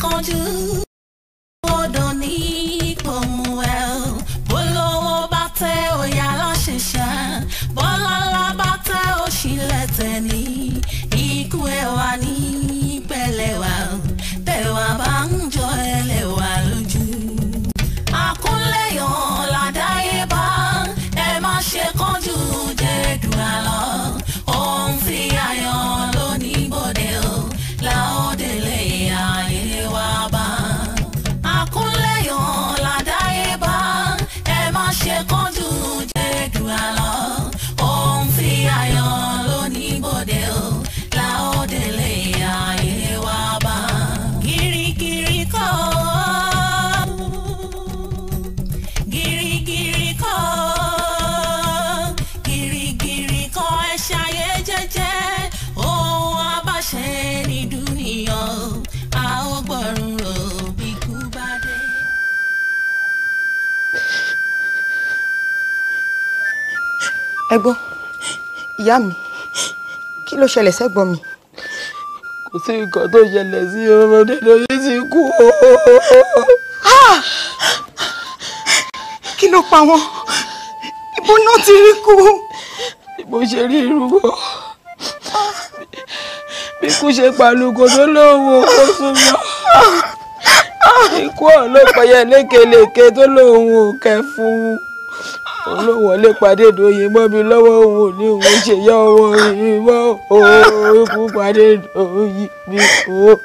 Gonna do. ẹ̀gbọ́n ìyá mi kí ló ṣẹlẹ̀ sẹ́gbọ́n mi. kò sí nǹkan tó ṣẹlẹ̀ sí ọmọdé lórí ti kú o. Ah! kí ló pa wọn ibo náà ti rí kú. bó ṣe rí irú wọn bí kú ṣe pàlùkò tó lówó kó súnmọ́ ikú ọ̀lọ́pàá yẹn lékeleke tó lóun ò kẹ́ fún un olówọlé pàdé ìdòyè mọ́ mi lọ́wọ́ òun ò ní òun ṣe yá ọwọ́ mi mọ́ òòkú pàdé ìdòyè mi òòkú.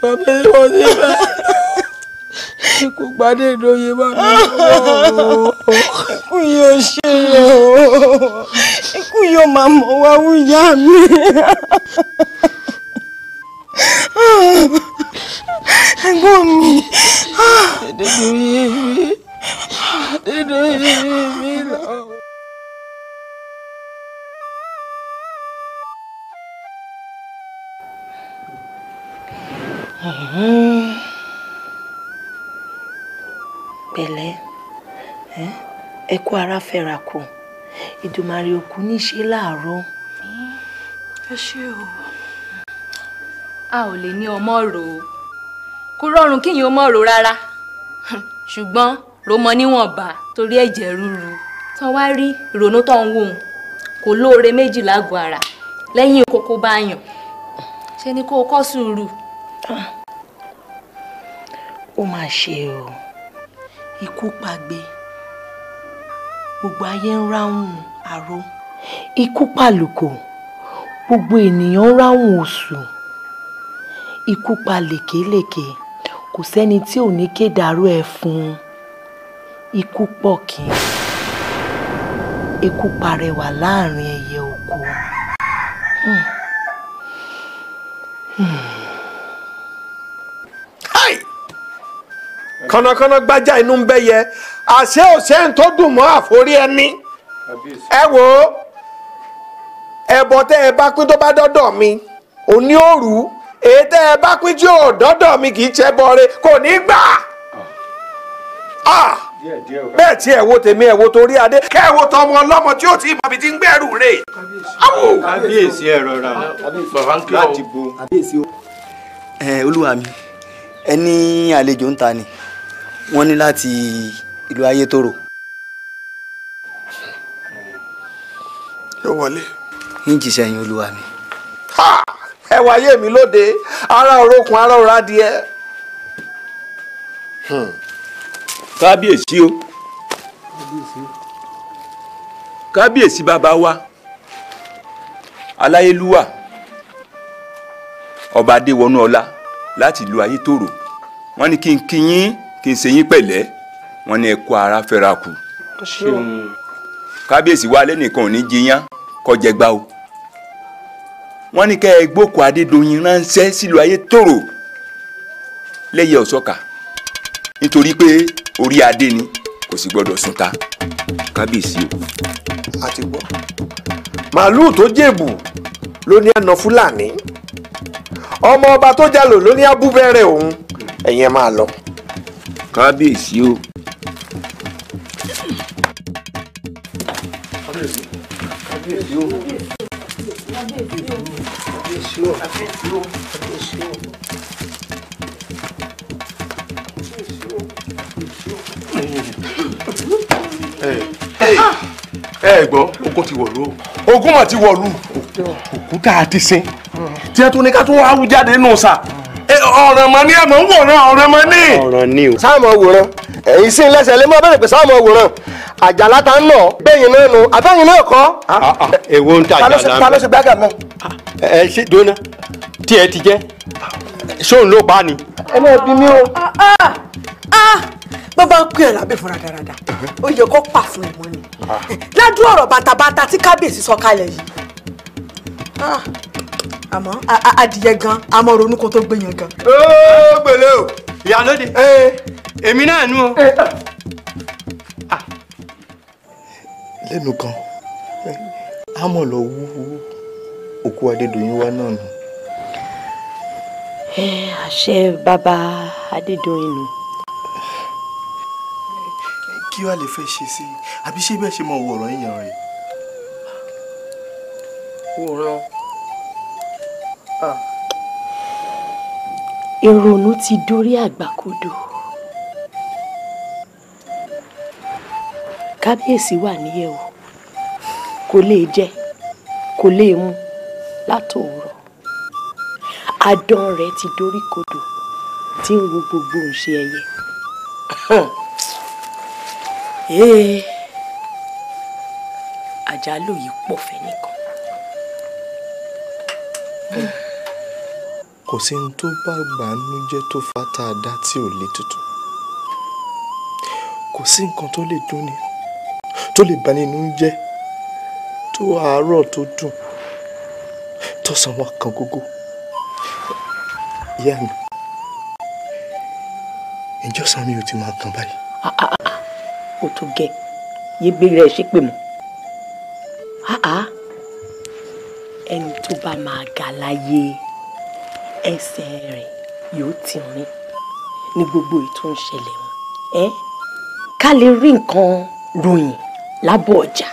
bàbá mi wọ́n ti bá ikú pàdé ìdòyè mọ́ mi lọ́wọ́ ikú yóò ṣe yẹ o ikú yóò máa mọ̀ wá wúyà mi. ẹ̀gbọ́n mi. ẹ̀dẹ̀gbọ́n mi nínú ìrírí mi lọ. pẹ̀lẹ́ ẹ kú ara fẹ́ra kù ìdùmarè òkú ní ṣe láàárọ̀. ẹ ṣé o a ò lè ní ọmọ rò ó kò rọrùn kíyìn ọmọ rò rárá ṣùgbọ́n ló mọ níwọ̀nba torí ẹ̀jẹ̀ ríru tán wá rí ìrònú tó ń wòun kò lóore méjì lágọ̀ọ́ ara lẹ́yìn kókó bá yàn ṣe ni kó o kọ́ sùúrù. ó máa ṣe o ikú pagbe gbogbo ayé ń ráhùn àrò ikú pàlùkò gbogbo ènìyàn ń ráhùn oṣù ikú pa lèkélèké kò sẹ́ni tí ò ní kéde àrò ẹ̀ fún un ikú pọ̀ kí ikú parẹwà láàrin ẹyẹ oko. kànnàkànnà gbájà inú ń bẹ yẹ àṣé òṣèǹ tó dùn mọ́ àforí ẹni ẹ wò ó ẹbọ tẹ ẹ bá pín tó bá dọ́dọ̀ mi òní òru èyí tẹ ẹ bá pín tí ò dọ́dọ̀ mi kì í ṣe bọ̀re kò ní gbà. Ah! bẹ́ẹ̀ tí ẹ̀ wo tèmi ẹ̀ wo torí adé kẹ́ ẹ̀ wo tọmọ ọlọ́mọ tí ó ti bàbí ti ń gbẹ́rù rè. kábíyèsí ẹ rọra bàbá ń kí ẹ olúwa mi ẹni àlejò ń ta ni wọ́n ní láti ìlú ayétòrò. yóò wọlé. ń jìṣẹ́ yín olúwa mi. ẹ wáyé mi lóde ara òrókun ara òrádìẹ. Hmm. kábíyèsí o kábíyèsí bàbá wa aláyélúwà ọba adéwọnú ọlá láti ìlú ayétòrò wọ́n ní kí n kí yín kí n ṣe yín pẹ̀lẹ́ wọ́n ní ẹ kú ara fẹ́ra kù kábíyèsí wa lẹ́nìkan ò ní jiyàn kọjẹgba o wọ́n ní kẹ́ ẹ gbókò adédoyin ránṣẹ́ sílùú ayétòrò lẹ́yẹ ọ̀ṣọ́ka nítorí pé orí adé ni kò sì gbọdọ̀ sùn ta kábíyèsí o. a ti gbọ́ màálùú tó jèbù ló ní àna fúlàní ọmọ ọba tó jalò ló ní abúbẹ̀rẹ̀ òun ẹ̀yin máa lọ. kábíyèsí o. kábíyèsí o. kábíyèsí o. kábíyèsí o. ẹ gbọ́ ogun ti wọ̀lú ogun mà ti wọ̀lú òkú tá a ti sin tí ẹ tó ní ká tó wá wú jáde nù sà ọ̀ràn mọ́ ní ẹ̀mọ́ ń wòran ọ̀ràn mọ́ ní. ọ̀ràn ni o. sáàmù wòran ẹ̀yin sí lẹ́sẹ̀ lé mọ́ bẹ̀rẹ̀ pé sáàmù wòran àjàlá ta ń nà bẹ́yìn náà nu abẹ́yìn náà kọ́. èwo ah, ah, ah. ń ta àjàlá mi. ta ló ṣe gbága mọ́. ẹ ṣe dona tí ẹ ti jẹ ṣóun ló bá ni. ẹ náà bí mi o bá bá ń pè ẹ́ lábẹ́ fúnra dáradá ó yẹ kó pa fún ẹ mọ́ ni ládùú ọ̀rọ̀ bàtàbàtà tí kábíyèsí sọ kalẹ̀ yìí ah, àmọ́ adìyẹ gan àmọ́ ronú kó tó gbé yẹn gan. ó gbèlè o ìyálóde eh. èmi náà nú o. Eh. Ah. lẹ́nu kan àmọ́ lọ wú òkú adédọ̀yìn wa náà nù. Eh, àṣẹ bàbá adédọ̀yìn nù kí wàá lè fẹ́ ṣe sí i àbí ṣé bẹ́ẹ̀ ṣe mọ owó ọ̀rọ̀ yíyan rẹ̀. wòran ìrònú ti dórí àgbàkodò kábíyèsí wà níyẹ̀wò kò lè jẹ kò lè mu látòwúrọ̀ adán rẹ̀ ti dórí kodò tí ń wo gbogbo òǹṣe ẹyẹ. Eh. àjálù yìí pọ̀ fẹ́ nìkan. kò sí ní tó bá gbà ń tó fa tá a dá tí ò lè tutù kò sí nǹkan tó lè dùn ni tó lè bá nínú jẹ́ tó àárọ̀ tó dùn tọ̀sán wa kan gógó ìyá mi ìjọsán mi ò ti máa kàn báyìí. Ah, ah, ó tó gẹ yé gbére ẹ ṣépè mọ́ ẹni tó bá máa ga láyé ẹsẹ̀ rẹ̀ yóò ti rìn ní gbogbo ètò ìṣẹ̀lẹ̀ wọn ẹ ká lè rí nǹkan ròyìn lábọ̀ ọjà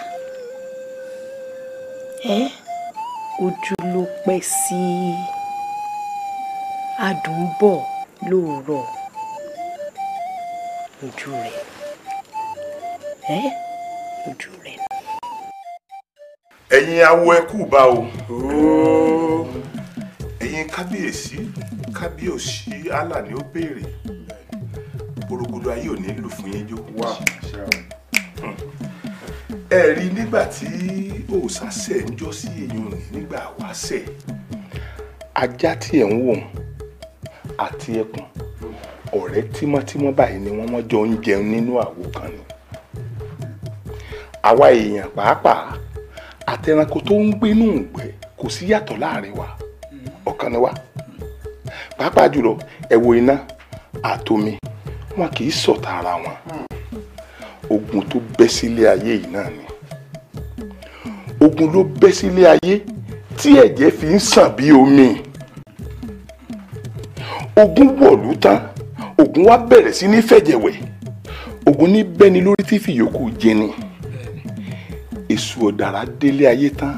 ẹ ojú ló pẹ́ sí adùn ń ojú rẹ̀ ojú rẹ̀. ẹ̀yin awo bá o ẹ̀yin kábíyèsí kábíyèsí allah ni ó béèrè gbòrògbòdò ayé ò ní lù fún yín jó wá ẹ rí nígbà tí òòṣà ṣẹ̀ ń jọ́ sí èèyàn nígbà wáṣẹ̀ ajá tí ẹ̀ ń wò àti ẹkùn ọ̀rẹ́ tímọ́tímọ́ báyìí ni wọ́n mọ́jọ ń jẹun nínú àwo kan ni àwa èèyàn pàápàá àtẹranko tó ń gbénú ìgbẹ́ kò sí yàtọ̀ láàrin wa ọ̀kan ni wa pàápàá jùlọ ẹ̀wò iná àtomi wọn kì í ṣọ̀tá ara wọn ogun tó bẹ́ sílé ayé yìí náà ni ogun ló bẹ́ sílé ayé tí ẹ̀jẹ̀ fi ń sàn bí omi ogun wọ̀lú tán ogun wa bẹ̀rẹ̀ sí ní fẹ̀jẹ̀wẹ̀ ogun ní bẹ́ni lórí tí fìyókù jẹni. Mm èṣù ọ̀dàrà délé ayé tán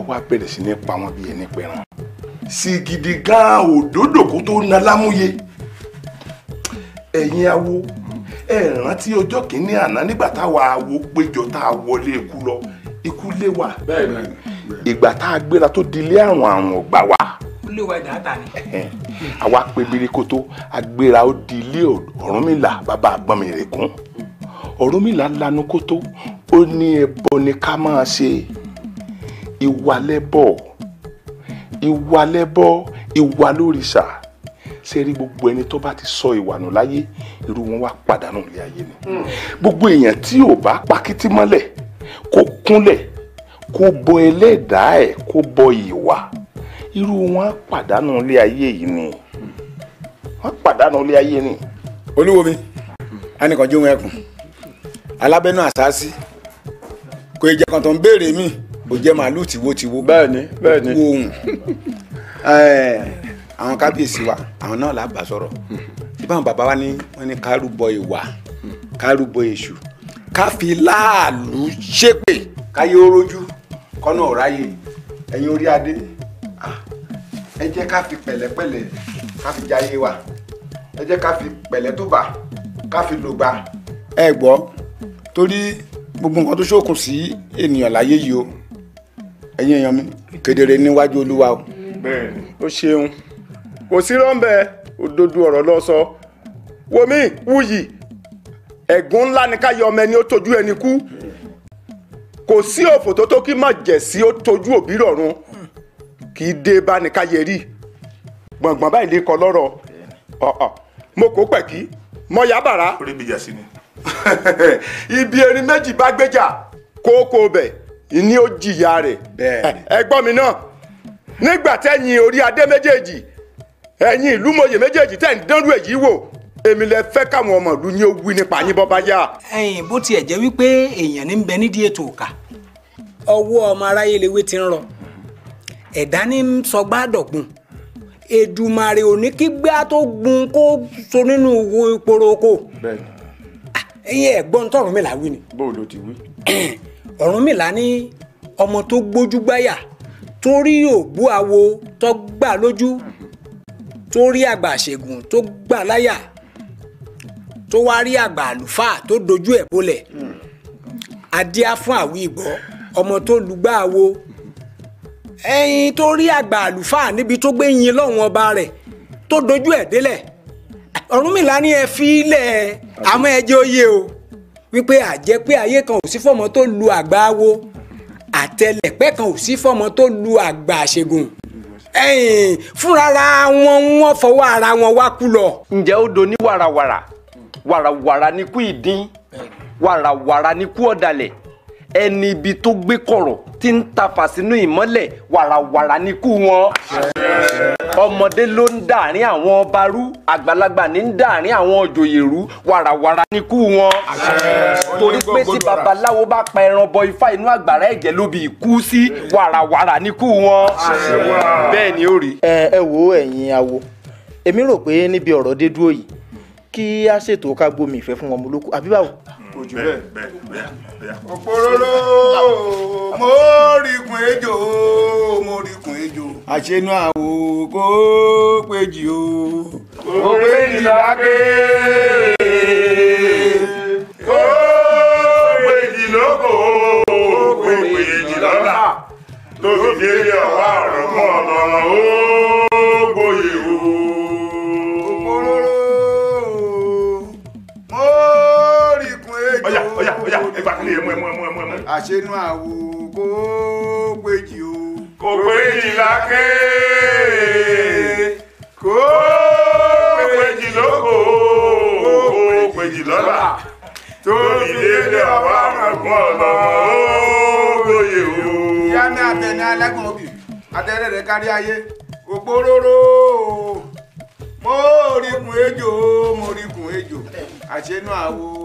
ọwọ́ abẹ̀rẹ̀ sí ní pa wọn bí ẹni pẹran sì gidi gan òdòdó kó tó na lámúye ẹ̀yin awo ẹ rántí ọjọ́ kìíní àná nígbà táwa awo péjọ tá a wọlé ikú lọ ikú lé wa ìgbà tá a gbéra tó dilé àrùn àrùn ọ̀gbà wa ilé wa dáadáa ni. àwa pe birikoto agbera ó di ilé Ọ̀rúnmìlà bàbá àgbọ̀nmìrèkún Ọ̀rúnmìlà lanu kótó ó ní ẹbọ ni ká máa ṣe ìwàlẹ́bọ̀ ìwàlẹ́bọ̀ ìwà lórìṣà ṣe rí gbogbo ẹni tó bá ti sọ ìwà nù láyé irú wọn wá pàdánù ilé ayé ni hmm. gbogbo èèyàn tí ò bá pakítí mọ́lẹ̀ kó kúnlẹ̀ kó bọ ẹlẹ́dàá ẹ̀ kó bọ ìwà irú wọn pàdánù ilé ayé yìí ni wọn pàdánù ilé ayé ni. olúwo mi anìkànjú wọn ẹkùn alábẹ́nú àṣáṣí kò ìjà kan tó ń béèrè mi ò jẹ́ màálù tiwotiwo. bẹ́ẹ̀ni bẹ́ẹ̀ni kú ohun àwọn kábíyèsí wa àwọn náà làbà sọ̀rọ̀ bí báwọn bàbá wa ní wọn ní kárúbọ ìwà kárúbọ èṣù káfí láàlú ṣépè káyé orójú kọ́nà ọ̀ráyè ẹ̀yin orí adé ẹ jẹ́ ká fi pẹ̀lẹ́pẹ̀lẹ́ ká jayé wa ẹ jẹ́ ká fi pẹ̀lẹ́ tó bà ká lògbà ẹ gbọ́ torí gbogbo nǹkan tó ṣókùn sí ènìyàn láyé yìí o ẹ̀yin èèyàn mi kedere níwájú olúwa o. bẹ́ẹ̀ni. o ṣeun kò sí rọ́ǹbẹ́ òdodo ọ̀rọ̀ lọ sọ wòmí wuyì ẹ̀gún ńlá ni ká yọ ọmọ ẹni ó tójú ẹni kú kò sí òfò tó tó kí má jẹ̀ sí ó tójú òbí rọ̀run kì í dé bá ní ká yẹ rí gbọ̀ngbọ̀n báyìí lè kọ lọ́rọ̀ mo kò pẹ̀ kí mọ yá bàrá. orí mi yà sí ni. ibi erin méjì bá gbéjà kókó bẹ̀ ni ó jìyà rẹ̀ ẹgbọ́n mi náà nígbà tẹ́yìn orí adé méjèèjì ẹ̀yin ìlú mòye méjèèjì tẹ̀ ń dánrú èyí wò èmi lẹ fẹ́ káwọn ọmọ ìlú ní ó wí nípa yín bọ́ bá yá. ẹ̀yin bó tiẹ̀ jẹ́ wípé èèyàn ní bẹ nídìí ètò òkà ọwọ́ ọmọ aráyé lewé ti ń rọ ẹ̀dá ní sọgbà dọ̀gbun Èdùmàrè ò ní kí tó gun kó so nínú wo ìporoko. ẹ̀yin ẹ̀gbọ́n tọ̀run mi là wí ni. bó o lo ti wí. ọ̀run mi là ní ọmọ tó gbójú gbáyà torí ògbó awo tó gbà lójú torí àgbà ṣègùn tó gbà láyà tó wá rí àgbà àlùfáà tó dojú ẹ̀ bolẹ̀ adíá fún àwí ìgbọ́ ọmọ tó lùgbà awo ẹ̀yin tó rí àgbà àlùfáà níbi tó gbé yin lọ́wọ́n ọba rẹ̀ tó dojú ẹ̀ délẹ̀ Ọ̀rúnmìlà ní ẹ fi ilẹ̀ àmọ́ ẹ jẹ́ oyè o wípé àjẹ́ pé ayé kan ò sí fọ́mọ tó lu àgbà wo àtẹlẹ̀pẹ́ kan ò sí fọ́mọ tó lu àgbà àṣegùn fúnra wọn wọn fọwọ́ ara wọn wá kú lọ. ǹjẹ́ ó do ní wàràwàrà wàràwàrà ni kú ìdín wàràwàrà ni kú ọ̀dàlẹ̀ ẹni ibi tó gbé kọ̀rọ̀ tí ń tafà sínú ìmọ́lẹ̀ wàràwàrà níkú wọn. ọmọdé ló ń dàárín àwọn ọba rú àgbàlagbà ní ń dàárín àwọn òjòyè rú wàràwàrà níkú wọn. torí pé tí babaláwo bá pa ẹran bọ ifá inú àgbàrá ẹ̀jẹ̀ ló bí ikú sí wàràwàrà níkú wọn. bẹ́ẹ̀ ni ó rí. ẹ ẹ wo ẹ̀yin awo èmi rò pé níbi ọ̀rọ̀ dé dúró yìí kí a ṣètò ká gbomi ìfẹ́ fún ọmọ olóko àbí báwo kò jù bẹ́ẹ̀. òpòròrò mo rìkùn ejò mo rìkùn ejò. àṣenú àwo kó péjì o. kò péjì lágbé. kó péjì lóko kó péjì lọ́la tó fi délé ọ̀wá àrùn mọ́ ọ̀nà o. àṣenú àwo kó péjì o. kò péjì lákè kó péjì lóko kó péjì lọ́la tóbi délé ọ̀wá àgbọ̀n ọ̀lọ́mọ ó lóye o. yá ní àtẹ̀ní alẹ́kùn obì àtẹ̀rẹ̀ rẹ̀ kárí ayé òpóróró mo rí kun ejò mo rí kun ejò àṣenú àwo.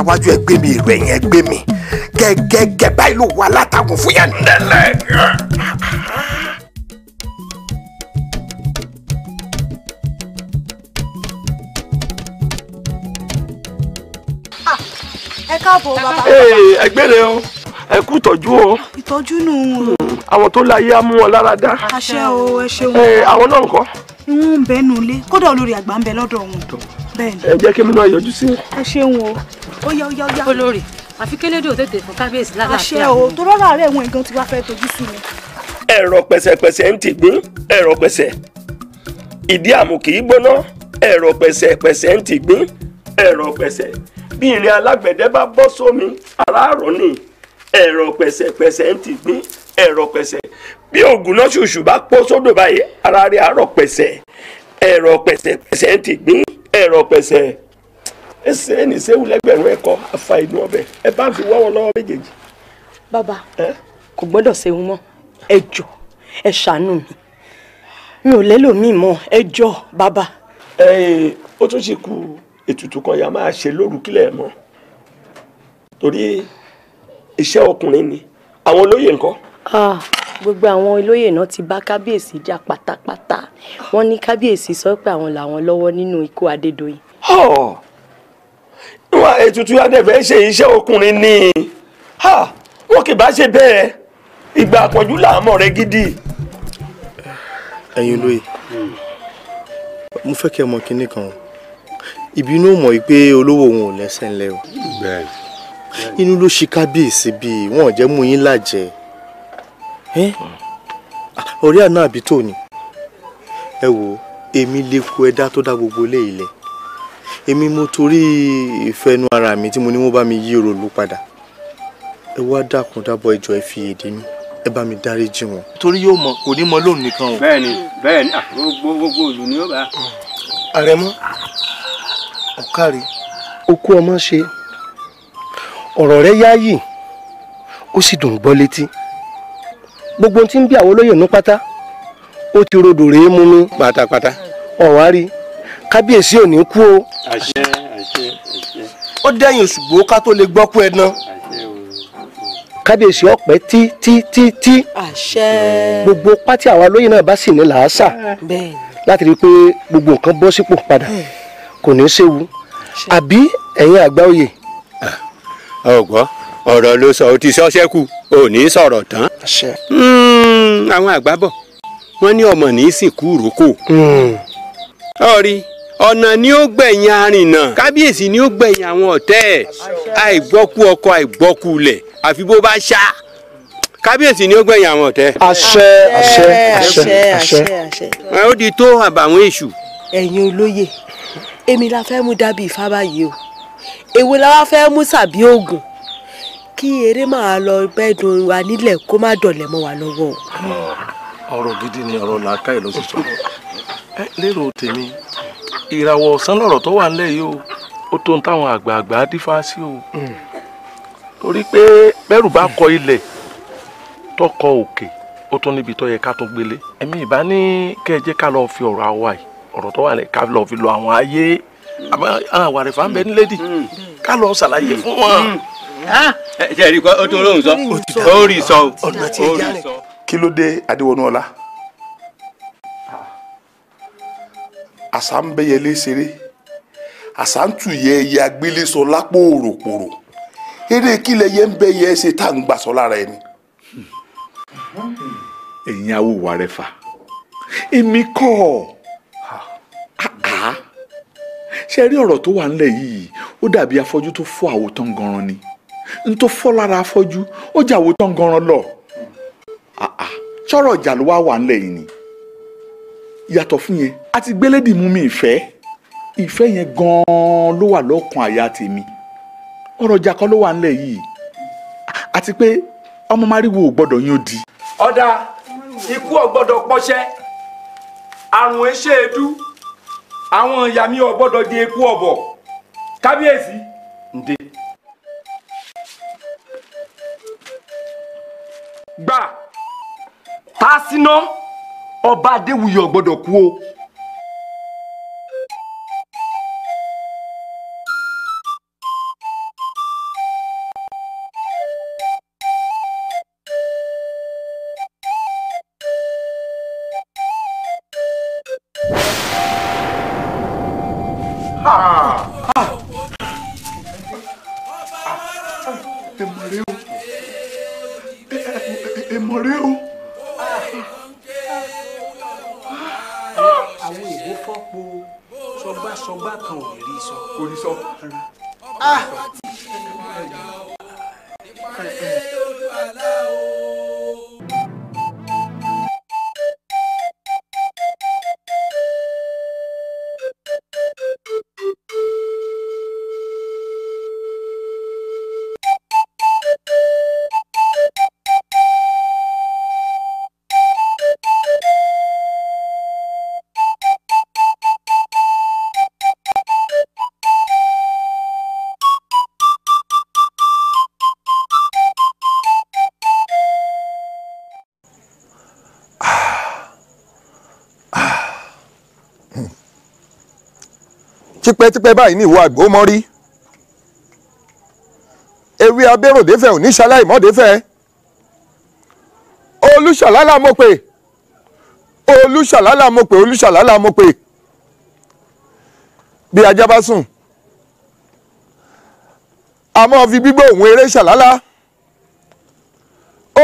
àwájú ẹgbẹ́ mi ìrọ̀ ẹ̀yìn ẹgbẹ́ mi gẹ́gẹ́gẹ́ báyìí ló wà látàgùn fún yẹn nílẹ̀. ẹ káàbọ̀ bàbá. ẹ gbére o ẹ kú ìtọ́jú o. ìtọ́jú nù. àwọn tó láyé á mú wọn lára dá. àṣẹ o ẹ ṣeun. àwọn náà ńkọ́. ìwọ̀n ń bẹ́ẹ̀ nulẹ̀ kódà olórí àgbà ń bẹ lọ́dọ̀ wọn. bẹ́ẹ̀ ni. ẹ jẹ́ kí mi náà yọjú sí. ẹ ṣeun o ó yá ó yá ó yá. olórí àfi kélédè ò tètè fún kábíyèsí lálàáfíà. àṣẹ o tó rọrọ àárẹ̀ wọn nǹkan tí wàá fẹ́ tojú sí mi. ẹ̀rọ pẹ̀sẹ̀pẹ̀sẹ̀ ń tì gbín ẹ̀rọ pẹ̀sẹ̀ ìdí àmù kì í gbóná ẹ̀rọ pẹ̀sẹ̀pẹ̀sẹ̀ ń tì ẹ̀rọ pẹ̀sẹ̀ bí ilé alágbẹ̀dẹ bá bọ́ sómi aráàrọ̀ ni ẹ̀rọ pẹ̀sẹ̀pẹ̀sẹ̀ ń tì ẹ̀rọ pẹ̀sẹ̀ bí ògùn náà ṣùṣù bá pọ́ sódò báyìí ara rẹ̀ àárọ̀ pẹ̀sẹ̀ ẹ̀rọ pẹ̀sẹ̀pẹ̀sẹ̀ ń tì ẹ̀rọ pẹ̀sẹ̀. Ese ẹni sẹwù lẹgbẹrún ẹkọ afa inú ọbẹ ẹ bá fi wọwọ lọ́wọ́ méjèèjì. bàbá kò gbọ́dọ̀ sẹ́wọ́n mọ́ ẹ jọ ẹ ṣàánú mi mi ò lélò mí mọ́ ẹ jọ bàbá. ẹ ó tún ṣe kú ètùtù kan yà máa ṣe lórúkílẹ̀ mọ́ torí iṣẹ́ ọkùnrin ni àwọn olóyè ńkọ́. gbogbo àwọn olóyè náà ti bá kábíyèsí jà pátápátá wọ́n ní kábíyèsí sọ pé àwọn làwọn lọ́wọ́ nínú ikú adédọ̀yìn wọn ètùtù adẹ́fẹ́ ṣe iṣẹ́ ọkùnrin ni wọn kì bá ṣe bẹ́ẹ̀ ìgbà àpọ̀jù làámọ̀ rẹ gidi. ẹ̀yin olóye mo fẹ́ kí ẹ mọ kinní kan ìbínú mọ̀ pé olówó òun ò lẹ́sẹ̀ ńlẹ̀ o inú ló ṣe kábíyèsí bíi wọn ò jẹ́ mú yín lájẹ ọ̀rẹ́ àná àbí tòní ẹ wò èmi lè ku ẹ̀dá tó dá gbogbo ilé ilẹ̀ èmi mo torí ìfẹ́ inú ara mi tí mo ní wọ́n bá mi yí òròlù padà ẹ wá dákun dábọ̀ ìjọ ẹ fi èdè mi ẹ bá mi dáríjì wọn. torí yóò mọ kò ní mọ lóun nìkan o. bẹ́ẹ̀ni bẹ́ẹ̀ni ah, gbogbo gbogbo òlù ni ó bá. àrẹ̀mọ ọ̀kárí okú ọmọ ṣe ọ̀rọ̀ rẹ yááyì ó sì dùn gbọ́ létí gbogbo ohun tí ń bí àwọn olóyè nú pátá ó ti rodò rèé mú mi pátápátá ọ̀wá rí kábíyèsí ò ní kú o. àṣẹ àṣẹ àṣẹ. ó dẹ́yìn ṣùgbọ́n ká tó lè gbọ́ kú ẹ ná. kábíyèsí ọ̀pẹ́ tí tí tí tí. àṣẹ. gbogbo pátí àwa lóyè náà bá sì ní làásà. bẹ́ẹ̀. láti rí i pé gbogbo nǹkan bọ́ sípò padà kò ní í séwu àbí ẹ̀yin àgbà oyè. ọ̀gbọ́n ah, ọ̀rọ̀ ló sọ ò ti sọ sẹ́kù ò ní sọ̀rọ̀ tán. Hmm, àwọn àgbà bọ̀ wọ́n ní ọmọ ní í sìnkú ròkò. ọ̀rí hmm ọ̀nà ni ó gbẹ̀yìn arìnà kábíyèsí ni ó gbẹ̀yìn àwọn ọ̀tẹ̀ ẹ̀ àìgbọ́kú ọkọ àìgbọ́kú ilẹ̀ àfi bó bá ṣá kábíyèsí ni ó gbẹ̀yìn àwọn ọ̀tẹ̀. àṣẹ àṣẹ àṣẹ àṣẹ àṣẹ. ó di tó àbàwọn èṣù. ẹ̀yin olóye èmi la fẹ́ mú dábì ifá báyìí o èwo la wá fẹ́ mú sàbí oògùn kí eré máa lọ bẹ́ẹ̀dùn wa nílẹ̀ kó má dọ̀lẹ̀ mọ́ wa lọ́wọ́. ọ̀rọ̀ gidi ni ọ̀rọ̀ làákàyè ló ti lérò tèmi ìràwọ̀ ọ̀sán lọ̀rọ̀ tó wà nílẹ̀ yìí o ó tó ń táwọn àgbààgbà dífá sí o hmm. torí pé bẹ́rù bá kọ ilẹ̀ tọkọ òkè ó tún níbi tó yẹ ká tún gbélé ẹ̀mí ìbá ní kẹ́ ẹ jẹ́ ká lọ́ọ́ fi ọ̀rọ̀ àwa yìí ọ̀rọ̀ tó wà lẹ̀ ká lọ́ọ́ fi lọ àwọn ayé àmọ́ àwa rẹ̀ ń bẹ nílé dì hmm. ká lọ́ọ́ ṣàlàyé fún wọn. ṣe hmm. é rí kó o tó lóhùn sọ ó rí sọ. kí ló dé Adéwọnú ọlá àṣà ń bẹ́yẹlé ṣeré àṣà ń tù yẹ ẹyẹ agbélé sọ lápò òròpòrò eré kílẹ̀ yẹ ń bẹ́yẹ ṣe tá à ń gbà sọ lára ẹni. ẹ̀yin awòwà rẹ fà èmi kọ́ ọ̀ ṣe rí ọ̀rọ̀ tó wà ńlẹ̀ yìí ó dàbí afọ́jú tó fọ́ àwòtán gan-an ni n tó fọ́ lára afọ́jú ó jà àwòtán gan-an lọ ṣọ́rọ̀ ìjà ló wá wà ńlẹ̀ yìí ni yàtọ̀ fún yẹn a ti gbélédì mú mi ìfẹ́ ìfẹ́ yẹn gan-an ló wà lọ́kàn àyà tèmi ọ̀rọ̀ ìjà kan ló wà nílẹ̀ yìí àti pé ọmọ máríwo ò gbọ́dọ̀ yín ó di. ọ̀dà ikú ò gbọ́dọ̀ pọ́ṣẹ́ àrùn eṣe edú àwọn ìyá mi ò di eku ọ̀bọ̀ kábíyèsí ǹde. gbà tá a síná. Si ọba adéwuyì ò gbọ́dọ̀ kú o tipẹ́tipẹ́ báyìí ní ìwọ àgbọ̀mọ́rí ewé abéròdéfẹ́ òní ṣaláì mọ́défẹ́ olùṣàlálà mo pè olùṣàlálà mo pè olùṣàlálà mo pè bí ajá bá sùn àmọ́ fi gbígbó òun eré ṣàlálà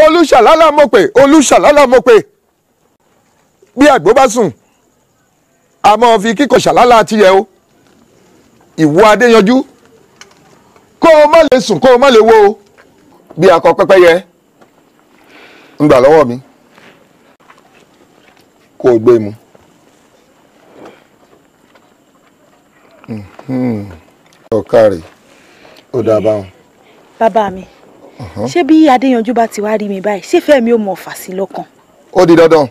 olùṣàlálà mo pè olùṣàlálà mo pè bí àgbò bá sùn àmọ́ fi kíkọ̀ ṣàlálà tiẹ̀ o ìwọ adéyanjú kó o má lè sùn kó o má lè wo bí akọ pẹ́pẹ́yẹ ń gbà lọ́wọ́ mi kó o gbé e mu. ọ̀kàrẹ̀ mhm. ó dáa báwọn. bàbá mi mhm. ṣé bí adéyanjú bá ti wá rí mi báyìí ṣé fẹ́mi ò mọ̀ fà sí lọ́kàn. ó di dandan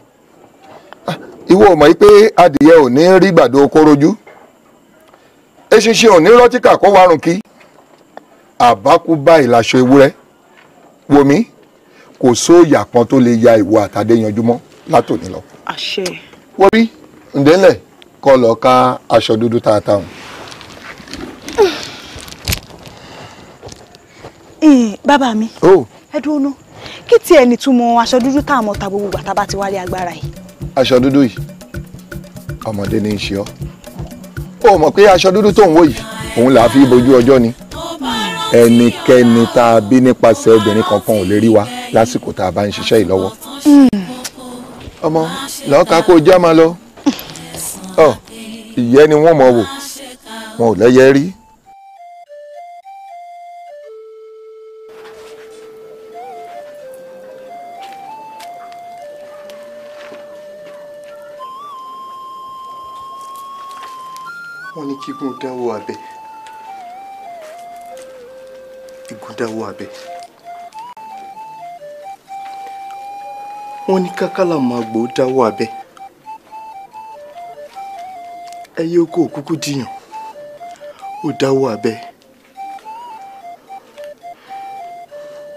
ah, ìwọ ò mọ̀ pé adìyẹ ò ní rí gbàdo kó rojú eṣinṣin òní rọ́tíkà kó warùn kí àbákú báyìí láṣọ ewúrẹ́ wòmí kò sóòyà kan tó lè ya ìwọ àtàdé yanjú mọ́ látòní lọ. àṣẹ. wọ́n ǹdẹ́lẹ̀ kọ́ lọ ká aṣọ dúdú tá ta hùn. Eh, bàbá mi ẹ dúró ná kí tiẹ̀ nìtumọ̀ aṣọ dúdú tá a mọ̀ ta gbogbo gbàtà bá ti wálé agbára yìí. aṣọ dúdú yìí ọmọdé ní í ṣe ọ́ ó mọ̀ pé aṣọ dúdú tó ń wò yìí òun là á fi bojú ọjọ́ ni ẹnikẹ́ni tá a bí nípasẹ̀ obìnrin kankan ò lè rí wa lásìkò tá a bá ń ṣiṣẹ́ yìí lọ́wọ́ ọmọ lọ́ọ̀ká kó já máa lọ ìyẹn ni wọ́n mọ̀ wò wọn ò lẹ́yẹ rí kíkún dánwò abẹ igun dánwò abẹ wọ́n ní kákàlà máa gbò ó dáwọ́ abẹ ẹyẹ oko òkúkú dìyàn ó dáwọ́ abẹ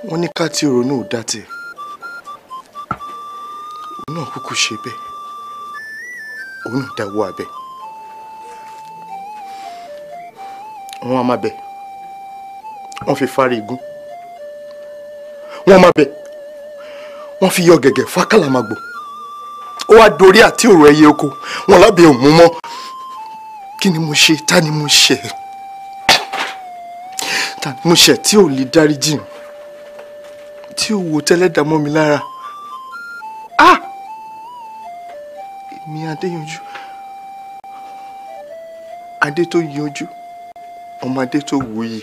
wọ́n ní ká ronú ò dá tiẹ̀ òun náà kúkú ṣe bẹ́ẹ̀ òun náà dáwọ́ abẹ. wọn a máa bẹ̀ wọ́n fi fárí igun wọ́n a máa bẹ̀ wọ́n fi yọ gẹ̀gẹ̀ fákàlàmàgbò ó wá dorí àti òrò ẹyẹ oko wọn lábẹ́ òmù mọ́ kí ni mo ṣe ta ni mo ṣe ta ni mo ṣe tí ò lè dáríjì tí ò wò tẹ́lẹ̀ dààmú mi lára ah èmi adéyanjú adé tó yanjú ọmọdé tó wù yìí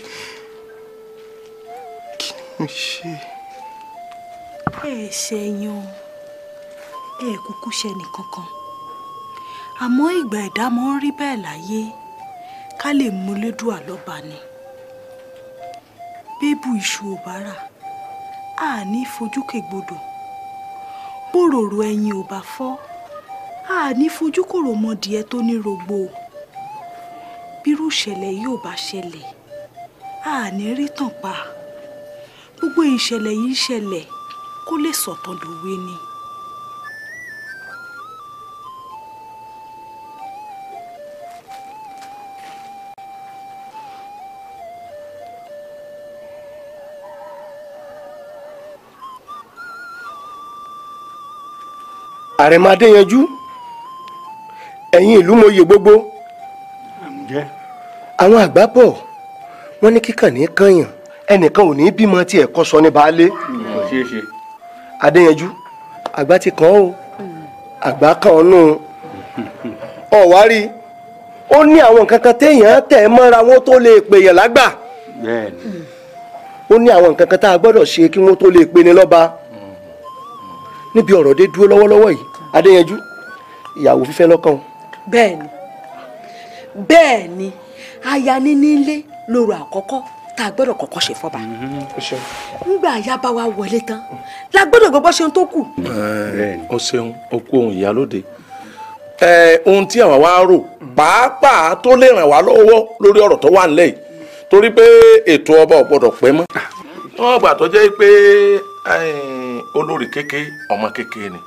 kí ni mo ṣe. ẹ ṣẹyàn ẹ kúkú ṣe nìkankan àmọ́ ìgbà ẹ̀dá máa ń rí bẹ́ẹ̀ láyé ká lè mú lédùà lọ́ba ni bébù iṣu òbára a ní fojú kègbodò bòròrò ẹyin ò bá fọ́ a ní fojú kòròmọdìẹ tó ní rogbo bírú ìṣẹ̀lẹ̀ yìí ò bá ṣẹlẹ̀ a ní rí tàn pa gbogbo ìṣẹ̀lẹ̀ yìí ṣẹlẹ̀ kó lè sọ̀tàn dòwe ni. àrẹ̀mọ adéyanjú ẹ̀yin ìlú mòye gbogbo. ǹjẹ́ àwọn àgbà bọ̀ wọ́n ní kíkàn ní kànyàn ẹnìkan ò ní bímọ tí ẹ̀kọ́ sọ ní baálé. adéyanjú àgbà ti kàn ó àgbà kan ọ̀nù ọ̀wárí ó ní àwọn nǹkan kan téèyàn tẹ̀ mọ́ra wọn tó lè pèèyàn lágbà ó ní àwọn nǹkan kan tá a gbọ́dọ̀ ṣe kí wọ́n tó lè pe ni lọ́ba níbi ọ̀rọ̀ dé dúró lọ́wọ́lọ́wọ́ yìí adéyanjú ìyàwó fífẹ́ lọ́kàn. bẹ́ẹ̀ni bẹ́ẹ̀ni aya níní ilé lóru àkọ́kọ́ tá a gbọ́dọ̀ kọ́kọ́ ṣe fọ́ba. Mm-hmm. ngbà aya bá wa wọlé tán la gbọ́dọ̀ gbọ́ ṣeun tó kù. o ṣeun o kú ohun ìyálóde ohun tí àwọn wa rò pàápàá tó lè ràn wá lọ́wọ́ lórí ọ̀rọ̀ tó wà nílẹ̀ yìí torí pé ètò ọba ò gbọ́dọ̀ pẹ́ mọ́. Ah. wọ́n gbà tó jẹ́ pé olórí kékeré ọmọ kékeré ni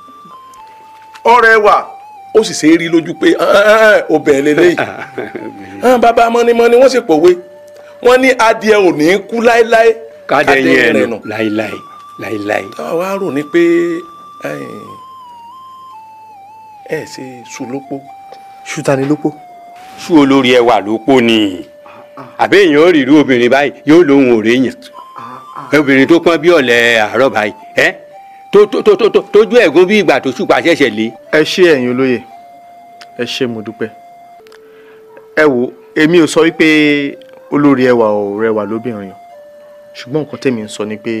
ọ̀rẹ́ wa ó sì ṣe é rí lójú pé obìnrin ah, ah, ah, lélẹ́yìí bàbá mọ́nímọ́ní wọ́n sì pòwe wọ́n ní adìẹ ò ní kú láéláé kádẹ́yìn rẹ̀ nù láéláé láéláé. táwa rò ní pé ẹ ṣe su lópo. su ta ni lópo. su olórí ẹwà lópo ni àbẹ́yìn ó rí irú obìnrin báyìí yóò lóhun òrèèyàn obìnrin tó pọ́n bí ọ̀lẹ́ àárọ̀ báyìí tó tó tó tó tójú ẹ̀gún bí ìgbà tó ṣùpá ṣẹ̀ṣẹ̀ lé. ẹ ṣé ẹ̀yin olóye ẹ ṣé mo dúpẹ́ ẹ wo èmi ò sọ wípé olórí ẹwà ò rẹwà lóbìnrin o ṣùgbọ́n nǹkan tèmi ń sọ ni pé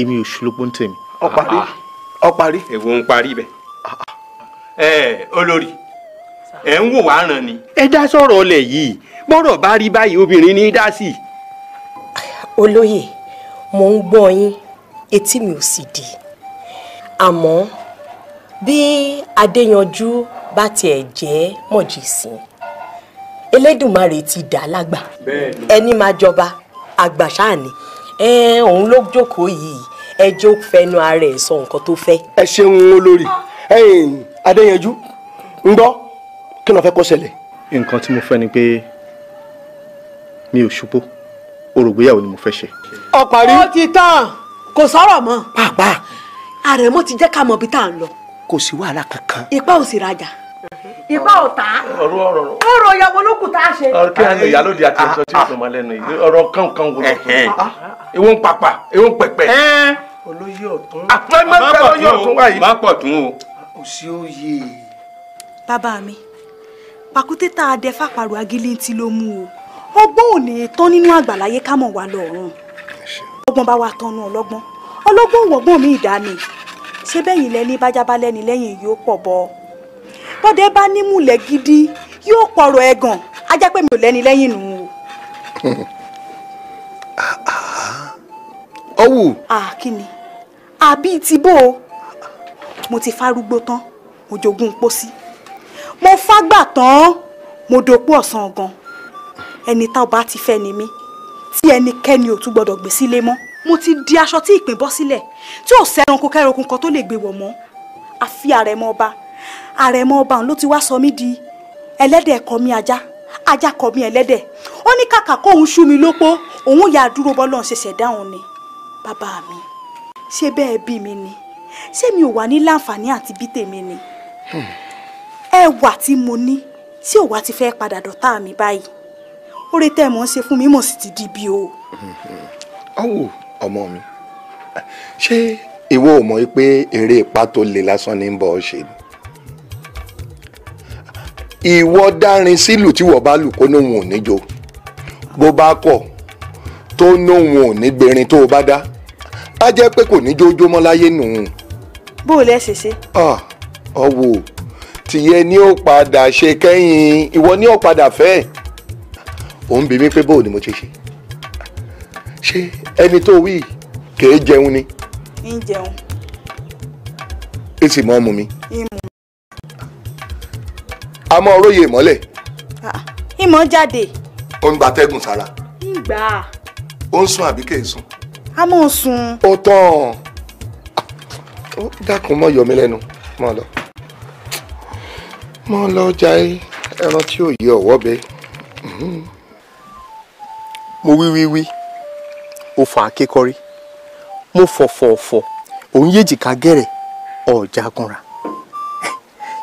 èmi ò ṣùlọ́pọ̀ ń tèmi. ó parí ah, ah. ó parí. èwo ń parí bẹ́ẹ̀. Ah, ẹ olórí ẹ ń wò wá ràn ni. ẹ dá sọ̀rọ̀ ọlẹ̀ yìí bọ́rọ̀ bá rí báyìí obìnrin ní dá sí. olóyè mò ń gbọ́ yín etí mi ò sì dì àmọ́ bí adéyanjú bá tiẹ̀ jẹ́ mọ̀jìsìn elédùnmarè ti dà á lágbà ẹni máa jọba àgbà ṣáà ni òun ló jókòó yìí ẹjọ́ fẹnu ara ẹ̀ sọ nǹkan tó fẹ́. ẹ ṣeun olórí adéyanjú ń gbọ́ kí ló fẹ́ kó ṣẹlẹ̀. nǹkan tí mo fẹ́ ni pé mi ò ṣubú orògbéyàwó ni mo fẹ́ ṣe. ó ó ti tán kò sọ̀rọ̀ mọ́. pàápàá àrẹ̀mọ ti jẹ́ ká mọ ibi tá à ń lọ. kò sí wàhálà kankan. ipá ò sì rajà ipá ò tá. ọ̀rọ̀ ọ̀rọ̀ ọ̀rọ̀. ó rọ ìyàwó olókùn tá a ṣe. ọ̀rọ̀ kí àná ìyálòdì àti ah, ẹ̀sọ́ tí yóò ah. sọmọ lẹ́nu yìí ọ̀rọ̀ kankan wò lọ. ewo ń papà ewo ń pẹ̀pẹ̀. olóyè ọ̀tún. àpẹẹmẹ ah, bẹ olóyè ọ̀tún wà yìí. má pọ̀ tún o. o sì òye. bàbá mi pàkúté tá a dẹ fàpàrọ agilintí ló mú o ọgbọ́n ò ní tán nínú àgbàláyé ká mọ̀ wá lọ́ọ̀rùn ọgbọ́n bá wa tọ́nu ọlọ́gbọ́n ọlọ́gbọ́n wọ̀gbọ́n mi ìdá ni ṣé bẹ́yìn lẹ́ni bájábá lẹ́ni lẹ́yìn yóò pọ̀ bọ́ bọ́dẹ bá nímùlẹ̀ gidi yóò pọ̀rọ̀ ẹ̀gàn ajá pé mi ò lẹ́ni lẹ́yìn nù ú. ọwù. kí ni àbí ti bó o mo ti fárúgbó tán mo jogún pósí mo fágbà tán mo dopó ọ̀sán gan ẹni tá ò bá ti fẹ́ ni mí tí ẹnikẹ́ni ò tún gbọ́dọ̀ gbé sílé mọ́ mo ti di aṣọ tí ìpín bọ́ sílẹ̀ tí ò sẹ́ranko kẹ́ranko kan tó lè gbé wọ̀ mọ́ àfi àrẹ̀mọ ọba àrẹ̀mọ ọba òun ló ti wá sọ mí di ẹlẹ́dẹ̀ kọ́ mi ajá ajá kọ́ mi ẹlẹ́dẹ̀ ó ní kàkà kó òun ṣú mi lópó òun yà á dúró bọ́lọ́ ṣẹ̀ṣẹ̀ dáhùn ni bàbá mi ṣé bẹ́ẹ̀ bí mi ni ṣé mi ò wà ní láǹfààní àti bí tèmi ni ẹwà tí mo ní tí ò wá ti fẹ́ padà dọ̀tá mi báyìí oore tẹ́ mọ́ ṣe fún mi mọ̀ sí ti di bí o. ọ̀wọ̀ ọmọ mi ṣé ìwọ ò mọ̀ pé eré ipá tó le lásán ní bọ́ ọ ṣe ni ìwọ dárin sílù tí wọ́n bá lù kó nóhun ò bó bá kọ̀ tó nóhun ò tó o bá dá á jẹ́ pé kò ní jójó mọ́ láyé nù. bó o lẹ ṣe ṣe. ọ wò tìyẹ ni ó padà ṣe kẹ́yìn ìwọ ni ó padà fẹ́ ẹ̀ òun bí mi pé bó o ni mo ṣe ṣe ṣé ẹni tó wí kèé jẹun ni. ń jẹun. èsì mọ́ mu mi. ìmù. a mọ oróyè mọ́lẹ̀. ìmọ̀ jáde. ó ń gba tẹ́gùn sára. ń gbà á. ó ń sùn àbí kèé sùn. a mọ̀ sùn. ó tán ó dákun mọ́ yọmí lẹ́nu mọ́ lọ. mọ́ lọ jàre ẹran tí ò yẹ ọ̀wọ́ bẹ́ẹ̀ mo wí wí wí ó fọ akékọ́rí mo fọ̀fọ̀fọ̀ òun yéjìká gẹ̀rẹ̀ ọ̀jagunra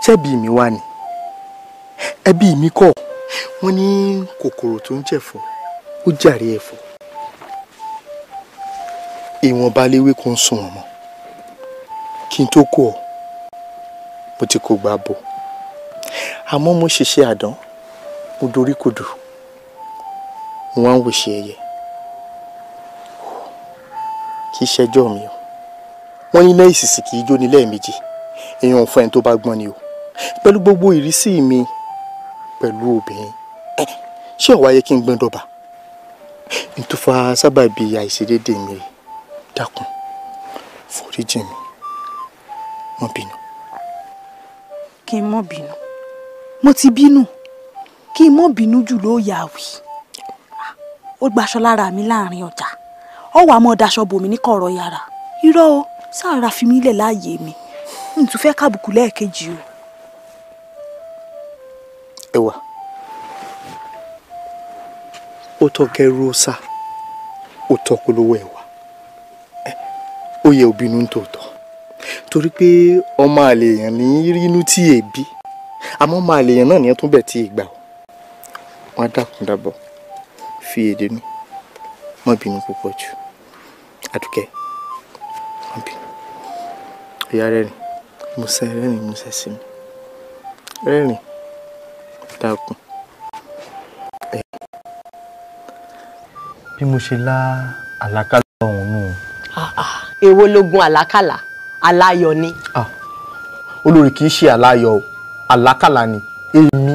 ṣẹ́bi mi wá ni ẹbí mi kọ́ wọ́n ní kòkòrò tó ń jẹ̀fọ́ ó jàre ẹ̀fọ́ ìwọ̀nba léwé kò ń sùn wọ̀n mọ́ kí n tó kó ọ mo ti kó gbà bò àmọ́ mo ṣiṣẹ́ àdán mo dorí kodò mo wá ń ẹyẹ kì í ṣẹjọ́ mi o wọ́n ní iná ìsìsì kì í jó ní lẹ́ẹ̀mejì èèyàn ò fún ẹni tó bá gbọ́n ni o pẹ̀lú gbogbo ìrísí mi pẹ̀lú obìnrin ṣé ó wá yẹ kí n gbọ́n dọ̀bà ntufa sábàbí àìṣedéédéé mi dákun foríjì mi mo bínú. kí n mọ̀ bínú mo ti bínú kí n mọ̀ bínú jù ló wí ó gbaṣọ lára mi láàrin ọjà ọwọ́ àmọ́ daṣọ bòmí ní kọ̀ọ̀rọ̀ yàrá irọ́ o sáàrà fi mí lẹ̀ láàyè mi n tún fẹ́ kábùkù lẹ́ẹ̀kejì o. ẹwà ó tọ́ kẹrù ó sá ó tọ́ polówó ẹwà ó yẹ òbínú ń tòótọ́ torí pé ọmọ àlèyàn ní rínú tí èbí àmọ́ ọmọ àlèyàn náà nìyẹn tún bẹ̀ tí ìgbà o wọn á dákun dábọ̀ fi èdè nù má bínú púpọ̀ jù. Àdùkẹ́ àbí ìyá rẹ́rìn músẹ́ rẹ́rìn músẹ́ sí mi rẹ́rìn dákun. bí mo ṣe lá àlákàlà ọ̀hún nù. Ah, ah. èwo lógun àlákàlà aláyọ̀ ni. Ah. olórí kì í ṣe aláyọ̀ o àlákàlà ni èmi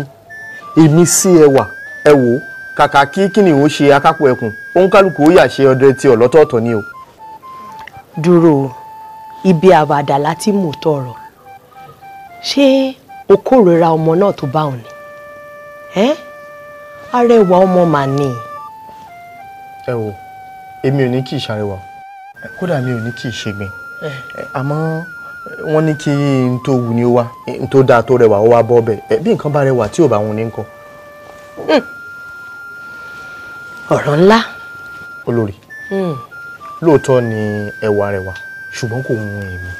èmi sí ẹwà ẹ wò kàkà kí kìnìún ṣe akápò ẹkùn òun ó yà ṣe ọdẹ tí ọlọ́tọ̀ọ̀tọ̀ ni o dúró ibi àwàdà láti mú tọrọ ṣé o kórìíra ọmọ náà tó bá òun ni ẹ arẹwà ọmọ mà ni. ẹ wo èmi ò ní kí ìṣàrẹwà kódà mi ò ní kí ìṣègbìn àmọ́ wọ́n ní kí n tó wù ní wá n tó dáa tó rẹwà ó wá bọ́ bẹ́ẹ̀ bí nǹkan bá rẹwà tí ò bá wọn ní nǹkan. ọ̀rọ̀ ńlá. olórí. Mm lóòótọ́ ni ẹwà rẹwà ṣùgbọ́n kò hun èmi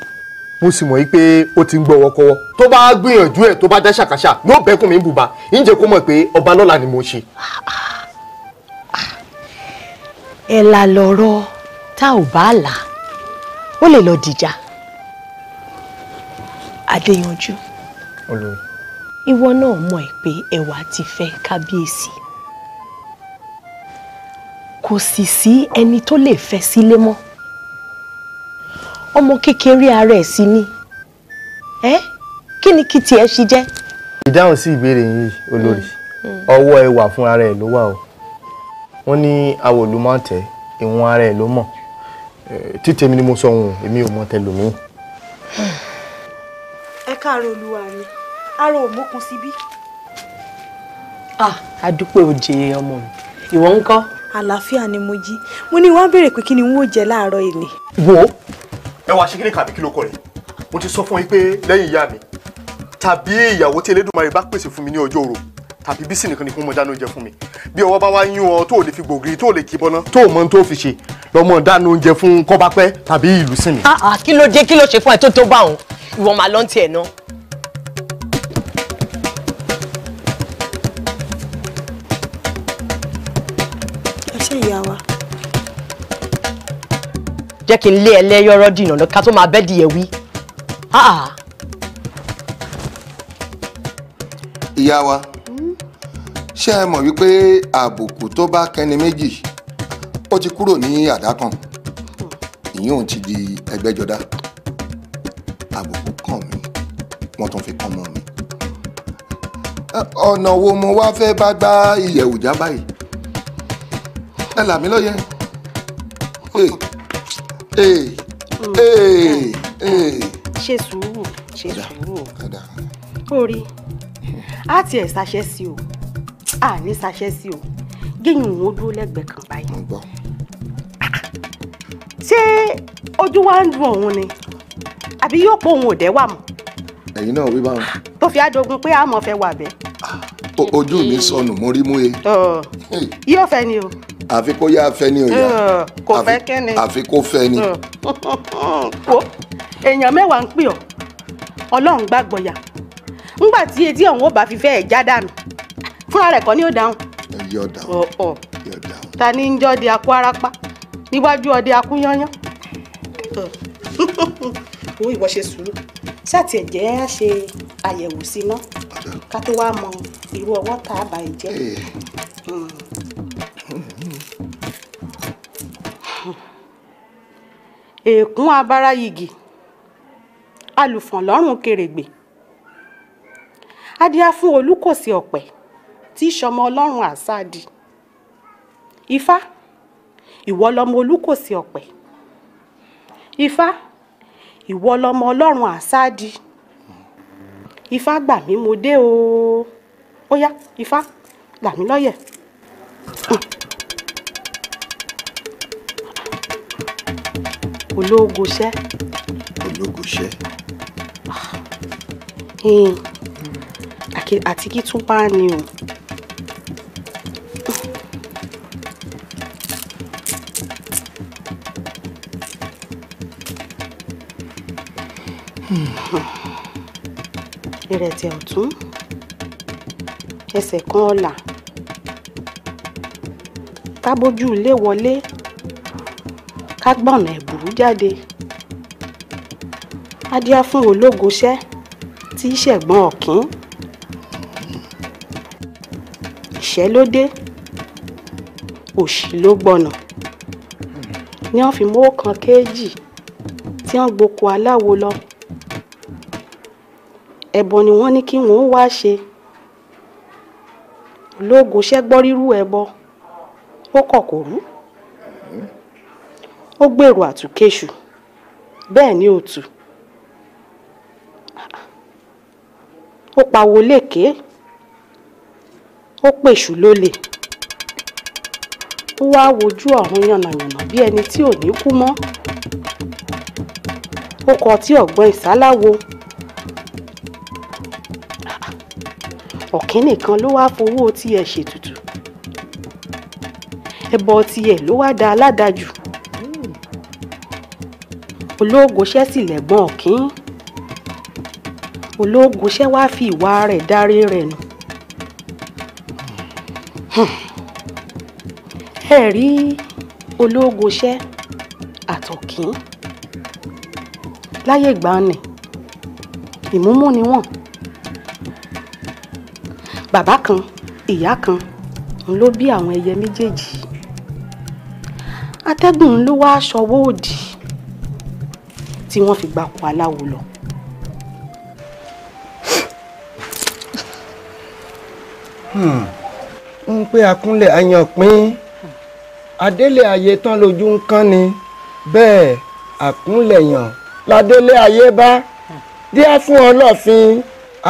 mo sì mọ̀ yí pé ó ti ń gbọ́ wọ́kọ́wọ́ tó bá gbìyànjú ẹ̀ tó bá dá ṣàkàṣà yóò bẹ́kùn mi ń bùbá ǹjẹ́ kó mọ̀ pé ọba lọ́la ni mo ṣe. ẹ̀là lọ̀rọ̀ tá ò bá là ó lè lọ dìjà adéyanjú ìwọ náà mọ̀ ẹ́ pé ẹwà ti fẹ́ kábíyèsí kò sì sí ẹni tó lè fẹ́ sílé mọ́ ọmọ kékeré ara ẹ̀ sí ni ẹ kí ni kìtì ẹ ṣe jẹ́. ìdáhùn sí ìbéèrè yìí olórí mm. ọwọ́ ẹ wà fún ara ẹ ló wà o wọ́n ní awọ ló máa ń tẹ̀ ìwọ̀n ara ẹ ló mọ̀ eh, títẹ̀mí ni mo sọ ohun èmi ò mọ tẹlòmíì. ẹ káàárọ̀ olúwa mi ara ò mókun síbí. ah adúpẹ́ òjè ọmọ mi ìwọ ń kọ́ àlàáfíà ni mo jí mo ní wá béèrè pé kí ni n ó jẹ láàárọ̀ yìí ni. wo ẹ wá ṣe kí ni kàbí kí ló kọ rẹ mo ti sọ fún yín pé lẹ́yìn ìyá mi tàbí ìyàwó tí elédùnmarè bá pèsè fún mi ní ọjọ́ òru tàbí bí sìnìkan ni kí wọ́n mọ dáná oúnjẹ fún mi bí ọwọ́ bá wá yún ọ tó ò lè fi gbògiri tó ò lè kí bọ́ná tó ò mọ tó fi ṣe lọ́mọ dáná oúnjẹ fún kọ́bápẹ́ tàbí ìlú sìnì. Ah, ah, kí ló dé kí ló ṣe fún ẹ tó tó bá òun ìwọ jẹ́ kí n lé ẹlẹ́yọ̀rọ̀ dìnà náà ká tó máa bẹ́ẹ̀ di ẹ̀wí. ìyá wa ṣé ẹ mọ̀ wípé àbùkù tó bá kẹni méjì ó ti kúrò ní àdá kan ìyóhùn ti di ẹgbẹ́jọdá àbùkù kàn mí wọ́n tún fi kàn mọ́ mi ọ̀nà wo mo wá fẹ́ bá gbá ìyẹ̀wù já báyìí ẹ là mí lóye. Hey ṣe sùúrù ṣe sùúrù orí a ti ẹ̀ ṣaṣẹ́ sí o a ní ṣaṣẹ́ sí o géyìn òun ó dúró lẹ́gbẹ̀ẹ́ kan báyìí ṣé ojú wa ń dùn òun ni àbí yóò pọ̀ òun ò dẹ́wà mọ́. ẹ̀yin náà wí báwọn. tó fi adogun pé a fẹ́ wà bẹ́ẹ̀. Ah, ojú mi sọnù mo rí mú e. yóò fẹ́ ni o àfi kó yá fẹ́ ni òyà kò fẹ́ kẹ́ni àfi kó fẹ́ ni. wo èèyàn mẹ́wàá ń pè ọ́ ọlọ́run gbàgbọ́ yà ńgbà tí etí ọ̀hún ó bá fi fẹ́ ẹ̀ já dànù fúnra rẹ̀ kọ́ ni ó dáhùn. yọ dáhùn ta ni ń di akú arápá níwájú ọdẹ akú yányán. owó ìwọ ṣe sùúrù sátì ẹ̀jẹ̀ á ṣe àyẹ̀wò sí iná ká tó wá mọ irú ọwọ́ tá a bá ẹ èèkún abárayìgì alùfọ̀n lọ́rùn kèrègbè adìá fún olùkòsí ọ̀pẹ tí ìṣọmọ ọlọ́run àsáàdì ifá ìwọ lọmọ olùkòsí ọ̀pẹ ifá ìwọ lọmọ ọlọ́run àsáàdì ifá gbà mí mo dé o ó yá ifá gbà mí lọ́yẹ̀. Mm. ológoṣẹ́. ológoṣẹ́. Hmm. àti kí tún bá ní o. Hmm. ìrẹ̀tẹ̀ ọ̀tún ẹsẹ̀ kan ọ̀la tábójú ilé wọlé ká gbọ̀nà ẹ̀bùrú jáde adíá fún ológoṣẹ́ tí í ṣẹ̀gbọ́n ọ̀kín ìṣẹ́ ló dé òṣì ló gbọ̀nà ni wọ́n fi mówó kan kéèjì tí wọ́n gboko aláwo lọ ẹbọ ni wọ́n ní kí wọ́n wá ṣe ológoṣẹ́ gbọ́ rírú ẹbọ ó kọ̀ kò rú ó gbèrò àtúkéṣù bẹ́ẹ̀ ni òtù ó pawó lékè ó pèṣù lólè ó wá wojú ọ̀run yànnàyànnà bí ẹni tí ò ní kú mọ́ ó kọ tí ọ̀gbọ́n ìsáláwo ọ̀kín nìkan ló wá fowó tiẹ̀ ṣètùtù ẹbọ tiẹ̀ ló wá da aládàjù olóògùn ṣẹ́ sì lẹ́gbọ́n ọ̀kín olóògùn ṣẹ́ wá fi ìwà rẹ̀ darí rẹ̀ nù. ẹ rí olóògùn ṣẹ́ àtọ̀kín láyé ìgbàanì ìmúmú ni wọ́n bàbá kan ìyá kan ń ló bí àwọn ẹyẹ méjèèjì atẹ́gùn ló wá aṣọ wóòdì tí wọ́n fi gba kó aláwo lọ. Hmm. ń pé akúnlẹ̀ ayanpín adélé ayé tán lójú ń kán ni bẹ́ẹ̀ àkúnlẹ̀yàn ládélé ayé bá díá fún ọlọ́fin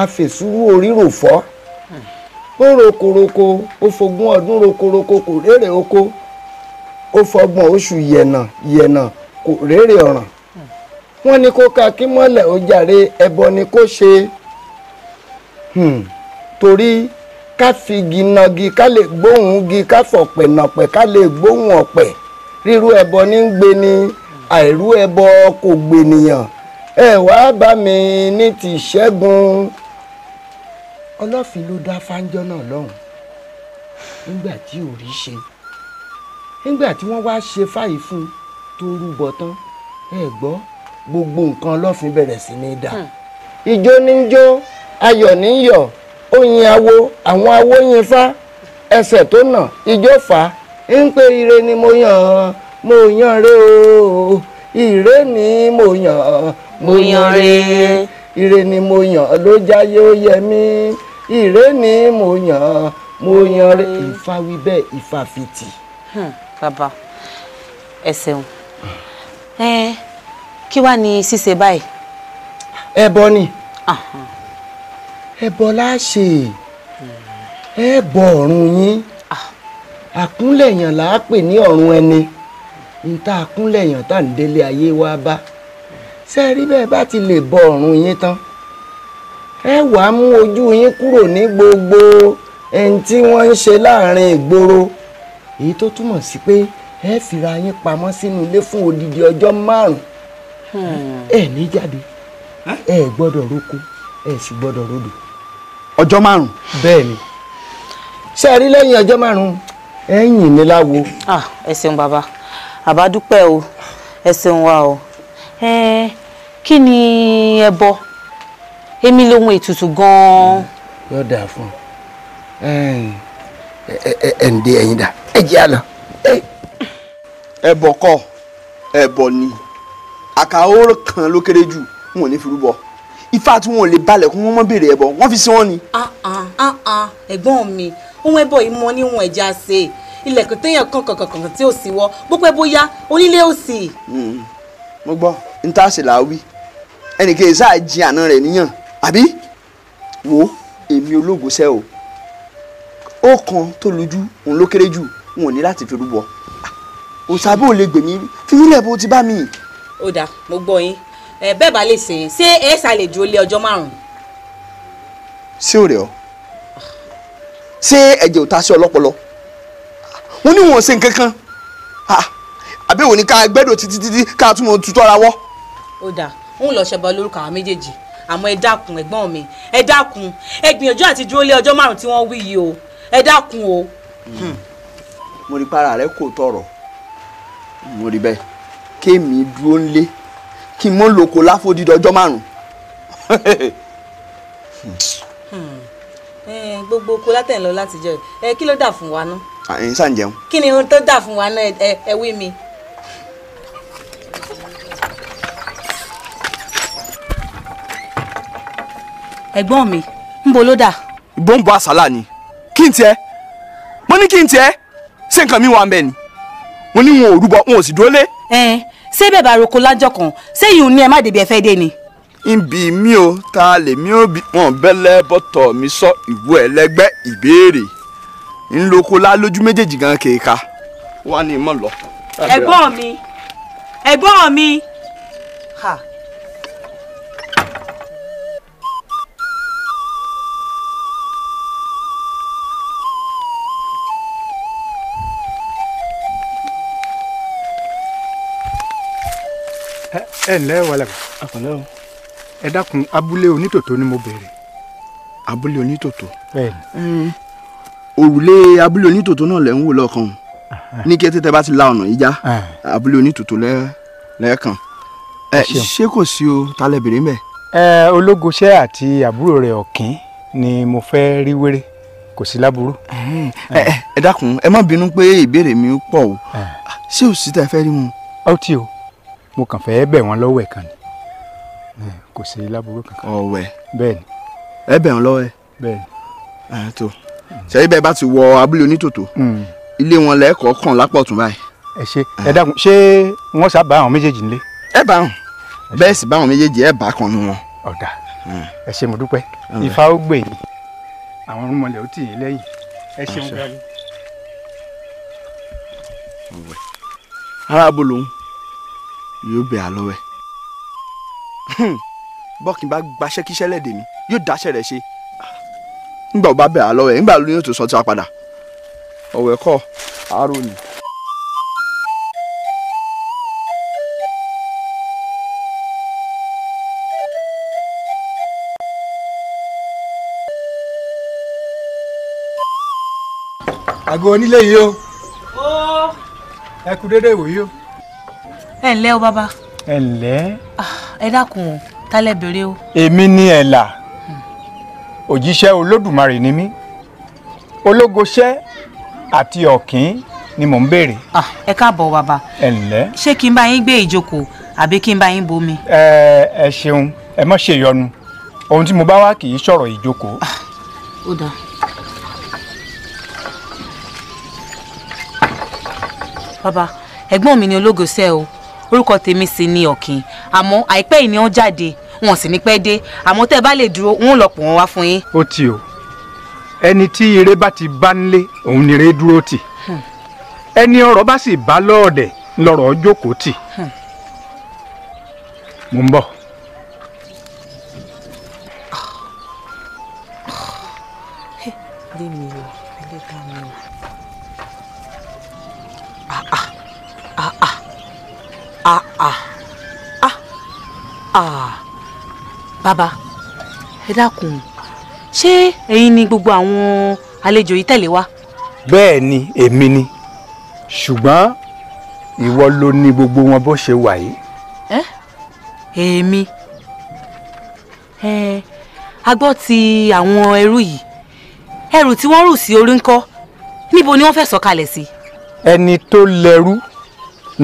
àfẹ̀sùwò ríro fọ́ ó rokoroko ó fogún ọdún rokoroko kò rérè oko ó fọgbọ̀n oṣù yẹ̀nà yẹ̀nà kò rérè ọ̀ràn wọ́n ní kó ka kí mọ́lẹ̀ ó jàre ẹbọ ni kó ṣe hmm. torí ká figi nagi ká lè gbóhùn gi ká fọ̀pẹ̀ nàpẹ̀ ká lè gbóhùn ọ̀pẹ̀ rírú ẹbọ ní ń gbé ni àìrú ẹbọ kò gbènìyàn ẹ wá bá mi ní ti ṣẹ́gun ọlọ́fin ló dá fáńjọ́ náà lọ́hùn nígbà tí ò ṣe nígbà tí wọ́n wá ṣe fáyì fún un tó rúbọ tán ẹ gbọ́ gbogbo nǹkan lọ́fin bẹ̀rẹ̀ sí ní dà hmm. ijó ní ń jó ayọ̀ ní ń yọ̀ oyin awo àwọn awo yin fá ẹsẹ̀ tó nà ijó fà á ń pé ire ni mo yàn mo yàn re o ire ni mo yàn mo yàn re ire ni mo yàn ló jáyé ó yẹ mí ire ni mo yàn mo yàn re ìfà wí bẹ́ẹ̀ ìfà fìtì. Hmm, bàbá ẹ ṣeun kí wàá ní ṣíṣe báyìí. ẹbọ ni ẹbọ láṣẹ ẹbọ ọ̀run yín ah. àkúnlẹ̀yàn là á pè ní ọ̀run ẹni n ta àkúnlẹ̀yàn tá ń délé ayé wá bá ṣe rí bẹ́ẹ̀ bá ti lè bọ ọ̀run yín tán ẹ wàá mú ojú yín kúrò ní gbogbo ẹni tí wọ́n ń ṣe láàrin ìgboro èyí tó túmọ̀ sí pé ẹ fìra yín pamọ́ sínú ilé fún odidi ọjọ́ márùn-ún ẹ ní jáde ẹ gbọ́dọ̀ roko ẹ sì gbọ́dọ̀ rodò. ọjọ́ márùn-ún. bẹ́ẹ̀ ni ṣe rí lẹ́yìn ọjọ́ márùn-ún ẹ̀yìn ni láwo. ẹ ṣeun bàbá àbádúpẹ́ o ẹ ṣeun wa o kí ni ẹbọ èmi lohun ètùtù gan-an. yóò dáa fún ẹ ǹdẹ ẹ̀yin dà ẹ jẹ́ àlọ́. ẹbọ kọ́ ẹbọ ni àkàóró kan ló kéré jù wọn ò ní fi rúbọ ifá tí wọn ò lè balẹ̀ kún wọn mọ́ béèrè ẹbọ wọn fi sí wọn ni. ẹ̀gbọ́n mi ohun ẹbọ yìí mọ níwọ̀n ẹ̀já ṣe ilẹ̀kùn téèyàn kan kankan tí ò sí wọ bópẹ́ bóyá onílé ò sí. Hmm, mo gbọ́ n ta ṣe làá wí ẹnìkan ìṣáà jí àná rẹ̀ níyàn àbí wo èmi ológun sẹ́ o ó kan tó lójú òun ló kéré jù wọn ò ní láti fi rúbọ ah, òṣàbò lè gbèmí fi yílẹ̀ bó ti bá mi ó dáa mo gbọ́ yín ẹ bẹ́ẹ̀ bá lè ṣe yẹn ṣé ẹ ṣàlè ju olé ọjọ́ márùn-ún. ṣé ò rẹ̀ ọ́ ṣé ẹ̀jẹ̀ ò ta sí ọlọ́pọlọ wọ́n ní wọ́n ṣe nǹkan kan ah, àbẹ̀wò ni ká gbẹ́dọ̀ títí títí ká tún mọ̀ tutọ́ ara wọ́. ó dáa ń lọ ṣẹbọ lórúkọ àwọn méjèèjì àmọ́ ẹ dákun ẹ̀gbọ́n mi ẹ dákun ẹ gbìyànjú àti dúró lé ọjọ́ márùn-ún tí wọ́n wí yìí o ẹ dákun o. Hmm. mo rí para rẹ kò tọrọ hmm, mo rí bẹ́ẹ̀ kémi dúró ńlé kí n mọ lóko láfódìdí ọjọ́ márùn. Hmm. Hmm. Eh, gbogbo oko látẹ̀ ń lọ láti jẹ ẹ kí ló dà fún wa náà. ẹ̀yin sàn jẹun. kí ni ohun tó dà fún wa náà ẹ wí mi. ẹ̀gbọ́n mi ńbo ló dà. ìbọn bọ àsálà ni kí n tiẹ̀ mo ní kí n tiẹ̀ ṣé nǹkan mi wà ń bẹ ni mo ní wọn ò rúbọ wọn ò sì dúró lé. ẹ ṣé bẹ́ẹ̀ bá roko lájọ kan sẹ́yìn ní ẹ má débi ẹ fẹ́ dé ni. ibi mi ò ta lèmi ò bí wọn bẹ́lẹ̀ bọ́tọ̀ mi sọ ìwú ẹlẹ́gbẹ́ ìbéèrè ń loko lójú méjèèjì gan kéka wà ní ìmọ̀ lọ. ẹ̀gbọ́n mi ẹ̀gbọ́n mi. Ha. ẹ ǹlẹ́ wàlẹ̀ àpọ̀lẹ́ o ẹ dákun abúlé onítòtò ni mo béèrè. abúlé onítòtò. òrùlé abúlé onítòtò náà lẹ ń wò lọ́kàn ní kété tẹ bá ti la ọ̀nà yìí já abúlé onítòtò lẹ́ẹ̀kan ṣé kò sí o talẹ̀ bèrè mbẹ́. ológoṣẹ́ àti àbúrò rẹ̀ ọ̀kín ni mo fẹ́ rí wéré kò sí láburú. ẹ dákun ẹ má bínú pé ìbéèrè mi pọ̀ o ṣé òsì tẹ fẹ́ rí mu. ó ti o mo kàn fẹ́ bẹ̀ wọ́n lọ́wọ́ ẹ̀ kan ni kò sí láburú kankan. ọ̀wẹ̀ bẹ́ẹ̀ni. ẹ bẹ̀ wọ́n lọ́wọ́ ẹ. bẹ́ẹ̀ni. ẹ tó sẹ́yìn bẹ́ẹ̀ bá ti wọ abúlé onítòtò hmm. ilé wọn lẹ́ẹ̀kọ́ kàn lápọ̀ tún báyìí. ẹ ṣe ẹ dákun ṣé wọn sábà àwọn méjèèjì nílé. ẹ bá wọn bẹ́ẹ̀ sì bá àwọn méjèèjì ẹ bá kan nu wọn. ọ̀dà hmm. ẹ ṣe mo dúpẹ́ hmm. ifá ó gbè yín àwọn ọmọlẹ̀ ó tì yín lẹ́yìn ẹ ṣeun gbẹ́rù. ara bolo ń yóò bẹ̀ á lọ́wẹ̀. Hmm. bọ́ọ̀kìn bá gbaṣẹ́ kíṣẹ́ lẹ́dẹ̀ mi yóò dáṣẹ́ rẹ̀ ṣe nígbà ó bá bẹ̀ á lọ́wẹ̀ nígbà ló yóò tó sọ tí a padà ọ̀wẹ́ kọ́ àárò ni. àgọ́ onílé yìí o ẹ kú dédé ìwòyí o ẹ ǹlẹ́ o bàbá. ẹ ǹlẹ́. Ah, ẹ dákun o tálẹ̀ bèrè o. èmi ni ẹ̀là òjíṣẹ́ olódùmarè ni mí ológoṣẹ́ àti ọ̀kín ni mò ń béèrè. Ah, ẹ káàbọ̀ bàbá. ẹ ǹlẹ́. ṣé kí n bá yín gbé ìjókòó àbí kí n bá yín bomi. ẹ ẹ ṣeun ẹ má ṣe ìyọnu ohun tí mo bá wá kì í sọ̀rọ̀ ìjókòó. Ah, ó dáa. bàbá ẹ̀gbọ́n mi ni ológoṣẹ́ o orúkọ tèmi sì ni ọ̀kìn àmọ́ àìpẹ́ yìí ni wọ́n jáde wọn sì ní pẹ́ dé àmọ́ tẹ́ bá lè dúró wọn lọ pọ̀ wọn wá fún yín. ó ti o ẹni tí ire bá ti bá nílé òun ni ire dúró tì hmm. ẹni ọ̀rọ̀ bá sì bá lọ́ọ̀dẹ̀ lọ́rọ̀ jókòó tì hmm. mo ń bọ̀. Ah ah ah ah ah ah ah ah Baba, ẹ dákun ṣé ẹ̀yin ni gbogbo àwọn àlejò yìí tẹ̀lé wá. bẹ́ẹ̀ ni èmi ni ṣùgbọ́n ìwọ ló ní gbogbo wọn bó ṣe wà yìí. ẹ èmi ẹ a gbọ́ ti àwọn ẹrú yìí ẹrù tí wọ́n rù sí orí ńkọ́ níbo ni wọ́n fẹ́ sọ̀kalẹ̀ sí. ẹni tó lẹ́rú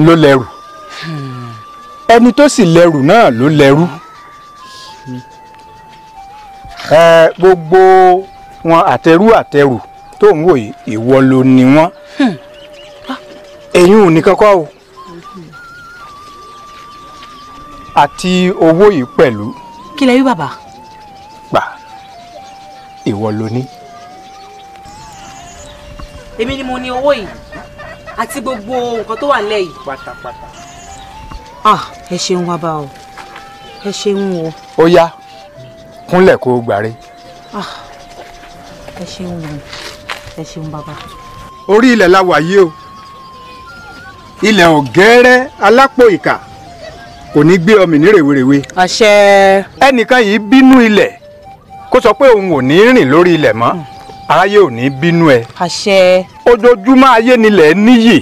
ló lẹ́rù ẹni tó sì lẹ́rù náà ló lẹ́rù ẹ gbogbo wọn àtẹrù àtẹrù tó ń wò ìwọ ló ni wọn ẹ̀yin ò ní kọ́kọ́ o àti owó yìí pẹ̀lú. kí lẹ wí bàbá. gbà ìwọ ló ní. èmi ni mo ní owó yìí àti gbogbo nǹkan tó wà nílẹ̀ pátápátá ah ẹ ṣeun wá bá o ẹ ṣeun o. ó yá kúnlẹ̀ kó o gbàre. ah ẹ ṣeun o ẹ ṣeun bàbá. orí ilẹ̀ la wà yìí o ilẹ̀ ọ̀gẹ́rẹ́ alápò ìkà kò ní gbé ọmọ ní rèwerèwe. àṣẹ. ẹnìkan yìí bínú ilẹ̀ kó sọ pé òun ò ní rìn lórí ilẹ̀ mọ́ hmm. aráyé ò ní bínú ẹ. àṣẹ. ojoojúmọ́ ayé nilẹ̀ níyì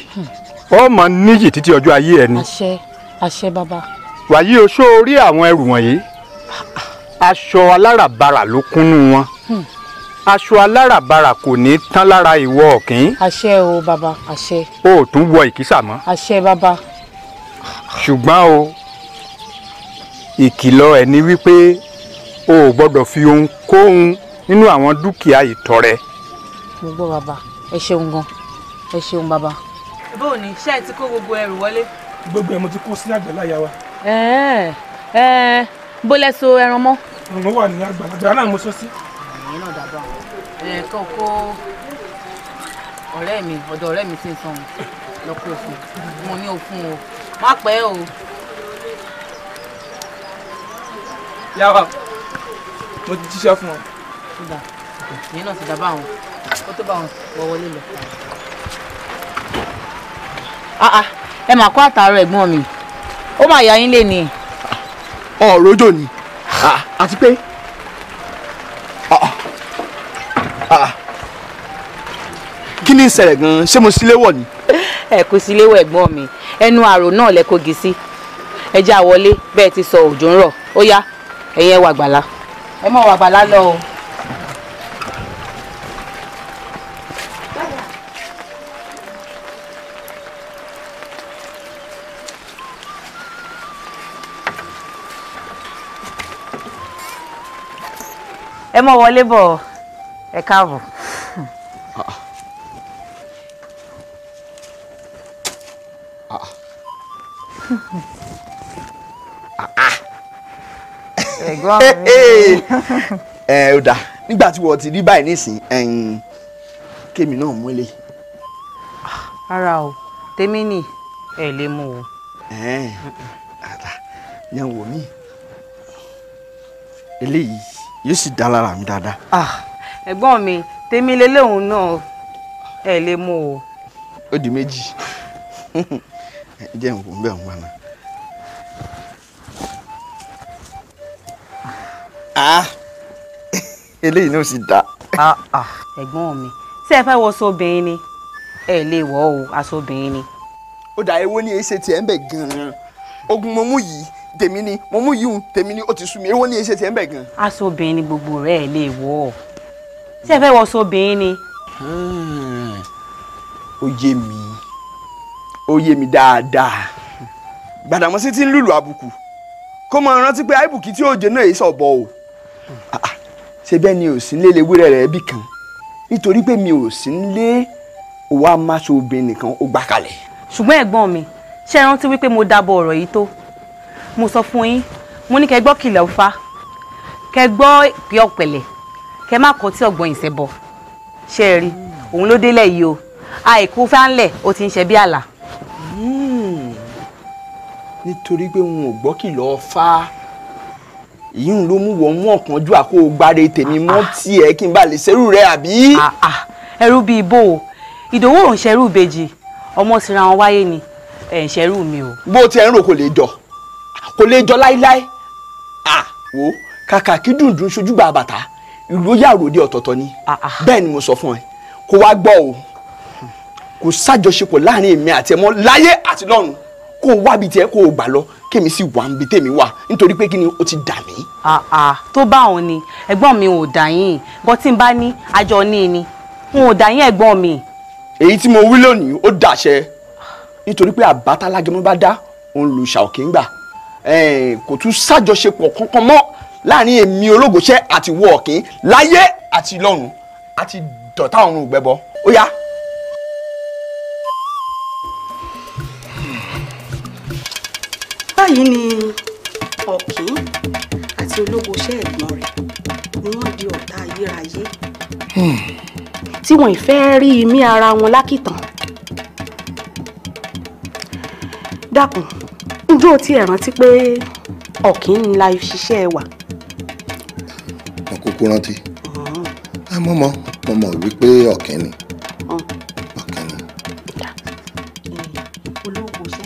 ọmọ hmm. níyì títí ọjọ́ ayé ẹni. àṣẹ àṣẹ baba. wàyí o ṣó orí àwọn ẹrù wọ̀nyí aṣọ aláràbarà ló kúnnú wọn hmm. aṣọ aláràbarà kò ní tán lára ìwọ ọ̀kín. àṣẹ o baba àṣẹ. o ò tún wọ ìkísà mọ́. àṣẹ bàbá. ṣùgbọ́n o ìkìlọ̀ ẹ̀ ni wípé o ò gbọ́dọ̀ fi ohunkóhun nínú àwọn dúkìá ìtọrẹ. mo gbọ́ baba. ẹ ṣeun gan ẹ ṣeun bàbá. bóò ní ṣe é ti kó gbogbo ẹrù wọlé gbogbo ẹ̀ mo ti kó sí àgbàláyà wa. ẹ ẹ bó lẹ so ẹran mọ́. mo wà ní àgbàlá àgbàlá náà mo sọ sí. ẹ̀yin náà dàbọ̀ àwọn ẹ̀ kó ọ̀rẹ́ mi ọ̀dọ̀ ọ̀rẹ́ mi ti ń sọ̀rọ̀ lọ́pọ̀ òfin mo ní òfin o má pẹ́ o. yàrá mo ti jíṣẹ́ fún ọ. ṣùgbọ́n ìyẹn náà ti dàbọ̀ àwọn kó tó bá wọn wọ wọlé lọ. Ah, ah ẹ mà kó àtàrọ ẹ̀gbọ́n mi ó mà yà yín lé ni. ọ̀rọ̀ òjò ni àti pé ah, ah. Ah, kí ni ìṣẹ̀lẹ̀ gan-an ṣé mo sílé wọ̀ ni. ẹ kò sílé wọ̀ ẹ̀gbọ́n mi ẹnu àrò náà lẹ kogi sí ẹ já wọlé bẹ́ẹ̀ ti sọ òjò ń rọ̀ ó yá ẹ̀yin ẹ wà gbàlá ẹ mọ̀ wà lọ o. mọ wọlé bọ̀ ẹ káàbọ̀. ẹ̀gbọ́n mi. ẹ ò dà nígbà tí wọ́n ti rí báyìí nísìn ẹ̀yìn kémi náà mú lé. ara o tèmi ni ẹ lè mú o. ẹ̀ẹ́n àtà yẹn wò mí eléyìí yóò sì dá lára mi dáadáa. Ah, ẹ̀gbọ́n mi tèmi leléhùn náà ẹ lè mú o. ó di méjì ẹ jẹ́ nǹkan bẹ́ẹ̀ ń wá náà. ah eléyìí náà sì dá. Ah, ah, ẹ̀gbọ́n mi ṣé ẹ fẹ́ wọ sóbìnrin ni ẹ lè wọ̀ O aṣọ obìnrin ni. ó dà ewo ní èyí tiẹ̀ ń bẹ̀ gan-an ogun mọ́mú yìí tèmi ni mo mú yíwù tèmi ni ó ti sú mi èwo ni èsè tẹ̀ ń bẹ̀ gan. aṣọ obìnrin ni gbogbo rẹ̀ lè wọ̀ ṣé ẹ fẹ́ wọ aṣọ ni. Hmm. ó yé mi ó yé mi dáadáa Gbàdàmọ́sí ti ń lùlù àbùkù kó máa rántí pé àìbùkù tí òjò náà yìí sọ̀bọ̀ o ah, ah. ṣe bẹ́ẹ̀ ni ò sí nílé ewúrẹ́ rẹ̀ bì kan nítorí pé mi ò sí nílé òwa máṣe obìnrin nìkan ó gbà kalẹ̀. ṣùgbọ́n ẹ̀gbọ́n mi ṣé ẹ rántí wípé mo dábọ̀ ọ̀rọ̀ yìí tó mo sọ fún yín mo ní kẹ́ gbọ́ kìlọ̀ ọ̀fà kẹ́ gbọ́ ìpè ọ̀pẹ̀lẹ̀ kẹ́ má kọ́ tí ọ̀gbọ́n yìí ṣẹbọ ṣe rí òun ló délẹ̀ yìí o àìkú fáńlẹ̀ ó ti ń ṣe bí àlà. Hmm. nítorí pé wọn ò gbọ́ kìlọ̀ ọ̀fà ìyún ló mú wọn mú ọ̀kan ju àkó gbáre tèmi mọ́ ah, ah. tiẹ̀ kí n bá lè ṣerú rẹ àbí. Ah, ẹrú bíi bò ó ìdòwò òǹṣẹ́rú ìbejì ọmọ síra wọn wáyé ni ẹ̀ mi o. bó o ti ẹ̀ ń rò kò lè jọ kò lè jọ láíláí à wò kàkà kí dùndùn ṣojúgbà bàtà ìlú yàròde ọ̀tọ̀ọ̀tọ̀ ni ah, ah. bẹ́ẹ̀ ni mo sọ fún ẹ kó wá gbọ́ o kò sájọṣepọ̀ láàrin èmi àti ẹ mọ́ láyé àti lọ́run kó o wábi tiẹ̀ kó o gbà lọ kémi sì wà níbi tèmi wà nítorí pé kí ni o ti dà mí. Ah, tó bá òun ni ẹ̀gbọ́n mi ò dà yín nǹkan tí n bá ní àjọ ní ni n ò dà yín ẹ̀gbọ́n mi. èyí tí mo wí lónìí ó dàṣẹ nítorí pé àbátálágẹmọ bá dá òun lòṣà òkè ń gbà. Eh, kò tún ṣàjọṣepọ̀ kankan mọ́ láàrin èmi ológoṣẹ́ àti wọ́ọ̀kín láyé àti lọ́run àti dọ̀tá ọ̀run ìgbẹ́bọ ó yá. báyìí ni ọ̀kín àti ológoṣẹ́ ẹ̀gbọ́n rẹ̀ ni wọ́n di ọ̀tá ayérayé hmm. tí wọ́n ìfẹ́ rí imí ara wọn lákìtàn dákun njó o tiẹ̀ rántí pé ọ̀kín ń la ṣiṣẹ́ wà. wọn kúkú rántí mm-hmm. àmọ́ mọ́ mo mọ̀ wípé ọ̀kín ni mm. ọ̀kín ni. olówó ṣe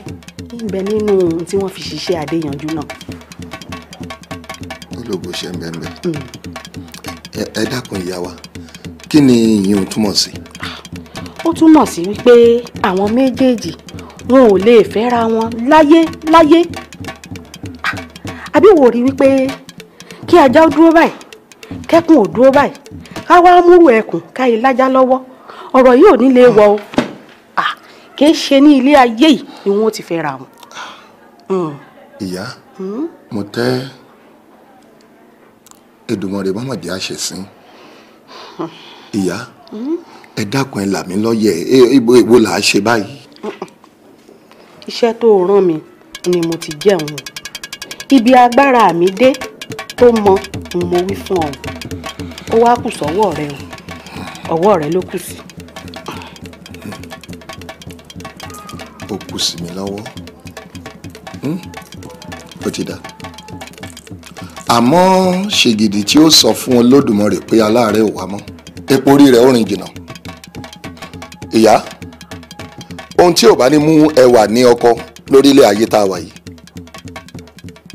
ń bẹ nínú ohun tí wọ́n fi ṣiṣẹ́ adéyanjú náà. olówó ṣe ń bẹ ń bẹ mm. ẹ dákun ìyá wa kí ni ìyẹn túmọ̀ sí. ó túmọ̀ sí wípé àwọn méjèèjì wọn ò lè fẹ́ra wọn láyé láyé àbí wò rí wípé kí ajá ó dúró báyìí kẹ́kùn ò dúró báyìí ká wá múrù ẹkùn ká yìí lájá lọ́wọ́ ọ̀rọ̀ yìí ò ní lè wọ o kì í ṣe ní ilé ayé yìí ni wọn ti fẹ́ ra wọn. ìyá hmm? mo tẹ́ Èdùmàrè mọ́mọ́dé àṣẹ̀sìn hmm. ìyá hmm? ẹ dákun ẹ là mí lọ́yẹ̀ èèbo èèbo là á ṣe báyìí iṣẹ́ tó rán mi ni mo ti jẹun o ibi agbára mi dé tó mọ ni mo wí fún ọ ó wá kù sọ́wọ́ rẹ o ọwọ́ rẹ ló kù sí. ó kù sí mi lọ́wọ́ hm? ó ti dà àmọ́ ṣègìdì tí ó sọ fún Olódùmarè pé aláàárẹ̀ ò wá mọ́ epo orí rẹ̀ ó rìn jìnnà ìyá. E ohun tí ò bá ní mú ẹwà ní ọkọ lórílẹ̀ ayé tá a wà yìí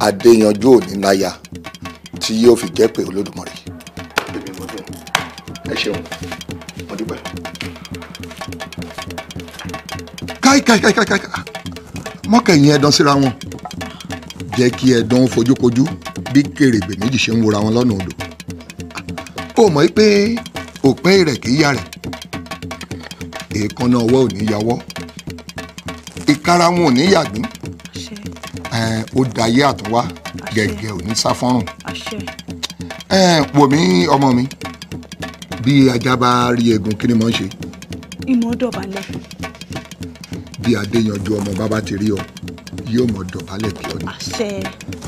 adéyanjú òní láya tí yóò fi jẹ́ pé olódùmarè. mo dúpẹ́. káì káì káì káì káì mọ́kẹ̀yìn ẹ̀dán síra wọn jẹ́ kí ẹ̀dán fojúkojú bí kèrègbè méjì ṣe ń wora wọn lọ́nà odò ó mọ̀ pé òpin rẹ̀ kì í yá rẹ̀ èékánná ọwọ́ ò ní yáwọ́ ìkara wọn ò ní yàgbín ó dayé àtúnwá gẹ́gẹ́ ò ní sáfọ́rùn wò mí ọmọ mi bí ajá bá rí egun kí ni mò ń ṣe. ìmọ̀ dọ̀bálẹ̀. bí adéyanjú ọmọ bàbá ti rí ọ yóò mọ dọ̀bálẹ̀ kí ọ ní. àṣẹ.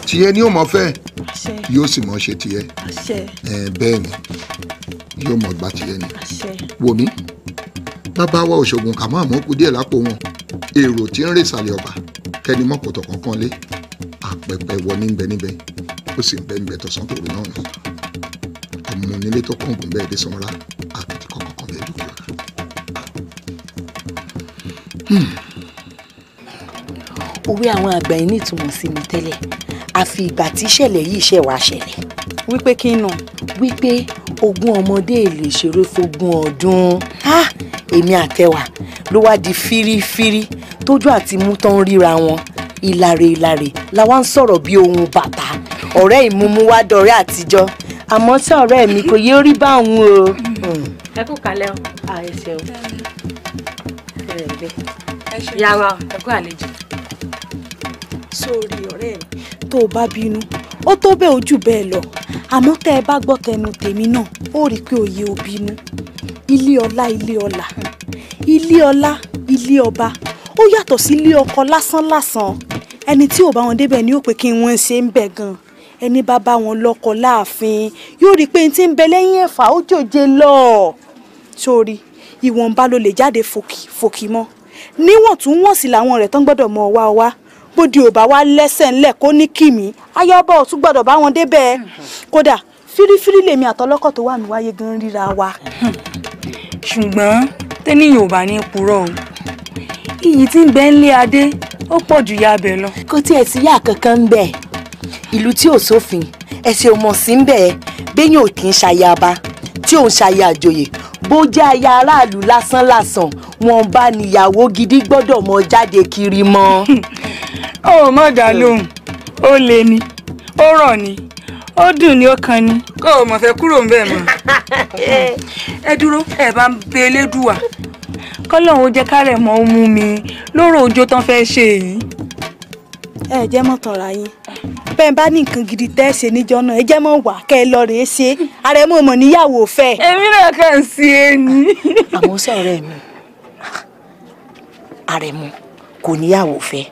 tiẹ̀ ni yóò mọ fẹ́. àṣẹ. yóò sì mọ ṣe tiẹ̀. àṣẹ. bẹ́ẹ̀ ni yóò mọ gba tiẹ̀ ni. wò mí bàbá wa òṣogùn kà máa mọ́ kú díẹ̀ lápò wọn èrò tí ń rè sàlẹ̀ ọ̀bà kẹ́ni mọ́kòtò kankan lé àpẹpẹ wọ ní bẹ níbẹ̀ ó sì ń bẹ níbẹ̀ tọ̀sán tòru náà nù ọmọ onílé tó kọ̀ǹgùn bẹ́ẹ̀ dé sanra àpèjì kọ̀ọ̀kan bẹ́ẹ̀ dúró rà. Hmm. òwe àwọn àgbà yìí nítumọ̀ sí mi tẹ́lẹ̀ àfi ìgbà tí ìṣẹ̀lẹ̀ yìí ṣẹ̀ wá ṣẹlẹ̀. wípé kí n nà. wípé ogún ọmọdé lè ṣeré fógún ọdún èmi àtẹwà ló wá di fírífírí tójú àti mú tán ríra wọn ìlàrè ìlàrè làwa ń sọ̀rọ̀ bí ohun bàtà ọ̀rẹ́ ìmúmú wá dọ̀rẹ́ àtijọ́ àmọ́ tí ọ̀rẹ́ mi kò yé orí bá òun o. ẹ kú kalẹ̀ o. a ẹ ṣe o. ẹ yà wá ẹ kú àlejò. sórí ọ̀rẹ́ mi tó o bá bínú ó tó bẹ́ẹ̀ ojú bẹ́ẹ̀ lọ àmọ́ tẹ́ ẹ bá gbọ́ tẹnu tèmi náà ó rí i pé òye ò bínú ilé ọlá ilé ọlà ilé ọlá ilé ó yàtọ̀ sí ilé ọkọ ẹni tí ò bá wọn débẹ̀ ni ó pé kí wọ́n ṣe ń bẹ̀ gan ẹni bá bá wọn lọ́kọ láàfin yóò rí i pé n ti ń bẹ lẹ́yìn ẹ̀fà ó jòjé lọ sórí ìwọ̀nba ló lè jáde fòkì mọ́ níwọ̀ntúnwọ̀nsì làwọn rẹ̀ tán gbọ́dọ̀ mọ̀ wá wá bóde ò bá wá lẹ́sẹ̀ ńlẹ̀ kó ní kìmí ayọ́bọ̀ tún gbọ́dọ̀ bá wọn débẹ̀ kódà fírífírí lèmi àtọlọ́kọ̀ tó wà mí wáyé gan ríra wa ṣùgbọ́n tẹ́nìyàn ò bá ní purọ́ o iyì tí ń bẹ ń lé adé ó pọ̀ ju ya abẹ lọ. kò tiẹ̀ sí yá kankan ń bẹ̀ ìlú tí ò sófin ẹ̀sìn ò mọ̀ sí ń bẹ̀ ẹ́ béèyàn ò kì í ṣayaba tí òun ṣayàjòyè bó jẹ́ aya aráàlú lásán lásán wọn bá níyàwó gidi gbọ́dọ̀ mọ jáde kiri mọ́. ó mọ̀ dá lóhùn ó lé ni ó rọ̀ ni ó dùn ní ó ni. kó o mọ̀ fẹ́ kúrò ń bẹ̀ mọ́ ẹ dúró ẹ bá ń bẹ elédùà kọ́lọ́hún ó jẹ́ kárẹ̀ mọ́ ó mú mi lóró ọjọ́ tán fẹ́ ṣe yìí. ẹ jẹ́ mọ́ tọ̀ra yín bẹ́ẹ̀ bá ní nǹkan gidi tẹ́ níjọ́ náà ẹ jẹ́ mọ́ wà kẹ́ ẹ lọ rèé ṣe ara ẹ mọ̀ mọ̀ níyàwó fẹ́. èmi náà kàn sí ẹni. àmọ́ sọ̀rọ̀ ẹ̀ mi àrẹ̀mọ kò níyàwó fẹ́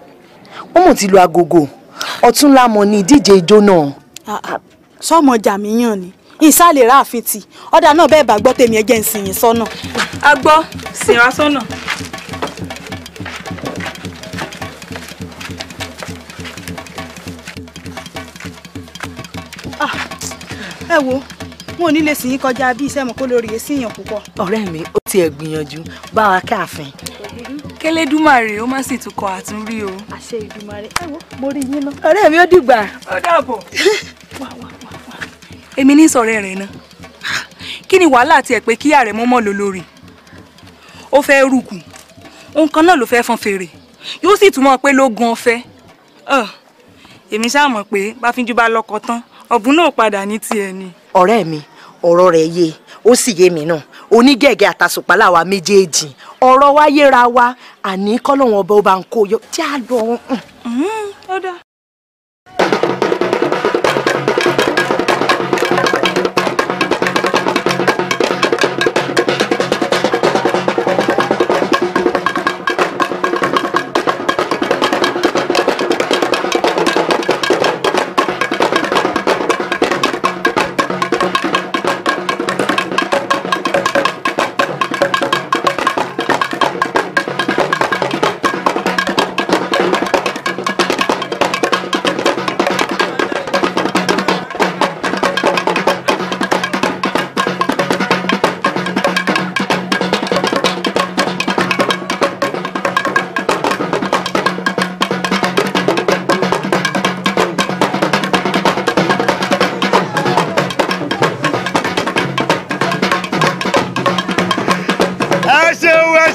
wọ́n mọ̀ ti lu agogo ọ̀túnla mọ̀ ní ìdíje ijó náà. Ah, ah sọmọ jàmíyàn ni ìsàlẹ̀ ráàfin ti ọ̀dà náà bẹ́ẹ̀ bá gbọ́ tèmi ẹ̀jẹ̀ ń sìn yín sọ́nà. a gbọ́ sìn wá sọ́nà. Ah, ẹ wo wọn ò ní lè sìn yín kọjá bí iṣẹ́ mọ̀ kó lórí èsì yàn púpọ̀. ọ̀rẹ́ mi ó tiẹ̀ gbìyànjú bá wa káàfin. kélédùmarè ó má sì tún kọ àtúnrí o. àṣẹ ìdùmarè ẹ wo mo rí yín lọ. ọ̀rẹ́ mi ó dìgbà. ó dàbọ̀. wá wá wá èmi ní sọ̀rọ̀ rẹ̀ náà kí ni wàhálà tiẹ̀ pé kí ààrẹ mọ́mọ́ lò lórí ó fẹ́ rúkù ohun kan náà ló fẹ́ fọn fèrè yóò sì túmọ̀ pé ló gan ọfẹ́ èmi ṣáà mọ̀ pé báfínjú bá lọ́kọ tán ọ̀bùn náà padà ní tiẹ̀ ni. ọ̀rẹ́ mi ọ̀rọ̀ rẹ̀ yé ó sì yé mi náà onígẹ̀gẹ̀ àtàsùpàlà wa méjèèjì ọ̀rọ̀ wa yéra wa àní kọ́lọ́hún ọba ó bá ń kó yọ tí a lọ. Mm. Mm-hmm,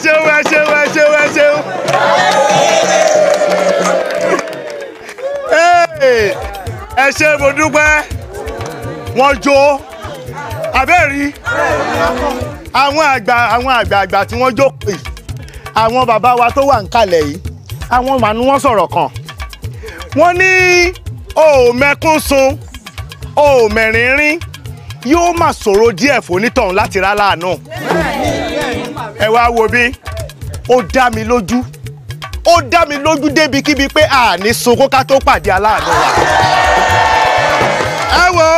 ṣeun ẹ ṣeun ẹ ṣeun ẹ ṣeun. ẹ ṣe mo dúpẹ́ wọ́n jó àbẹ́rí àwọn àgbà àwọn àgbààgbà tí wọ́n jókòó yìí àwọn bàbá wa tó wà ń kalẹ̀ yìí àwọn màánú wọn sọ̀rọ̀ kan wọ́n ní òmẹkún sun òmẹrìnrín yóò máa ṣòro díẹ̀ fónítọ̀hún láti rá láàánú. No ẹ wá wo bí ó dá mi lójú ó dá mi lójú débikíbi pé a ní sunkún ká tó pàdé aláàánú wa. ẹ wo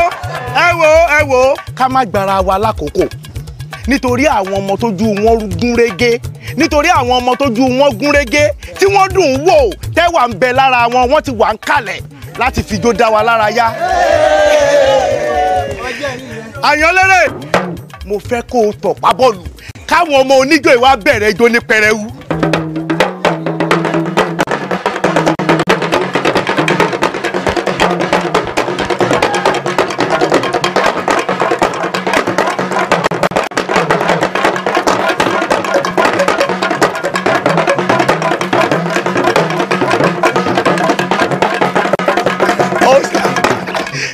ẹ wo ẹ wo ká má gbára wa lákòókò nítorí àwọn ọmọ tójú wọn gún régé nítorí àwọn ọmọ tójú wọn gún régé tí wọ́n dùn wò tẹ́wà ń bẹ lára wọn wọ́n ti wà ń kalẹ̀ láti fijó dá wa lára yá. àyànlérè mo fẹ́ kó o tọ̀pá bọ́ọ̀lù káwọn ọmọ oníjó ìwà bẹ̀rẹ̀ ijó ní pẹrẹwu.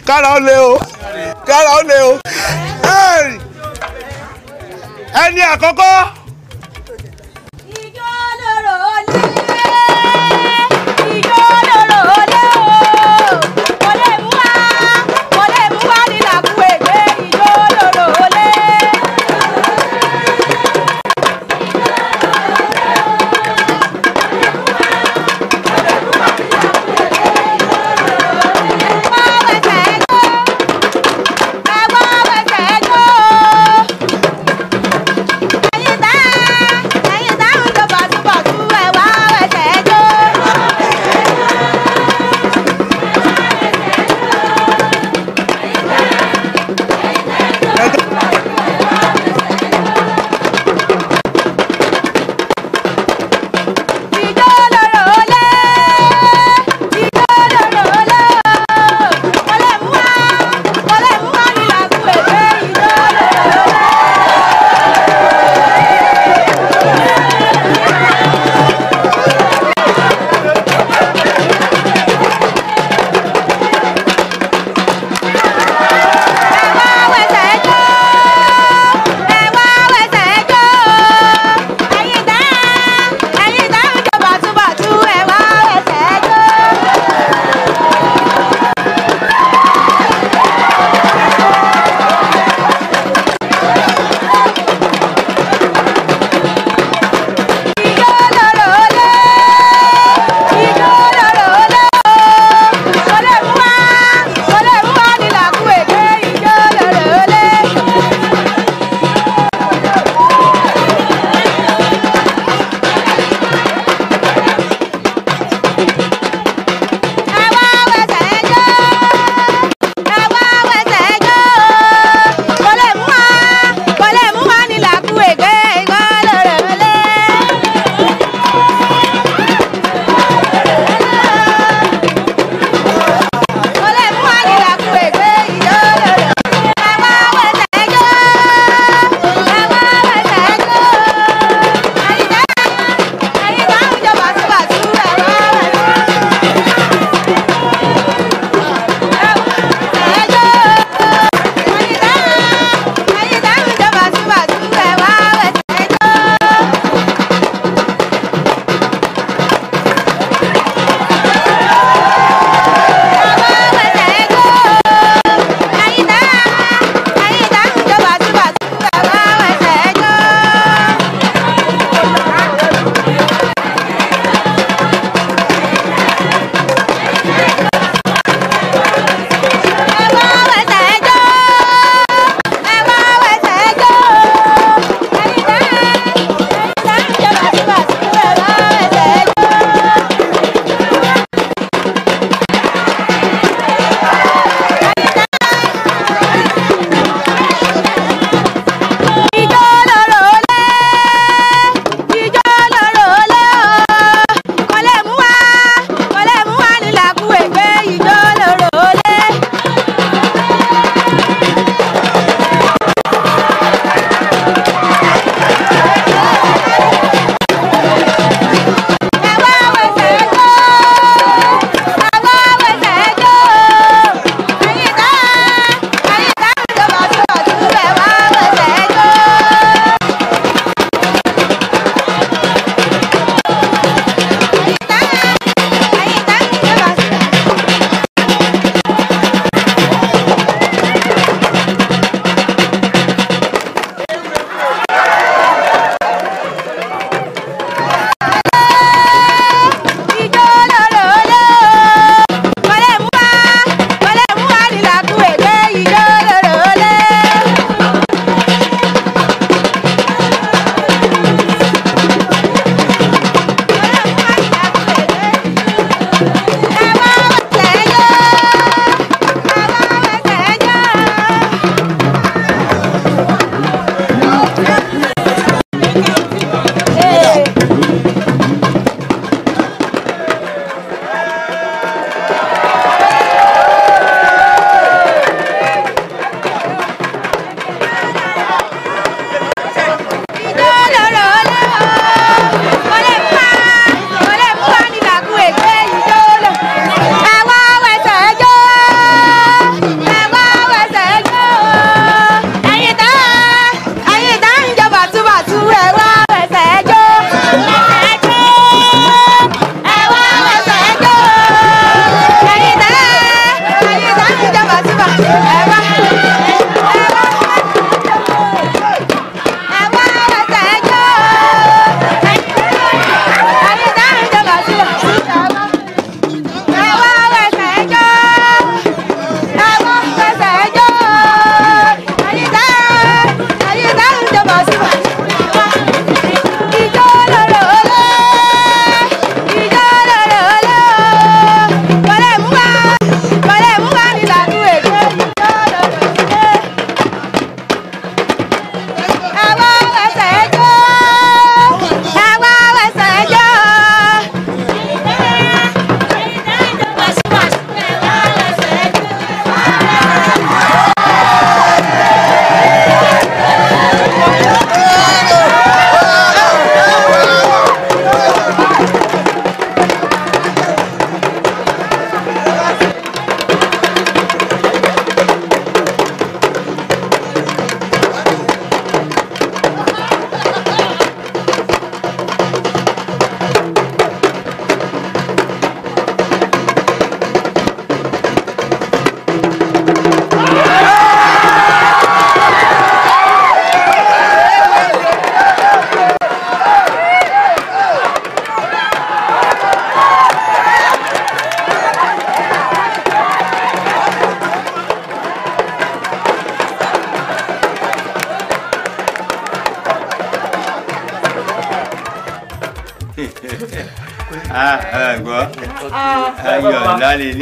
kára ó lé o kára ó lé o ẹni àkọ́kọ́.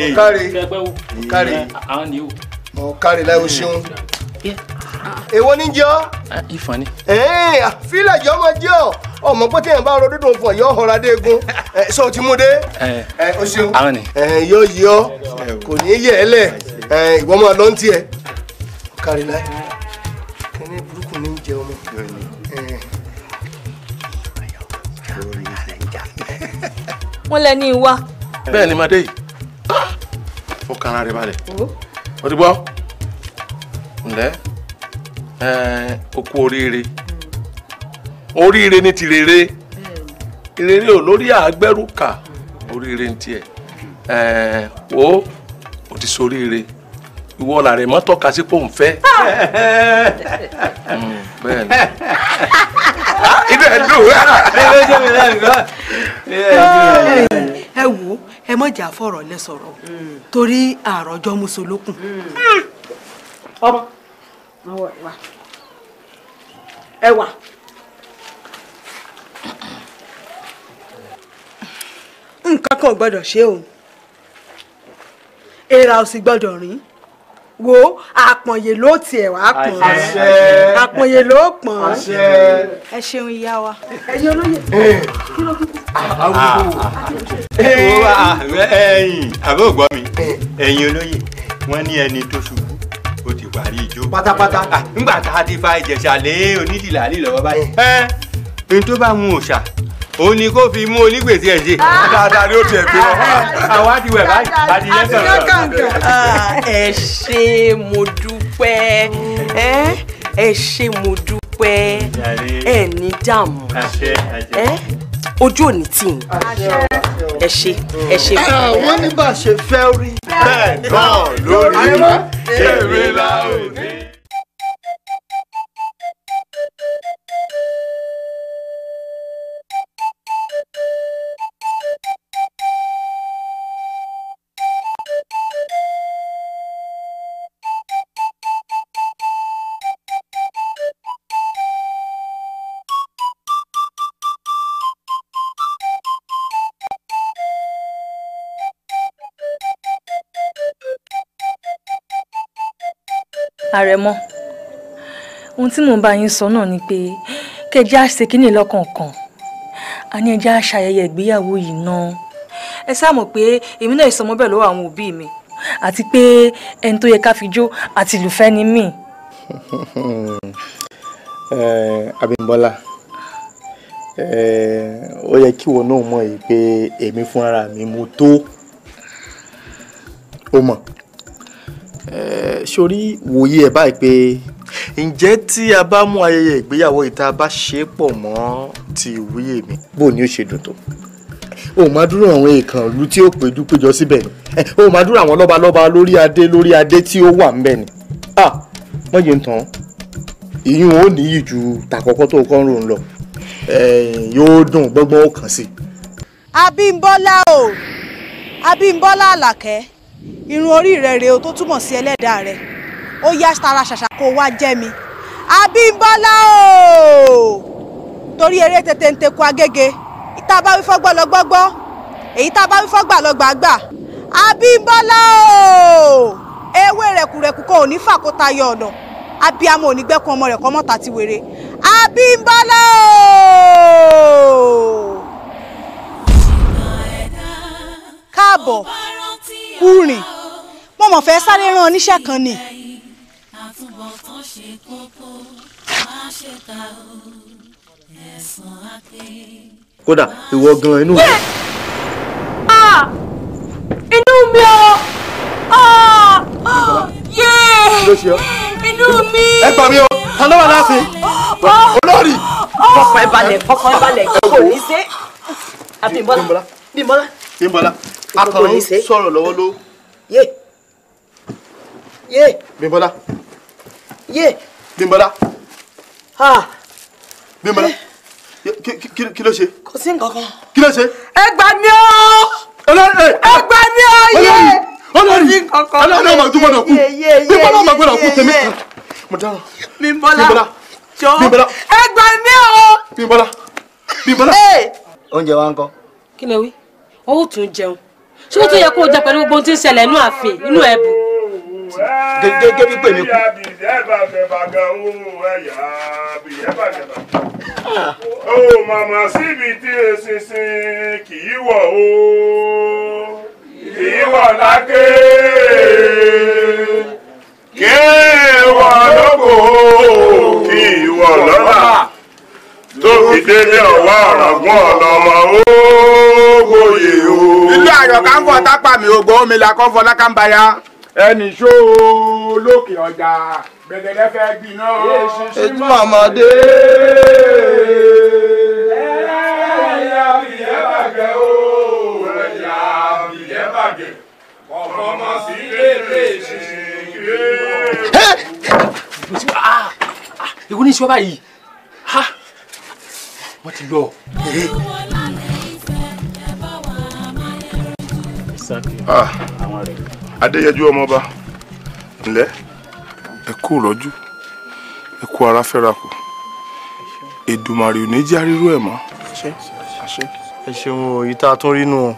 eléyìí ọ̀kárẹ̀ ọ̀kárẹ̀ àwọn ni o. ọ̀kárẹ̀ láì o ṣeun. èwo ni jọ. Ah, ifan ni. Ah, fílẹ̀ jọ ọmọ jọ ọmọ pé téèyàn bá rọ dúdùn fún ọ yọ ọhọra dé egun ṣé o ti mú dé. o ṣeun yọ yọ kò ní yẹ ẹ lẹ ìwọ máa lọ ń tiẹ. ọ̀kárẹ̀ láì kẹ́ni burúkú ni ń jẹ ọmọ. wọ́n lẹ ní í wá. bẹ́ẹ̀ ni madé yìí ara rẹ balẹ̀ o ti gbọ́ ǹlẹ́ okú oríire oríire ní ti rere ìrere ò lórí àgbẹ̀rùkà oríire ní tiẹ̀ wo o ti soríire ìwọ làrẹ̀ mọ́ tọ́ka sí pò ń fẹ́ bẹ́ẹ̀ ni ilé ẹ̀ dùn mọ̀jà fọ̀rọ̀ lẹ sọ̀rọ̀ mm. torí àròjọ́ musolókun. Mm. ọmọ ọwọ ẹwà ẹwà. nǹkan kan ò gbọ́dọ̀ ṣe o èèrà ò sì gbọ́dọ̀ rìn wo àpọ̀nyè ló tiẹ̀ wá pọ̀n àpọ̀nyè ló pọ̀n ẹ ṣeun ìyá wa. ẹ̀yin olóye eh. kí ló kúkú. Ah, ah, ah, ẹ̀yin àbẹ́ ògbọ́ mi ẹ̀yin olóyè wọ́n ní ẹni tó ṣubú ó ti parí ìjó. pátápátá. nígbà tá a ti fa ìjẹ̀ṣà lé onídìláàlì lọ́wọ́ báyìí. ẹ n tó bá mu òòṣà òun ni kó fi mú onígbèsè ẹ̀ ṣe. Ah. dáadáa ni ó tiẹ̀ fi wọn. Ah. àwa ti wẹ̀ báyìí àti yẹn sọ̀rọ̀. Ah, ẹ ṣé mo dúpẹ́ ẹ ṣé mo dúpẹ́ ẹ ní dààmú ojú òní tì yín ẹ ṣe ẹ ṣe. Ah, wọ́n ní bá ṣe fẹ́ rí bẹ́ẹ̀ náà lórí ṣèwé láòdì. àrẹ̀mọ ohun tí mò ń bá yín sọ náà ni pé kẹjá ṣe kínní lọ́kànkàn a ní ẹjá ṣayẹyẹ ìgbéyàwó yìí náà ẹ sáà mọ̀ pé èmi náà ìsọmọ bẹ́ẹ̀ lọ́wọ́ àwọn òbí mi àti pé ẹni tó yẹ ká fi jó àti ìlúfẹ́ ni mí. Abímbọ́lá ó yẹ kí wọn náà mọ̀ yìí pé èmi fúnra mi mo tó ó mọ̀. Eh, sórí wòye ẹ̀ e báyìí pé ǹjẹ́ tí a bá mú ayẹyẹ ìgbéyàwó ìta bá ṣe é pọ̀ mọ́ ti ìwúyè mi bó ni ó ṣe dùn tó o máa dúró àwọn èèkàn ìlú tí ó péjú péjọ síbẹ̀ ni eh, o máa dúró àwọn lọ́balọ́ba lórí adé lórí adé tí ó wà ńbẹ̀ ni ah wọ́n yé ń tán ìyún ò níyì ju tàkọ́kọ́ tó kọ́ ń rò ń lọ eh, yóò dùn gbọ́ngbọ́n ó kàn sí. Abímbọ́lá o Abímbọ́lá Àlàkẹ́ irun orí rẹ̀ rèé o tó túmọ̀ sí ẹlẹ́dàá rẹ̀ ó yá tara ṣàṣà kó wá jẹ́ mi Abímbọ́lá o torí eré tètè ń teku agége ìta bá wí fọ́gbọ́ lọ gbọ́gbọ́ èyí tá a bá wí fọ́gbà lọ gbàgbà Abímbọ́lá o ewé rẹ̀kùrẹ̀kù kan ò ní fàkóta yọ ọ̀nà abiyamọ ò ní gbẹ́kun ọmọ rẹ̀ kọ́ mọ́ta ti wèrè Abímbọ́lá o káàbọ̀ urìn mo mọ̀ fẹ́ sáré rán oníṣẹ́ kan ni. àtúbọ̀tán ṣe kókó má ṣe ká o ẹ̀sán àké. kódà ìwọ gan inú mi. Ah! Ah! inú mi o ah! yé inú mi. ẹ gbà mí o ta ló wà láti oh! Oh! olórí. Oh! fọkàn ẹ balẹ̀ fọkàn ẹ balẹ̀ kò ní í ṣe àbímbọ́lá bímbọ́lá. bímbọ́lá akọ̀rọ̀ sọ̀rọ̀ lọ́wọ́ ló. yé yé. Bímbọ́lá. yé. ha. Bímbọ́lá kí ló ṣe. kò sí nǹkan kan. kí ló ṣe. ẹ gbà mí o. ọlọ́run ẹ gbà mí o yé. ọlọ́run ọlọ́run ọmọ tó gbọ́dọ̀ kú Bímbọ́lá ọmọ gbọ́dọ̀ kú tèmi kan mo dára. Bímbọ́lá jọ ẹ gbà mí o. Bímbọ́lá Bímbọ́lá. oúnjẹ wa ń kọ́. kí lè wí wọn tún jẹun ṣé ó tún yẹ kó o jẹ pẹ̀lú gbogbo ohun tí ń ṣẹlẹ̀ inú ààfin inú ẹ̀bù. gẹ́gẹ́ bí pè mí kú. ó màmá síbi tí eṣinṣin kì í wọ̀ o kì í wọ̀ láké kì í wọ̀ lóko kì í wọ̀ lọ́la tó fi délé ọ̀wá ọ̀ràngún ọ̀nà ọmọ o gboyè o. ìlú ayọ̀ ká fọ tápà mi ògbó omi là kọ́ fọ lákàmbáyà. ẹnì ṣó lókè ọjà gbẹ̀gẹ̀dẹ̀ fẹ́ gbiná. ètò màmàdé. ẹ̀yà ìwúni ah! ah! ṣọ́ báyìí wọ́n ti lọ. Ah, adéyẹjú ọmọọba ǹlẹ́ ẹ kú rọ́jú ẹ kú ara fẹ́ra kù Èdùmàrè ò ní jẹ́ arírú ẹ̀ mọ́. ẹ ṣeun òyì tá a tún rí nù ọ́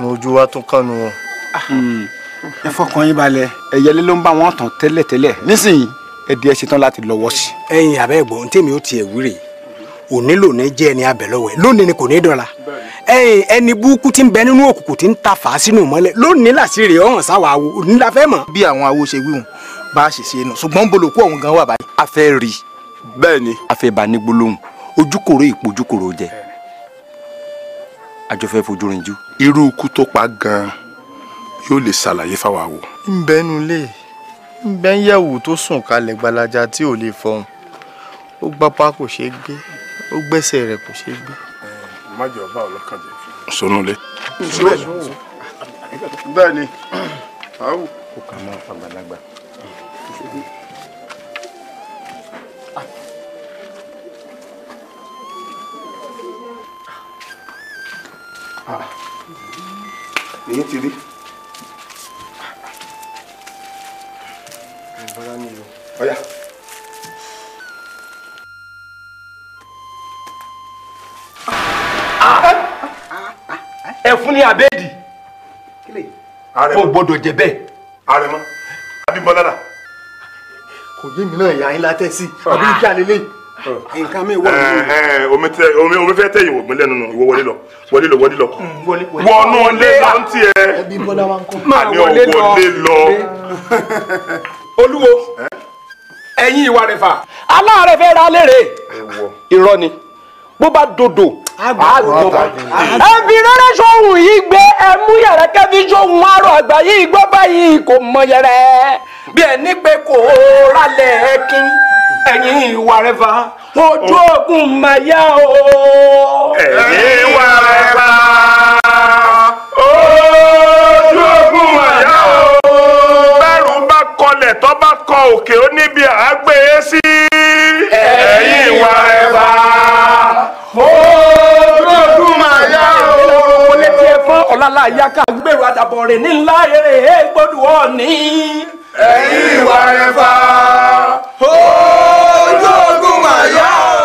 ní ojú wa tún kàn nù ọ́. ẹ fọkàn yín balẹ̀ ẹ̀yẹlé ló ń bá wọn tàn tẹ́lẹ̀tẹ́lẹ̀ nísìnyí ẹ di ẹ ṣetán láti lọ́wọ́ sí. ẹ̀yin àbẹ́ ẹ̀gbọ́n tèmi ó tiẹ̀ wúre yìí òní lòní jẹ́ ẹni abẹ̀lọ́wẹ̀ lónìí ni kò ní dọ̀la ẹni burúkú ti ń bẹ nínú òkùnkùn ti ń ta fà á sínú mọ́lẹ̀ lónìí làṣírí ọ̀hún sáwà awo òní la fẹ́ mọ̀. bí àwọn awo ṣe wíwùn bá a ṣe ṣe nù ṣùgbọ́n bolòkú ọ̀hún gan wà báyìí. a fẹ́ rí i bẹ́ẹ̀ ni a fẹ́ bá a ní gbólóhùn ojúkòrò ìpò ojúkòrò jẹ àjọ fẹ́ fojú rinjú. irú ikú tó pa gan-an yóò lè ṣàlàyé fáwọn awo. ń bẹ́nu lè ń bẹ́ńyẹ̀wò tó sùn kalẹ̀ gbalaja tí ò lè fọhùn ó gbapá kò ṣeé gbé ó gbẹ́sẹ̀ rẹ̀ kò ṣe gbé. má jẹ́ ọba ọlọ́kàn jẹ́. sonule. bẹ́ẹ̀ ni àwù. kò kà mọ́ àgbàlagbà. èyí ti rí. ọ̀ya. ẹfun ni abẹ́ẹ̀dì kò gbọ́dọ̀ jẹ bẹ́ẹ̀. àrẹ̀mọ abimọlára. kò yé mi náà yà á yín látẹ̀ sí àbí kí a lè lè nǹkan mi wọ ní. Eh, eh, omi tẹ omi omi fẹ tẹyìn ògùn lẹ́nu nù ìwọ wọlé lọ wọlé lọ wọlé lọ. Hmm, wọnú lé lọ ń tiẹ. ẹbí bọ́dá wa lọ. olúwo eh? ẹ̀yin ìwà rẹ̀ fà. aláàárẹ̀ fẹ́ ra lérè. irọ́ ni bó bá dodo ẹbí rere sóhun yìí gbé ẹmú yàrá kẹfí sóhun arọ àgbà yìí gbọ́ báyìí kò mọ yẹrẹ bí ẹni pé kò rálẹ̀ ẹkin ẹ̀yin ìwà rẹ̀ fa ojú ogun máa yá o. ẹ̀yin ìwà rẹ̀ fa ojú ogun máa yá o. bẹ́rù bá kọlẹ̀ tó bá kọ òkè ó níbi àágbé sí. àbọ̀rẹ̀ nílá eré gbódù ọ̀ní. ẹ̀yin ìwà rẹ̀ fà ojú ogun màyá o.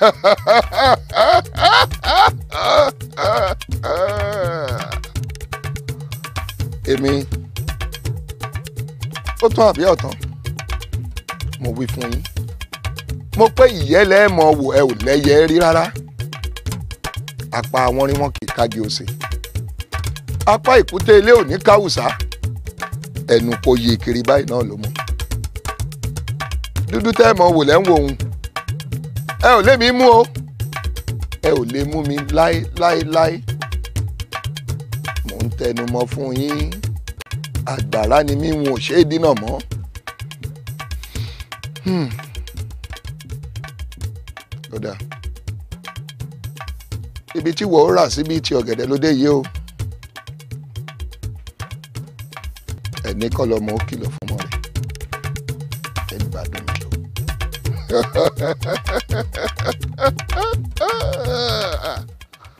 èmi ó tán àbí ọ̀tán mo wí fún yín mo pé ìyẹ́lẹ́ mọ̀ wò ẹ ò lẹ́yẹ rí rárá apá àwọn ni wọ́n kì í kági ọ̀sẹ̀ apá ìkúté ilé òní káwùsá ẹnu kò yí kiri báyìí náà ló mú dúdú tẹ́ ẹ mọ̀ wò lẹ́ ń wo òun ẹ ò lè mí mú o ẹ ò lè mú mi láéláéláé mò ń tẹnumọ́ fún yín àgbàrá ni mí wọn ò ṣe é dínà mọ́ hmm. ibi tí wọ́n rà síbi tí ọ̀gẹ̀dẹ̀ ló dé yìí o. ní kọ́ lọ́mọ ó kìlọ̀ fún ọmọ rẹ̀ ẹni bá dùn mí lọ.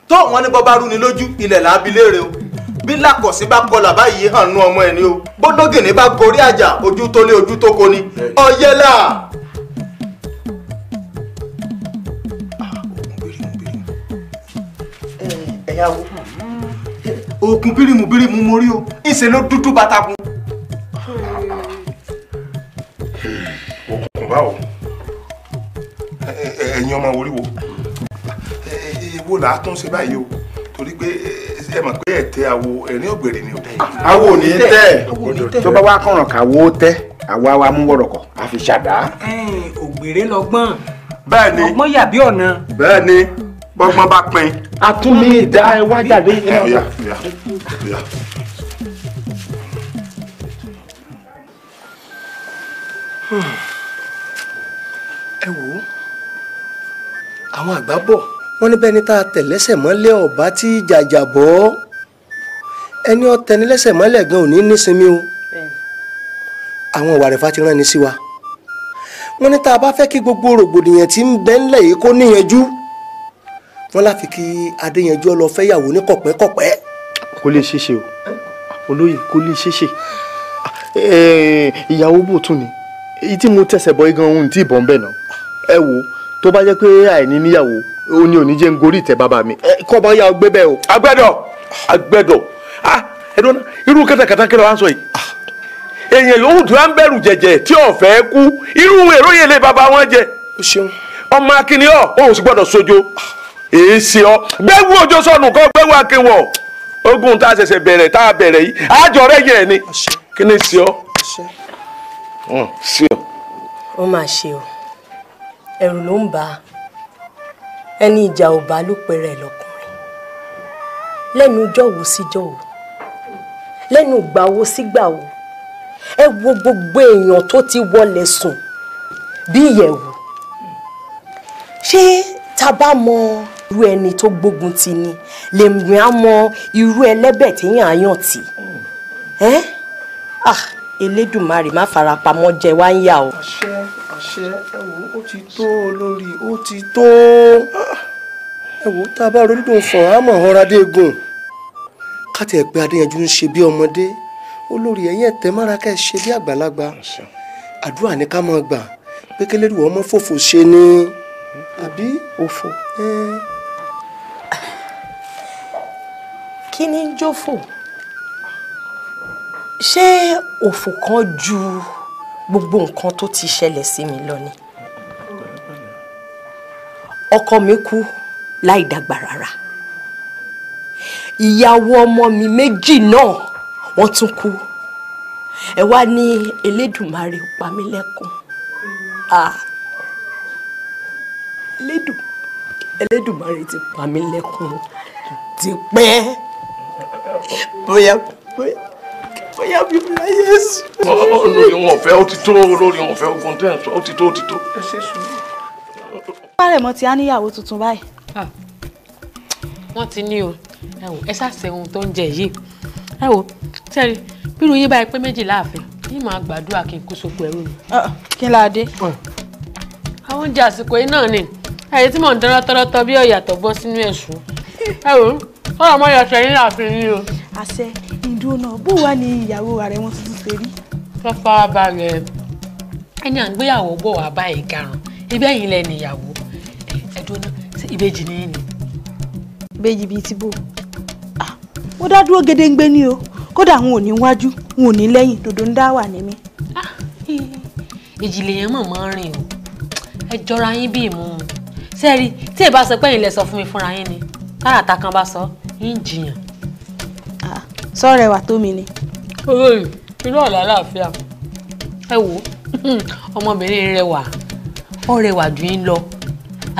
tó wọn ní bọ́bá rúni lójú ilẹ̀ làábi léèrè o bí làkọ̀sí bá kọlà báyìí hàn nú ọmọ ẹni o bọ́dọ̀gìnì bá gorí àjà ojú tó lé ojú tó koni ọ̀yẹ́là. ẹ̀yà wo oògùn bírímù bírímù mo rí o ìṣe ló dúdú bàtàkùn oògùn báwo ẹ̀yin ọmọ oríwo èwo là á tún ṣe báyìí o torí pé ẹ mọ̀ pé ẹ̀tẹ́ àwo ẹ̀rín ògbèrè ni o. àwo ò ní tẹ́ tó bá wá kọ̀ràn káwo tẹ́ àwa wa mú wọ̀rọ̀kọ̀ àfi ṣàdá. ògbèrè lọ́gbọ́n bẹ́ẹ̀ni ọgbọ́n yàbí ọ̀nà bẹ́ẹ̀ni bọ́gbọ́n bá pin. a tún mi dá ẹ wá jáde. Hmm ẹ wò ó àwọn àgbà bọ̀ wọ́n ní bẹ́ni tá a tẹ̀lẹ́sẹ̀ mọ́lẹ̀ ọ̀bá tí jàjà bọ́ ẹni ó tẹnilẹ́sẹ̀ mọ́lẹ̀ gan ò nísinmi o àwọn ìwà rẹ̀ fa rán ni sí wa wọ́n ní tá a bá fẹ́ kí gbogbo rògbòdìyàn tí ń bẹ ńlẹ̀ yìí kó níyanjú wọ́n láfi kí adéyanjú lọ fẹ́yàwó ní kọ̀pẹ́kọ̀pẹ́. kò lè ṣeéṣe o olóyè kò lè ṣeéṣe ìyàwó bò tún ni èyí tí mo tẹ̀sẹ̀ bọ́ igan ohun tí ìbọn bẹ̀ náà ẹ wo tó bá jẹ́ pé àìní níyàwó ó ní òní jẹ́ ń gorí ìtẹ́ bàbá mi kọ́ bá yà ọ gbé bẹ́ẹ̀ o. agbẹ́dọ̀ agbẹ́dọ̀ ah ẹ̀dọ́ irú kẹtàkẹtà kẹlẹ́ wa ń sọ yìí èèyàn ló dùn án bẹ̀rù jẹ̀jẹ̀ tí ò fẹ́ kú irú èrò yẹn lè bàbá wọn jẹ ọmọ akínní ọ òun sì gbọ́dọ̀ sojo èé ṣe ọ gbẹ́wò ojo sọnù kọ́ gbẹ́wò akínwọ̀ ogun tá a ṣẹ̀ṣẹ̀ bẹ̀rẹ̀ tá a bẹ̀rẹ̀ yìí àjọ rẹ̀ yẹn ni kí ni ṣe ọ ṣe ọ. ó ṣe o ẹ̀rù ló ń ba á ẹni ìjà ò bá ló pẹrẹ lọkùnrin lẹ́nu jọ̀wọ́ sí jọ̀wọ́ lẹ́nu gbàwó sígbàwó ẹ wo gbogbo èèyàn tó ti wọlé sùn bí ìyẹ̀wò ṣé ta bá mọ irú ẹni tó gbógun ti ni lè rìn á mọ irú ẹlẹ́bẹ̀ téèyàn á yàn tì ẹ́ ah Elédùmarè má farapamọ́ jẹ wá ń yà o àṣẹ ẹ wò ó ti tó olórí ó ti tó ẹ wò ó tá a bá ronú dùn sọ̀rọ̀ àmọ̀ ọ̀rọ̀ adéègùn káti ẹ̀ pé adéyanjú ń ṣe bí ọmọdé olórí ẹ̀yìn ẹ̀tẹ́ mára ká ẹ̀ ṣe bí àgbàlagbà àdúrà ní ká máa gbà pé kélérù ọmọ fòfò ṣe ni àbí òfò. kí ni jófò ṣé òfò kan ju. Ju gbogbo nǹkan tó ti ṣẹlẹ̀ sí mi lọ ni ọkọ mi kú láì dàgbà rárá ìyàwó ọmọ mi méjì náà wọ́n tún kú ẹ wá ní Elédùmarè pa mí lẹ́kùn Elédùmarè ti pa mí lẹ́kùn ti bóyá bóyá fàyà mi ra Jésù. olórí wọn ọ̀fẹ́ ó ti tó olórí wọn ọ̀fẹ́ ogun tẹ́ ẹ̀ sọ ó ti tó ó to talk. ẹ ṣe sùúrù. párẹ̀mọ́ ti á níyàwó tuntun báyìí. wọ́n ti ní o ẹ wò ẹ ṣàṣẹ ohun to ń jẹ yìí ẹ wò tẹ́rì bírú yín báyìí pé méjì láàfin yìí máa gbàdúrà kí n kó sopọ̀ ẹ̀rù mi. kí la dé. àwọn oúnjẹ àsìkò yìí náà ni ẹ̀yìn tí mò ń dáná tọ́lọ́tọ́ bí ọ̀yà tó to sínú ẹ̀sùn ẹ wò ó ọ̀rọ̀ mọ yọ̀ṣẹ̀ yín àfin yín o. àṣẹ ìdúná bó wà ní ìyàwó rẹ wọn tuntun ṣe rí. fọ́fọ́ abalẹ̀ ẹni àgbéyàwó bọ̀ wá báyìí karùn-ún ibẹ̀ yìí lẹ́nu ìyàwó ẹ̀ẹ́dọ́nà ìbejì ní yìí ni. ìbejì bíi ti bò ó dá dúró gédéǹgbé ni o kódà n ò ní wájú n ò ní lẹ́yìn dòdò ń dá wà ní mi. ìjìnlẹ̀ yẹn mọ̀ mọ́ rìn o ẹ jọra yín bí ìmú un sẹ́ẹ̀rí tí ẹ bá sọ pé ẹ̀yin lẹ sọ fún mi fúnra yín ni tààràtà kan bá sọ ọ́ ń jiyàn. Ah, sọ́ọ̀rọ̀ ẹ̀wà tó mi ni. irú ọ̀la láàfíà ẹ wo ọmọbìnrin rẹwà ó rẹwà jù yín lọ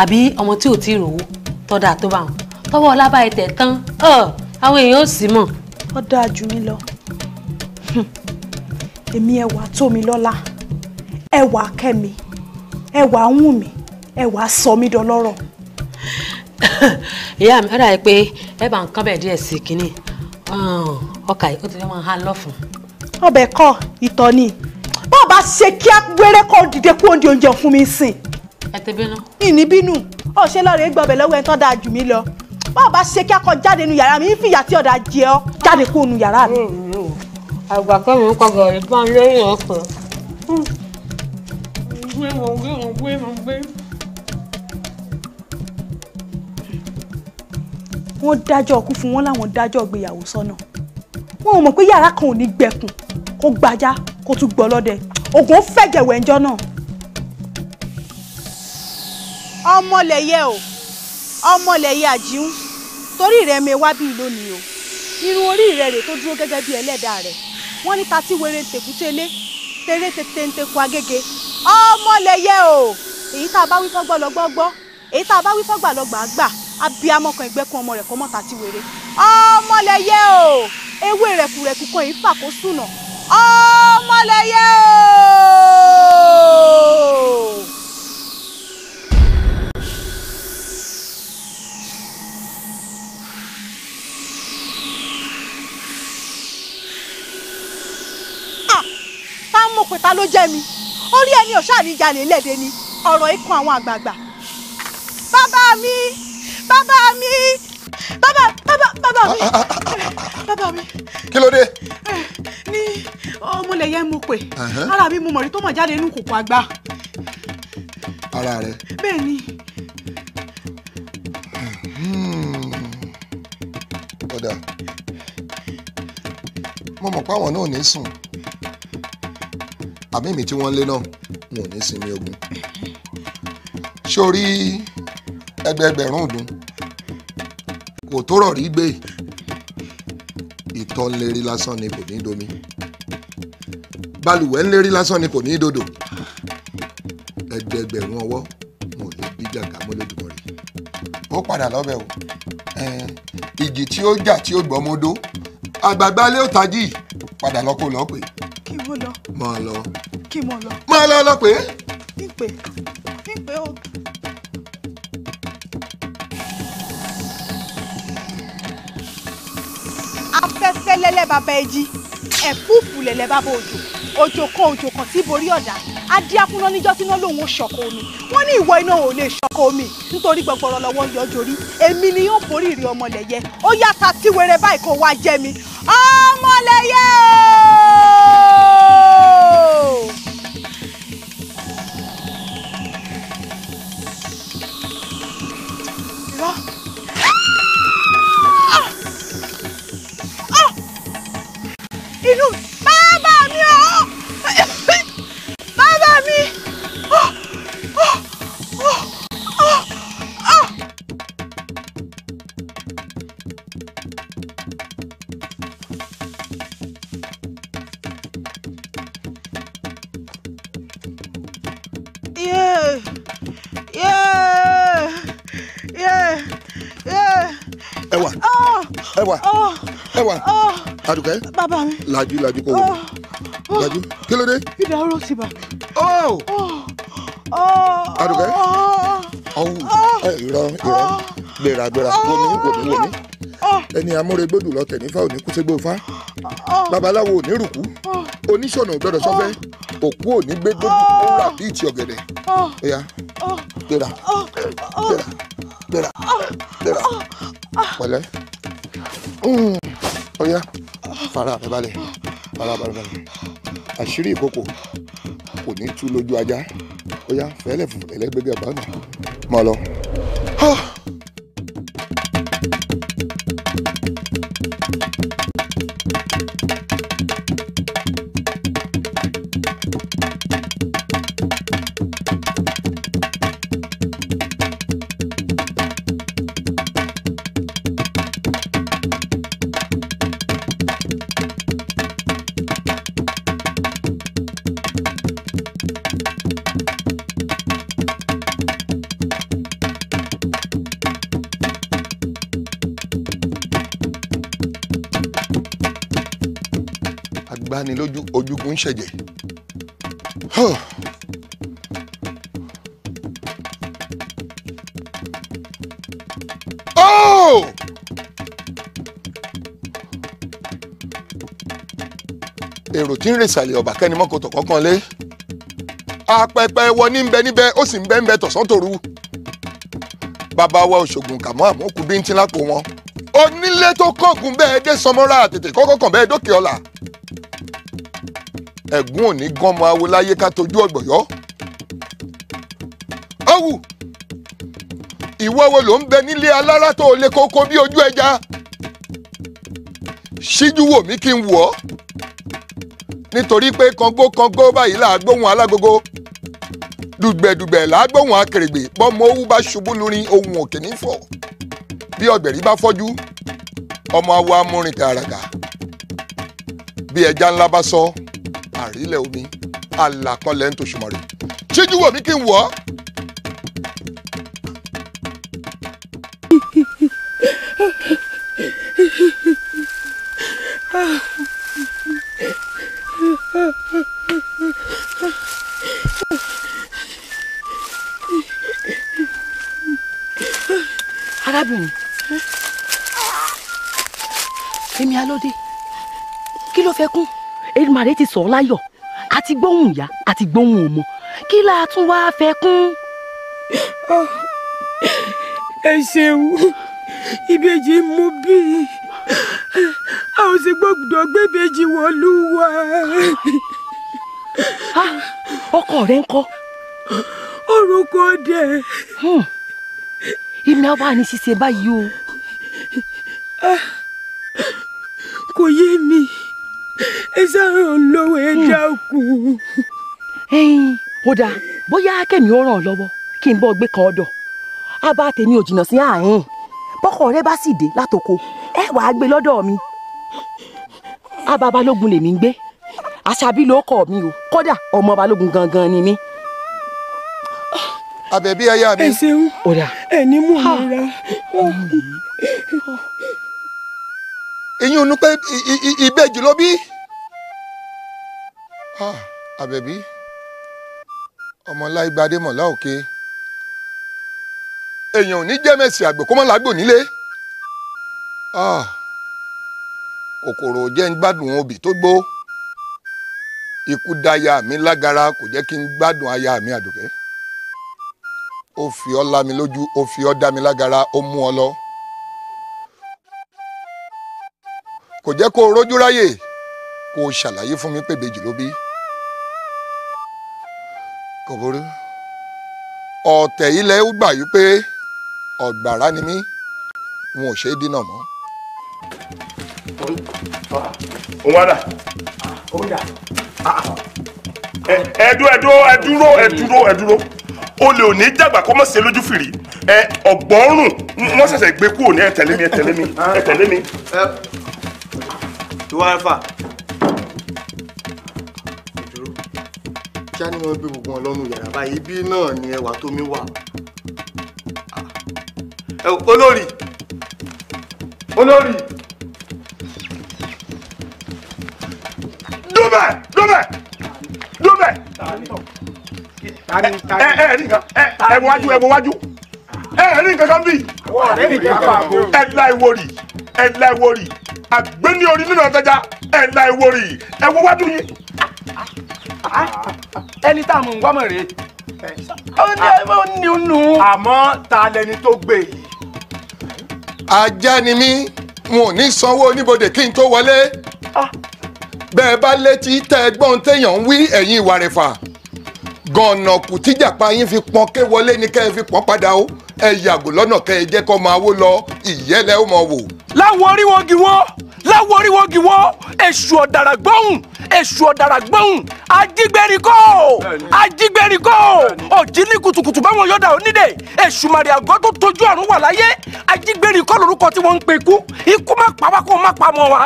àbí ọmọ tí ò tí ì rówó tọ́da tó bá wọn tọ́wọ́ ọlábà ẹ̀tẹ̀ tán àwọn èèyàn ò sì mọ̀. ó dáa jù mí lọ èmi ẹwà tó mi lọ́lá ẹwà kẹ́mi ẹwà ń wù mí ẹwà sọ mí dọlọ́rọ̀ ìyá mi ó dà yìí pé ẹ bá ń kán bẹ̀ díẹ̀ sí kínní ọkà yìí ó ti fẹ́ máa há lọ́fun. ọbẹ̀ kọ́ ìtọ̀ ni bàbá ṣe kí á wéré kọ́ dìde kú oúnjẹ oúnjẹ fún mi sìn. ẹ ti bínú. ìní bínú ọ̀ṣẹ́ lọ́ọ̀rẹ́ gbọ́bẹ̀ lọ́wọ́ ẹ̀ tán dáa jù mí lọ bàbá ṣe kí á kọ jáde nu yàrá mi fìyà tí ọ̀dà jẹ ọ́ jáde kú nu yàrá mi. àgbà pé ń kọ gọ̀ọ́rì bá ń lóyún gbé mo gbé mo gbé mo gbé. wọ́n dájọ́ ọkú fún wọn láwọn dájọ́ ìgbéyàwó sọ́nà wọn ò mọ̀ pé yàrá kan ò ní gbẹ̀kùn kó gbajá kó tún gbọ́ lọ́dẹ ògùn fẹ̀jẹ̀wẹ̀ ńjọ́ náà. ọmọ lẹyẹ o ọmọ lẹyẹ àjíhùn torí rẹ mi wá bíi lónìí o irun orí rẹ rè tó dúró gẹ́gẹ́ bíi ẹlẹ́dàá rẹ wọ́n ní ta tí wèrè tèkútélé tèrè tètèǹtèkù agége ọmọ lẹyẹ o èyí tá a bá wí fọ́gbọ́ lọ́gbọ́ gbọ́ èyí tá a bá wí fọ́gbà lọ́gbà gbà abiyamọ kan ẹgbẹ́ kan ọmọ rẹ̀ kọ́ mọ́ta ti wèrè ọmọlẹ́yẹ o ewé rẹ̀kùrẹ̀kù kan yìí fà kó sùnà ọmọlẹ́yẹ o. Ah! tá mọ̀ pé ta ló jẹ́ mi orí ẹni ọ̀ṣà ní jalè lẹ́dẹ̀ ni ọ̀rọ̀ ikùn àwọn àgbààgbà bàbá mi bàbá mi bàbá bàbá bàbá mi ah, ah, ah, bàbá mi. kí ló dé. Eh, ní ọmọlẹ̀yẹ mo pè ara mi mo mọ̀ rí tó mọ̀ jáde inú kòkó àgbà. ara rẹ. bẹ́ẹ̀ ni. ọ̀dà hmm. mo mọ̀ pé àwọn náà ò ní sùn àmì mi tí wọ́n lé náà wọn ò ní sinmi ogun sórí ẹgbẹẹgbẹ̀rún ọdún kò tó rọ̀ rí gbé ìtọ̀ ń lásán ni kò ní domi balùwẹ̀ ń lérí lásán ni kò ní dodo ẹ̀ẹ́dẹ́gbẹ̀rún ọwọ́ mo lè bí jàgà mo lè dùbọ̀ rẹ̀ ó padà lọ́bẹ̀ o ìjì tí ó jà tí ó gbọ́mọdó àgbàgbà lé ò tají padà lọ kó lọ pé. kí mo lọ. mọ lọ. kí mo lọ. mọ lọ lọ pé. ń pè ń pè ó. tẹ́lẹ́lẹ́ bàbá ẹjí ẹ̀fúùfù lẹ̀lẹ́ bàbá òjò òjò kan òjò kan tí borí ọ̀dà adíákúná níjọ́ tí wọ́n lòun ò ṣọ̀kọ omi wọ́n ní ìwọ iná ò lè ṣọ̀kọ omi nítorí gbọgbọrọ lọ́wọ́ ń yọjú èmi ni yóò borí ìrìn ọmọlẹ̀yẹ ó yàtà tí wèrè báyìí kò wá jẹ́ mi ọmọlẹ̀yẹ ooo. adùkẹ́. bàbá mi. lajú lajú kò wọlé oh. oh. lajú kí ló dé. ìdàrú ti bà. adùkẹ́ ọ̀hún ìrọ̀ ìrọ̀ gbéra gbéra wọmi wọmi wọmi ẹni amúregbòdù lọ tẹ̀ nífà òní kúṣẹ́gbó fa babaláwo òní rùkú oníṣọ̀nà ò gbọ́dọ̀ sọ́fẹ́ òkú òní gbé gbogbo kóra bíi ti ọ̀gẹ̀dẹ̀ ẹ̀yà gbéra gbéra gbéra gbéra Oh. oh. ọ̀yà fara rẹ balẹ̀ fara balẹ̀ balẹ̀ àṣírí ìkòkò kò ní tú lójú ajá ó yá fẹ́lẹ́ fún ẹlẹ́gbẹ́gbẹ́ bá mi mọ́ lọ. ń oh èrò tí ń rè sàlẹ̀ ọ̀bà kẹ́ni mọ́kòtò kọ́kàn lé apẹpẹ wọ ní ń bẹ níbẹ̀ ó sì ń bẹ ń tọ̀sán tòru bàbá wa òṣògùn kàmọ́ àmọ́kù bíi ń tí lápò wọn onílé tó kọ́gùn bẹ́ẹ̀ dé sọmọ́ra tètè kọ́kọ́ kàn bẹ́ẹ̀ dókè ọ̀la ẹ̀gún òní gánmọ awo láyé ká tojú ọ̀gbọ̀yọ́. ọ̀wù ìwọ wo ló ń bẹ nílé alára tó lè kókó bí ojú ẹja ṣíjú wò mí kí n wọ̀ ọ́ nítorí pé kangókangó báyìí là á gbóhùn alágogo dùgbẹ̀dùgbẹ̀ là á gbóhùn akèrègbè bọ́mọ owó bá ṣubú lórí ohun òkè ní fọ́ bí ọ̀gbẹ̀rí bá fọ́jú ọmọ awo amúrin tààràgà bí ẹja ńlá bá sọ. So ilẹ̀ omi àlàkọ́lẹ̀ ń tòṣùmọ̀rẹ́ ṣíjú wò mí kí n wọ̀ ọ́ Èdùmàrè ti sọ̀ láyọ̀ àti gbóhùn ìyá àti gbóhùn ọmọ kí la tún wá fẹ́ kún. ẹ ṣeun ìbejì mú bí a ò sì gbọ́dọ̀ gbébejì wọ̀lú wa. ọkọ rẹ ń kọ́. orúkọ dẹ. ìmọ̀ àwa hmm. ni ṣíṣe báyìí o. Ah. kò yé mi ẹ sáré olówó ẹ dákun. ó dáa bóyá kẹ́mi ó ràn ọ́ lọ́wọ́ kí n bọ́ gbé kan ọ̀dọ̀ á bá tèmi ò jìnnà sí àárín bọ́kọ̀ rẹ bá sì dé látoko ẹ wàá gbé lọ́dọ̀ mi á lèmi ń gbé àṣàbí ló kọ mi o kódà ọmọ balógun gangan ni mí. àbẹ̀bí aya mi. ẹ ṣeun ẹni mú mi ra. ìyún un pé ló bí àbẹ̀bí ah, ọmọláyé gbadé mọ̀lá òkè èèyàn ò ní jẹ́ mẹ́sì àgbẹ̀ kó mọ́ làágbò nílé ah, kòkòrò jẹ́ ń gbádùn obì tó gbó ikú daya mi lágara kò jẹ́ kí n gbádùn aya mi àdùkẹ́ ó fi ọ́ lá mi lójú ó fi ọ́ dá mi lágara ó mú ọ lọ kò jẹ́ kó o rójú ráyè kó o ṣàlàyé fún mi pé bèjì ló bí kò burú ọ̀tẹ̀ ilẹ̀ ó gbà yí pé ọ̀gbàrá ni mí wọn ò ṣe é dínà mọ́. òun wá dà. òun dà. ẹ̀dú ah, ah. ẹ̀dú ẹ̀dúró ẹ̀dúró ẹ̀dúró olè ò ní dàgbà kó mọ̀ ṣe lójú fìrí ẹ ọ̀gbọ́rùn wọ́n ṣẹ̀ṣẹ̀ gbé kúrò ní ẹ tẹ̀lé mi ẹ tẹ̀lé mi ẹ mi. ìwà ẹ̀fà ṣá ni wọ́n gbé gbogbo wọn lọ́nu yàrá báyìí ibi náà ni ẹwà tó mi wà. Ah. olórí olórí dúbẹ̀ dúbẹ̀ dúbẹ̀ ẹ ẹ rí nǹkan ẹ ẹ mú wájú ẹ mú wájú ẹ ẹ rí bí ẹ láì wọrí ẹ láì wọrí àgbẹ̀ orí nínú ọ̀tẹ́já ẹ láì wọrí ẹ wọ wájú yín. Ah ẹni tá a mú nǹkan mọ̀ rèé. ó ní ó ní nù. àmọ́ ta lẹni tó gbé yìí. ajá ni mí n ò ní sanwó oníbodè kí n tó wọlé. Ah. bẹ́ẹ̀ bá létí tẹ́ ẹgbọ́n téèyàn ń wí ẹ̀yìn ìwà rẹ̀ fà. gànà kùtìjàpá yín fi pọ́n ké wọlé ni kẹ́ ẹ fi pọ́n padà o ẹ yàgò lọ́nà kẹ́ ẹ jẹ́ kó máa wó lọ ìyẹ́lẹ́ ó mọ̀ wò. láwọn oríwọ́gi wọ́n láwọn oríwọ́gi wọ́n èṣù ọ̀dàrà gbóhùn èṣù ọ̀dàrà gbóhùn ajígbẹ́rìkó ajígbẹ́rìkó òjì ní kùtùkùtù báwọn yọ̀dà onídè èṣù màrí àgọ́ tó tójú àrùn wà láyé ajígbẹ́rìkó lórúkọ tí wọ́n ń pe ikú ikú má pa wá kó má pa mọ́ wa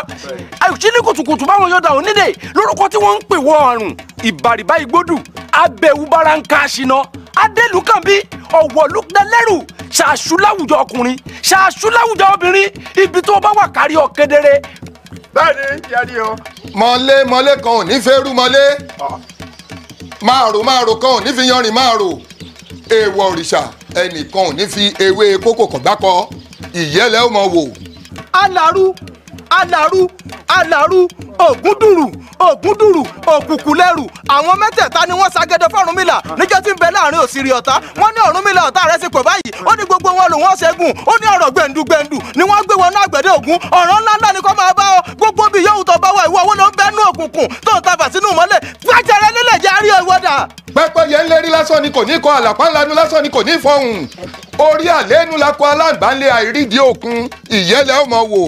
òjì ní kùtùkùtù báwọn yọ̀dà onídè lórúkọ tí wọ́n ń pe wọ́ àrùn ìbàrìbá igbódù abẹ́wú bára ń ká aṣiná adélùkànbí ọ̀wọ̀lùdẹ́lẹ́rù ṣàṣù láwùjọ ọkùnrin ṣàṣù láwùjọ obìnrin ibi tó bá wà kárí ọ kedere. bẹ́ẹ̀ni yẹri o. mọlé mọlé kan ò ní fẹ́ rú mọlé ah. máa rò máa rò kan ò ní fi yanrìn máa rò èèwọ̀ òrìṣà ẹnìkan ò ní fi ewé kókò kọ̀gbákọ ìyẹ́lẹ́ ó mọ wò. alárú alaru alaru ògúndùrù ògúndùrù òkùkùlẹ́rù àwọn mẹ́tẹ̀ẹ̀ta ni wọ́n ṣàgẹ́dẹ fọ́rúnmìlà níjọ́ tí ń bẹ láàrin òsìrì ọ̀tá wọ́n ní ọ̀rúnmìlà ọ̀tá rẹ̀ sì pọ̀ báyìí ó ní gbogbo wọn lòun ọ̀ṣẹ́gun ó ní ọ̀rọ̀ gbẹ̀ǹdù gbẹ̀ǹdù ni wọ́n gbé wọnú àgbẹ̀dẹ ògún ọ̀rọ̀ ńlá ńlá ni kò máa bá ọ gbogbo bí yóò tọ́ bá wà ìwọ owó ló ń bẹ́nu òkùnkùn tó ń tabà sínú mọ́lẹ̀ gbàjẹrẹ nílẹ̀ jẹ́ àárí ìwọ́dà. pẹpẹ yẹn lérí lásán ni kò ní kọ àlàpà lásán ni kò ní fọhùn orí àléénú la kọ àìrídìí òkun ìyẹlẹ ọmọ wò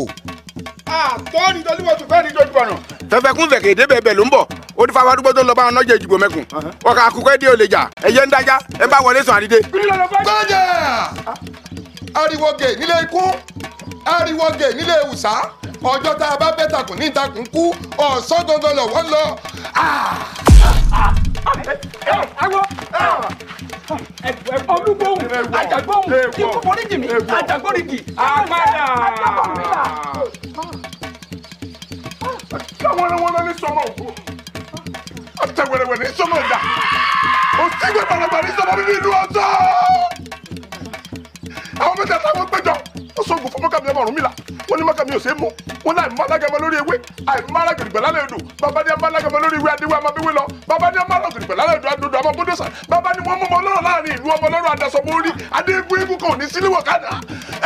àtọ́ ni tọ́lúwọ̀ tó fẹ́ ní dojú ọ̀nà. fẹ́fẹ́ kún fẹ̀kẹ́ débẹ̀ bẹ̀ ló ń bọ̀ ó ti fa wa dúgbò tó ń lọ bá wọn nọ́jẹ̀ ìdìbò mẹ́kun ọkà àkùkọ èdè ò lè jà ẹ̀yẹ ń dájá ẹ bá wọlé sùn àdìde. gbọ́njà ariwo gè nílé ikú ariwo gè nílé ìwùsà ọjọ́ tá a bá bẹ́ takùn ní ìtakùn kú ọ̀sán gangan lọ́wọ́ lọ olúgbòhùn àjàgbóhùn ikú foríjì mi àjàgbóríjì. àpàdà káwọn ẹran wọn ní sọmọ òkú ọtẹ wẹrẹwẹ ní sọmọ ẹdá òsì gbẹgbẹrẹgbẹ ní sọmọ bíbí ìlú ọtọ àwọn mẹ́ta táwọn péjọ ó sọ ògùn fún mọ́kàmí ọmọ ọ̀rúnmìlà wọ́n ní mọ́kàmí ò ṣe é mú wọ́n láì má lórí ewé àìmá alágìrìgbà lálẹ́ odò bàbá lórí ewé adéwé amábíwé lọ bàbá ni a má lágìrìgbà lálẹ́ odò adòdò ọmọ bódòsà láàrin ìlú ọmọ ọlọ́rọ̀ adasọ mórí adéégún eégún kan ò sílẹ̀ wọ̀kadà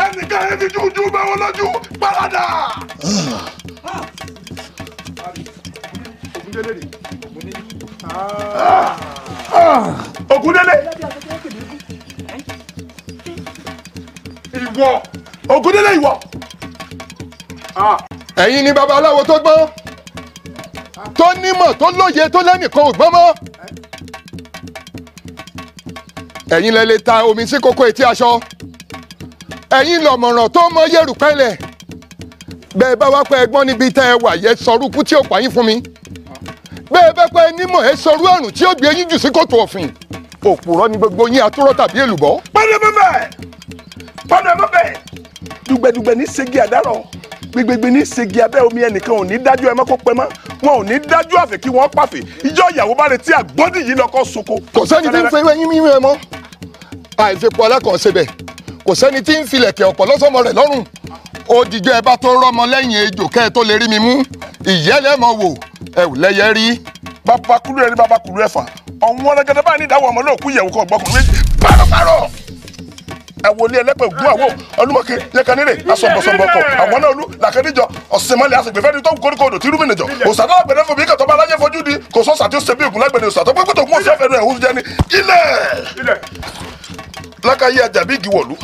ẹnìkan ẹni jújú bẹ́ẹ̀ wọ́n lọ́jú parada. Ògúndélé ìwọ. Ògúndélé ìwọ. ẹ̀yin ni babaláwo tó gbọ́n tó nímọ̀ tó lóye tó lẹ́nìkan ò gbọ́n mọ́. ẹ̀yin lẹ lè ta omi sí kókó etí aṣọ ẹ̀yin lọ̀mọ̀ràn tó mọ yẹ̀rùpẹ̀lẹ̀ bẹ́ẹ̀ bá wá pẹ́ ẹgbọ́n níbi tẹ́ ẹ wà yẹ sọrú kú tí ó pààyàn fún mi bẹ́ẹ̀ bá pẹ́ nímọ̀ ẹ sọrú àrùn tí ó gbé yín jù sí kòtò ọ̀fìn òpùrọ́ ni gbogbo yín atúrọ́ tàbí èlùbọ́. pẹ́ẹ́lú bẹ́ẹ̀ pọ́nù ẹ mọ́ bẹ́ẹ̀ dùgbẹ̀dùgbẹ̀ ní segi àdárọ̀ gbẹgbẹgbẹ ní segi abẹ́ omi ẹnìkan ò ní dájú ẹ mọ́ kó pẹ́ mọ́ wọn ò ní dájú àfẹ́ kí wọ́n pàfẹ́ ìjọ ìyàwó bá retí àgbọ́dì yìí lọ́kọ́ soko. kò sẹ́ni tí ń fẹ́ yín mímú ẹ mọ́ àìfipò alákànṣe bẹ̀ kò sẹ́ni tí ń filẹ̀kẹ̀ ọ̀pọ̀ lọ́sọ̀mọ rẹ̀ lọ́rùn òdìjọ́ ẹ bá tó rọ́mọ lẹ́yìn ejò kẹ́ ẹ tó lè rí mi mú ìyẹ́lẹ́mọ wò ẹ ò awolé ẹlẹ́pẹ̀ ògún àwò ọlúmọ̀kè yẹkanire asọ̀bọ̀sọ̀bọ̀kọ̀ àwọn náà olú làkẹ́díjọ ọ̀sẹ̀mọ́lẹ̀ àṣègbèfẹ́ni tó kórìkò odò tìrú mìnìjọ òsàdá àgbẹ̀dẹ fòmí kẹtọ́ bá aláyé fojú di kò sọ́sà tí ó ṣe bí ògùn lágbẹ̀dẹ òsàtọ́ pé kótó ògùn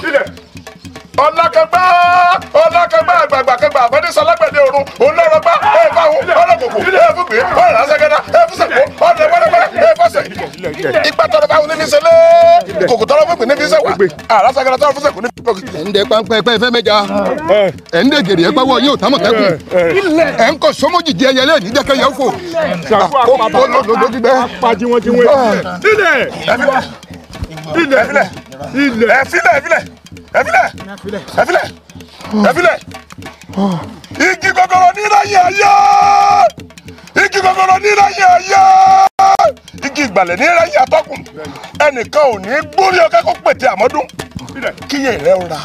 òsì ọlákẹgbẹ ọlákẹgbẹ àgbàgbàkẹgbà àfẹnisalágbẹdẹ ọ̀run olórọgbà ẹfahun ọlọgbòkò ẹfúgbé ọlọsẹgẹdà ẹfúsẹkọ ọdẹgbẹlẹgbẹ ẹfọsẹ ìgbà tọrọ báwo ní fi ṣe lé kòkò tọrọ fún ìpínlẹ̀ fi ṣe wà àrásẹgẹdà tọrọ fúnṣẹkọ ní pípọ. ẹ̀ ń dẹ pampẹ́ ẹ̀pẹ́ ìfẹ́ mẹ́ja ẹ̀ ń dẹ gèrè ẹ̀pẹ́ wọ yóò támọ̀ kẹ́kùn ẹ̀ ń kọ sọmójì jẹ ẹyẹlé ní jẹ́kẹ́ yẹ fò. ilẹ̀ ilẹ̀ ilẹ̀. ẹ filẹ̀ filẹ̀ ẹ filẹ̀ ẹ filẹ̀ ẹ filẹ̀ igi gogoro níláyé ayé igi gogoro níláyé ayé igi ìgbàlẹ̀ níláyé atọ́kùn ẹnìkan ò ní gbórí ọkẹ́ kó pètè àmọ́dún kíyè rẹ ń ra.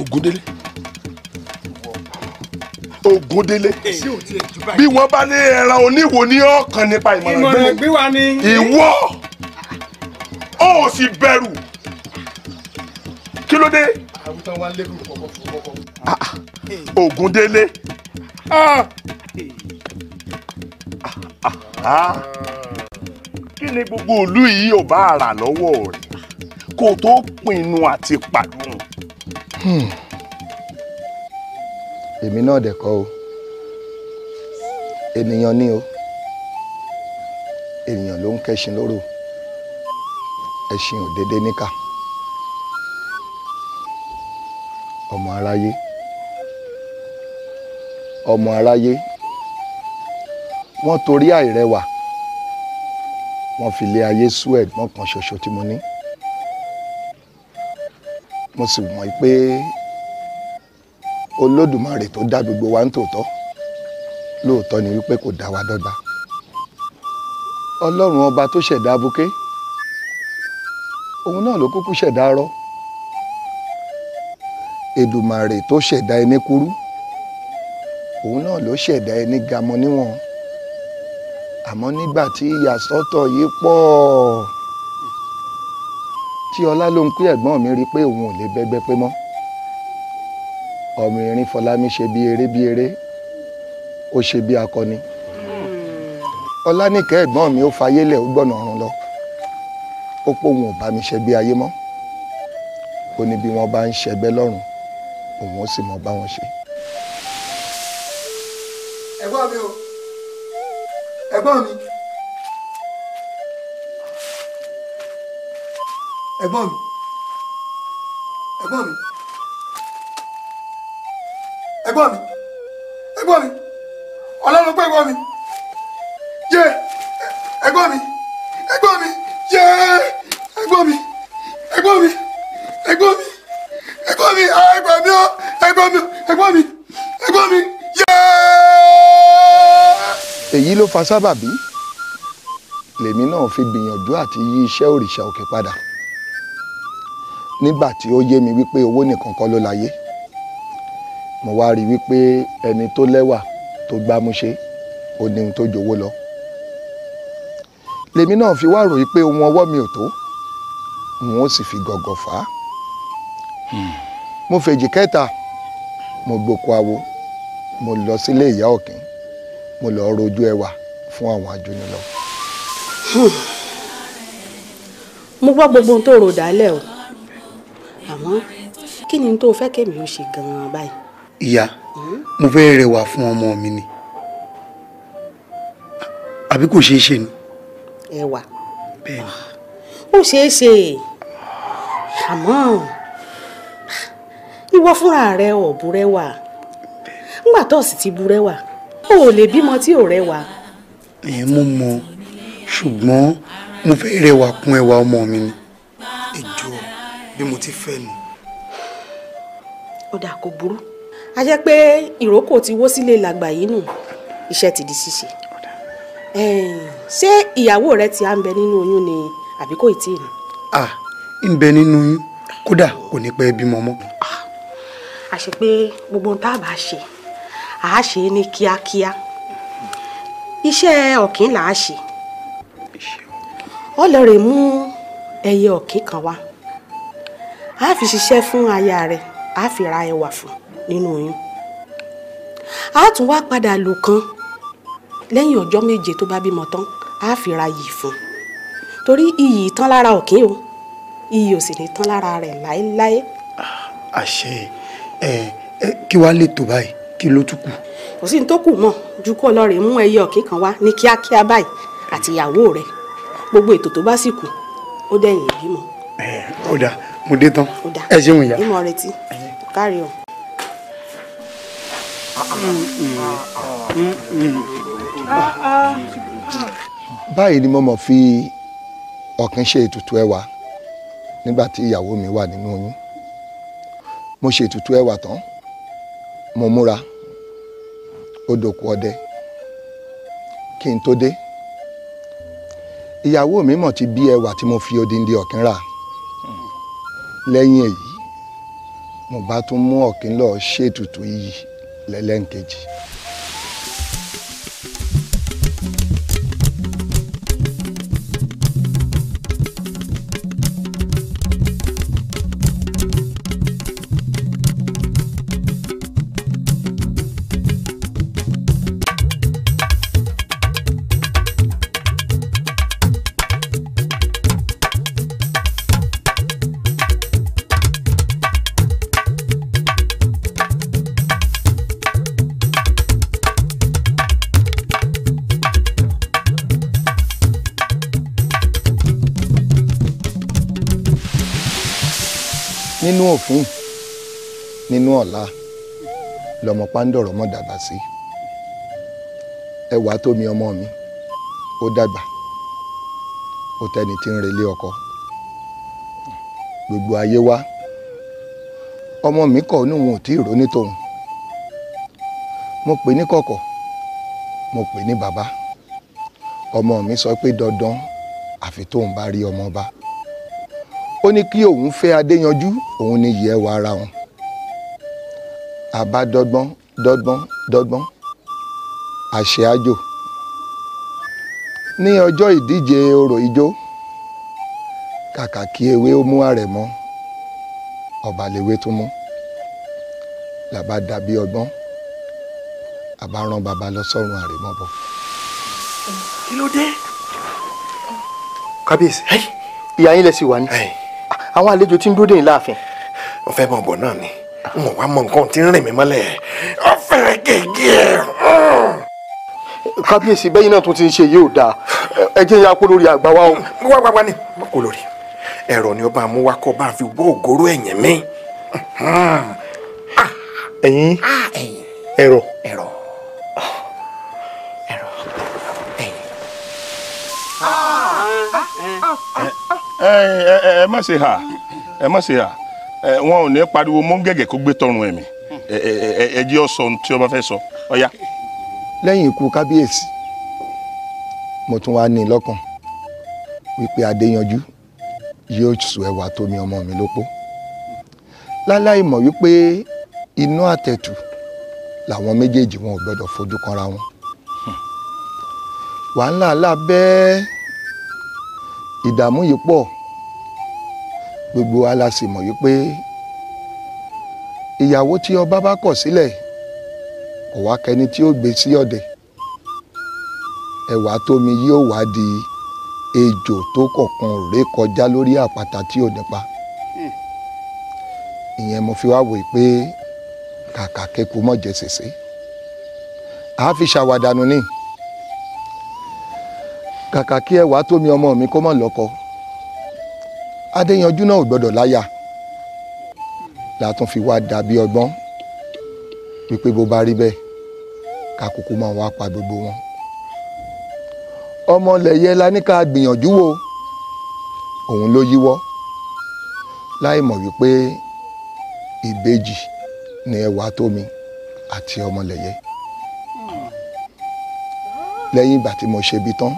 Ògúndélé. Ogundele bí wọ́n bá ní ẹran oníwo ní ọ̀kan nípa ìmọ̀ràn gbé ìwọ ó sì bẹ̀rù kí ló dé. Ah, ah. Ogundele. Ah. kí ni gbogbo ìlú yìí ò bá rà lọ́wọ́ rẹ̀ kó tó pinnu àti pàdún. Hmm èmi náà dẹ̀ kọ́ o ènìyàn ni o ènìyàn ló ń kẹ́ṣin lóró ẹṣin ò déédéé níkà ọmọ aráyé ọmọ aráyé wọ́n torí àìrẹwà wọ́n fi lé ayé sú ẹ̀gbọ́n ṣoṣo tí mo ní mo sì mọ̀ pé olódùmarè tó dá gbogbo wa ń tòótọ́ lóòótọ́ ni wípé kò dá wa dọ́gba ọlọ́run ọba tó ṣẹ̀dá abuké òun náà ló kúkú ṣẹ̀dá arọ èdùmàrè tó ṣẹ̀dá ẹni kúrú òun náà ló ṣẹ̀dá ẹni gamọ níwọ̀n àmọ́ nígbà tí ìyàsọ́tọ̀ yìí pọ̀ tí ọlá ló ń pín ẹ̀gbọ́n mi rí pé òun ò lè bẹ́gbẹ́ pé mọ́ ọmọ erin fọlámi ṣe bí eré bí eré ó ṣe bí akọni ọlánìkẹ́ ẹ̀gbọ́n mi ó fayélẹ̀ ó gbọ̀nà ọ̀run lọ ó pòun ò bá mi ṣe bí ayé mọ́ ó ní bí wọ́n bá ń ṣẹgbẹ́ lọ́rùn òun ó sì mọ bá wọn ṣe. ẹ̀gbọ́n mi o ẹ̀gbọ́n mi ẹ̀gbọ́n mi ẹ̀gbọ́n mi gbọ́ mi ẹ gbọ́ mi ọlọ́run pé gbọ́ mi yé ẹ gbọ́ mi ẹ gbọ́ mi yé ẹ gbọ́ mi ẹ gbọ́ mi ẹ gbọ́ mi ẹ gbọ́ mi ah, ẹ gbọ́ mi ẹ gbọ́ mi ẹ gbọ́ mi ẹ gbọ́ mi yé. èyí ló fa sábàbí lèmi náà fi gbìyànjú àti yí iṣẹ́ òrìṣà òkè padà nígbà tí ó yé mi wípé owó nìkan kọ́ ló láyé mo wá rí i wípé ẹni tó lẹ́wà tó gbámúṣé ó ní ohun tó jowó lọ lèmi náà fi wá ròyìn pé ohun ọwọ́ mi ò tó wọn ó sì fi gọ̀gọ̀ fà á hmm. mo fèjì kẹta mo gboko awo mo lọ sílé ìyá ọ̀kìn mo lọ rojú ẹwà fún àwọn ajónilọ. mo gbọ́ gbogbo ohun tó rò dálẹ̀ o àmọ́ kí ni tó fẹ́ kémi ó ṣe gan-an báyìí ìyá mo fẹ́ rẹwà fún ọmọ mi ni àbí kò ṣeé ṣe ni. ẹwà bẹ́ẹ̀ni. ó ṣeé ṣe àmọ́ ìwọ fúnra rẹ ò burẹ́wà ńgbà tó sì ti burẹ́wà ó lè bímọ tí ò rẹwà. ẹ mo mọ ṣùgbọ́n mo fẹ́ rẹwà kún ẹwà ọmọ mi ni. ẹ jọ̀ọ́ bí mo ti fẹ́ ni. ó dà burú a jẹ́ pé ìrókò ti wó sílé làgbà yìí nù iṣẹ́ ti di ṣíṣe ṣé ìyàwó rẹ ti à ń bẹ nínú oyún ni àbí kò tí ì ní. à ń bẹ nínú oyún kódà kò ní pẹ́ bímọ mọ́. a ṣe pé gbogbo ohun tá a bá ṣe à ṣe é ní kíákíá iṣẹ́ ọ̀kín là á ṣe ó mú ẹyẹ ọ̀kín kan wá a fi ṣiṣẹ́ fún aya rẹ̀ a fi ra ẹwà fún un nínú yín a tún wá padà lò kan lẹ́yìn ọjọ́ méje tó bá bímọ tán a fi ra yìí fún un torí iyì tán lára òkín o iyì ò sì ní tán lára rẹ̀ láéláé. Ah, àṣẹ ẹ ẹ kí wàá lè tó báyìí kí ló tún kù. kò sí ní tó kù mọ́ ju kó lọ rèé mú ẹyẹ ọ̀kín kan wá ní kíákíá báyìí àti ìyàwó rẹ̀ gbogbo ètò tó bá sì kù ó dẹ̀yìn ìbímọ. ẹ ó dáa mo dé tán ẹ ṣeun ìyá. ìmọ̀ retí kárí o báyìí ni mo mọ̀ fi ọ̀kín ṣe ètùtù ẹwà nígbà tí ìyàwó mi wà nínú oyún mo ṣe ètùtù ẹwà tán mo múra ó dòkú ọdẹ kí n tó dé ìyàwó mi mọ̀ ti bí ẹwà tí mo fi odindi ọ̀kín rà lẹ́yìn èyí mo bá tún mú ọ̀kín lọ ṣètùtù yìí lẹ́lẹ́ǹkejì. pándọ̀rọ̀ mọ́ dàgbà sí ẹwà tómi ọmọ mi ó dàgbà ó tẹni tí ń relé ọkọ gbogbo ayé wá ọmọ mi kọ̀ ní òun ò tí ì ronú tòun mo pè ní kọ̀kọ̀ mo pè ní bàbá ọmọ mi sọ pé dandan àfi tóun bá rí ọmọ bá ó ní kí òun fẹ́ adéyanjú òun ní yẹ wa ara wọn àbádọ́gbọ́n dọ́gbọ́n dọ́gbọ́n àṣẹ àjò ní ọjọ́ ìdíje orò ijó kàkà kí ewé ó mú àrẹ̀mọ ọba lèwe tó mú làbá dàbí ọgbọ́n àbá rán baba lọ sọ́run àrẹ̀mọ bọ̀. kí ló dé. kábíyèsí. ìyá yín lẹ sì wà ní. àwọn àlejò tí ń dúró dé yín láàfin. wọ́n fẹ́ mọ̀ bọ̀ náà ni n ò wá mọ nǹkan tí ń rìn mí mọ́lẹ̀ ọ fẹ́rẹ̀ gègé ẹ̀. Hmm. kábíyèsí bẹ́yìn náà tó ti ń ṣe yìí ò dáa ẹ jẹ́ ìyá kó lórí àgbà wa o. wá wá wá ní kó lórí ẹ̀rọ ni ọba amúwákọ̀ bá fi wọ́ ògóró ẹ̀yìn mi. Ah, ah, ẹ̀yin ẹ̀rọ. ẹ̀rọ. ẹ̀rọ. ẹ̀yin. Ah, ẹ ẹ má ṣe hà ẹ má ṣe hà wọn ò ní pariwo mọ́ gẹ́gẹ́ kó gbé tọrùn ẹ̀mí ẹ jẹ́ ọ sọ ohun tí o bá fẹ́ sọ ó yá. lẹ́yìn ikú kábíyèsí mo tún wá ní lọ́kàn wípé adéyanjú yóò sùn ẹwà tómi ọmọ mi lópó láláì mọ̀ wípé inú àtẹ̀tù làwọn méjèèjì wọn ò gbọ́dọ̀ fojú kanra wọn wàhálà ńlá bẹ́ẹ̀ ìdààmú yìí pọ̀ gbogbo wa la sì mọ̀ yí pé ìyàwó tí ọba bá kọ̀ sílẹ̀ kò wá kẹni tí ó gbé sí ọ̀dẹ̀ ẹ̀wà tómi yóò wá di ejò tó kọ̀kan ré kọjá lórí àpáta tí ò nípa ìyẹn mo fi wá wòye pé kàkà kẹ́kọ̀ọ́ mọ̀ jẹ́ sèse àá fi ṣàwàdànù ní kàkà kí ẹ̀wà tómi ọmọ mi kó mọ̀ lọ́kọ̀ọ́ adéyanjú náà ò gbọ́dọ̀ láyà la tún fi wá dàbí ọgbọ́n wípé bó bá rí bẹ́ẹ̀ ká kúkú máa wá pa gbogbo wọn ọmọ lẹ̀yẹ la ní ká gbìyànjú wo òun ló yíwọ́ láì mọ̀ wípé ìbejì ni ẹwà tómi àti ọmọ lẹ̀yẹ lẹ́yìn ìgbà tí mo ṣe bí tán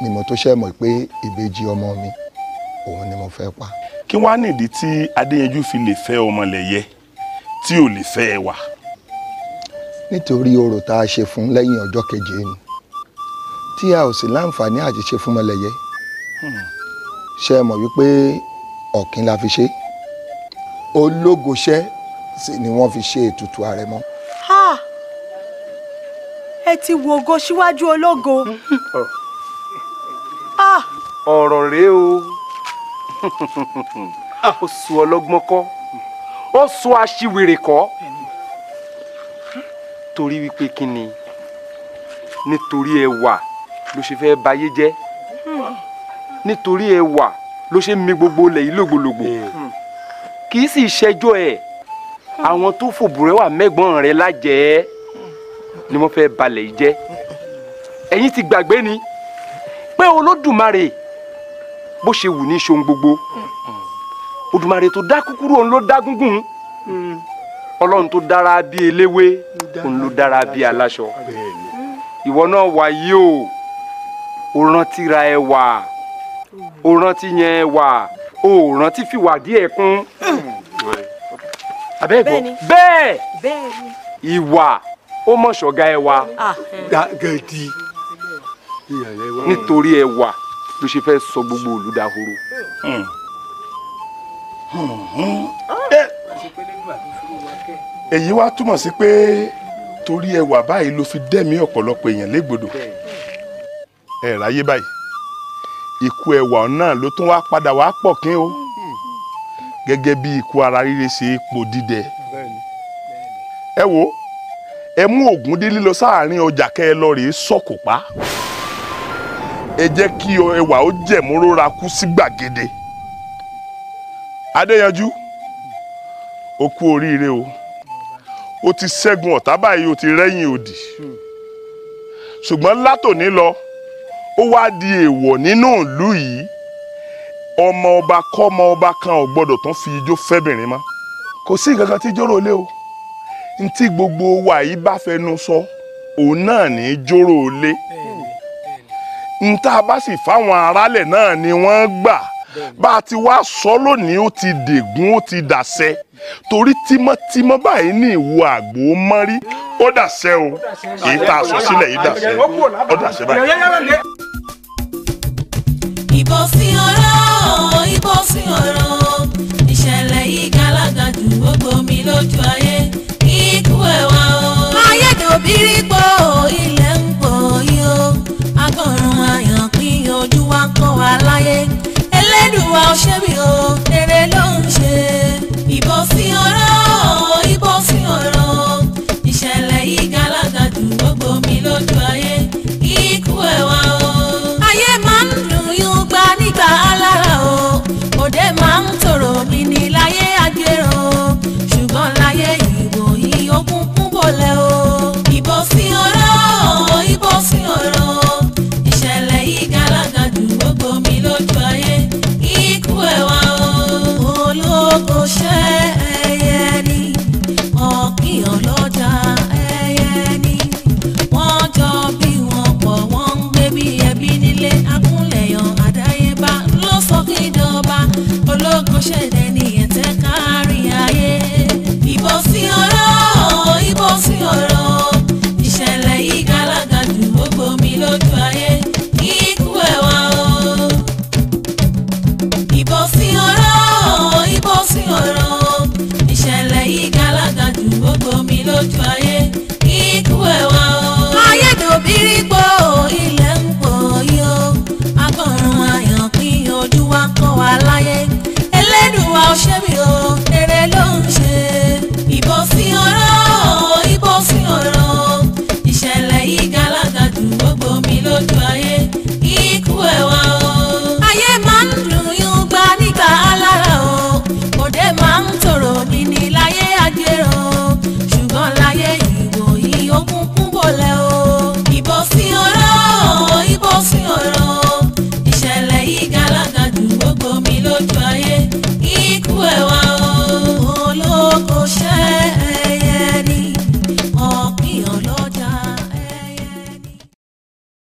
ni mo tó ṣe mọ̀ pé ìbejì ọmọ mi. Mm òun ni mo fẹ́ pa. kí wàá nìdí tí adéyanjú fi lè fẹ́ ọmọlẹ̀yẹ tí ò lè fẹ́ ẹ wà. nítorí orò tá a ṣe fún lẹ́yìn ọjọ́ keje ni tí a ò sì láǹfààní àti ṣe fún ọmọlẹ̀yẹ hmm. ṣe mọ̀ wípé ọ̀kín la fi ṣe ológoṣẹ́ sì ni wọ́n fi ṣe ètùtù àrẹ̀mọ. ẹ ti wo ogo síwájú ológo. Hmm. Ah! ọ̀rọ̀ rèé o. Ah, ó sọ ọlọ́gbọ́n kọ́ ó sọ aṣiwèrè kọ́ torí wípé kí ni nítorí ẹwà ló ṣe fẹ́ bayé jẹ́ nítorí ẹwà ló ṣe mi gbogbo ilẹ̀ yìí lògbòlògbò hmm. kì í sì ṣẹjọ́ ẹ̀ àwọn tó fòbùrẹ́ wà mẹ́gbọ́n rẹ̀ lájẹ̀ẹ́ ni wọ́n fẹ́ balẹ̀ yìí jẹ́ ẹ̀yin ti gbàgbé ni pé olódùmarè bó ṣe wù ní ṣohun gbogbo Odùmarè tó dá kúkúrú òun ló dá gúngún ọlọ́run tó dára bíi eléwé òun ló dára bíi aláṣọ ìwọ náà wáyé o ò rántí ra ẹwà ò rántí yẹn ẹwà ò rántí fìwà díẹ̀ kún abẹ́ẹ̀gbọ́ bẹ́ẹ̀ ìwà ó mọ̀ ṣọ̀gá ẹwà ah. gàgàdì nítorí ẹwà ló ṣe fẹ́ sọ gbogbo olùdahoro. Hmm. Hmm. Eh. èyí wá túmọ̀ sí pé torí ẹwà báyìí ló fi dẹ́mi ọ̀pọ̀lọpọ̀ èèyàn légbodò ẹ ráyé báyìí ikú ẹwà náà ló tún wá padà wá pọ̀ kín o gẹ́gẹ́ bí ikú ara ríre ṣe é po dídẹ ẹ wo ẹ mú ògúndílé lọ sáàárín ọjà kẹ ẹ lọ rèé sọkò pa ẹ jẹ́ kí ẹwà ó jẹ̀múrúra kú sí gbàgede adéyanjú ó kú oríire o ó ti ṣẹ́gun ọ̀tá báyìí ó ti rẹ́yìn òdì ṣùgbọ́n látòní lọ ó wá di èèwọ̀ nínú ìlú yìí ọmọ ọba kọ́mọ ọba kan ò gbọ́dọ̀ tún fi ijó fẹ́bìnrin mọ́ kò sí nǹkan kan tí jóró lé o ntí gbogbo wa yìí bá fẹnu sọ òun náà ní jóró lé n tá a bá sì fáwọn aráàlẹ̀ náà ni wọ́n gbà bá a ti wá sọ lónìí ó ti dègún ó ti dàṣẹ torí tímọ́tímọ́ báyìí ní ìwo àgbò mọ́rí ó dàṣẹ o kì í ta aṣọ sílẹ̀ yìí dàṣẹ ó dàṣẹ báyìí. ìbò fi ọ̀rọ̀ ìbò fi ọ̀rọ̀ ìṣẹ̀lẹ̀ yìí gàlágàjù ó gbomi lójú ayé kíkú ẹ̀wà o. ayédèbírí pọ̀ ilé tọ̀run ayọ̀ pín ojú wa ń kọ́ wa láyé Ẹlẹ́dùwà ó ṣe bí o rere ló ń ṣe ìbò sí ọ̀rọ̀ ìbò sí ọ̀rọ̀ ìṣẹ̀lẹ̀ yìí galaga jù gbogbo mi lójú ayé ikú ẹ̀ wá o. ayé máa ń dùn yún gba nígbà alára o òde máa ń tòrò mi ní láyé àjẹrò ṣùgbọ́n láyé ìwòyí ogun kúnbọ̀lẹ̀ o ìbò sí ọ̀rọ̀ ìbò sí ọ̀rọ̀. ṣẹ̀dẹ̀ ní ẹ̀tẹ́ kárí ayé. ìbò sí ọ̀rọ̀ ìbò sí ọ̀rọ̀ ìṣẹ̀lẹ̀ yìí gàlágà jù ó gbomi lójú ayé kíkú ẹ̀ wá o. ìbò sí ọ̀rọ̀ ìbò sí ọ̀rọ̀ ìṣẹ̀lẹ̀ agbọ̀nrún ayọ̀ pín ojú wa kọ́ wa láyé ọṣẹ́ mi o.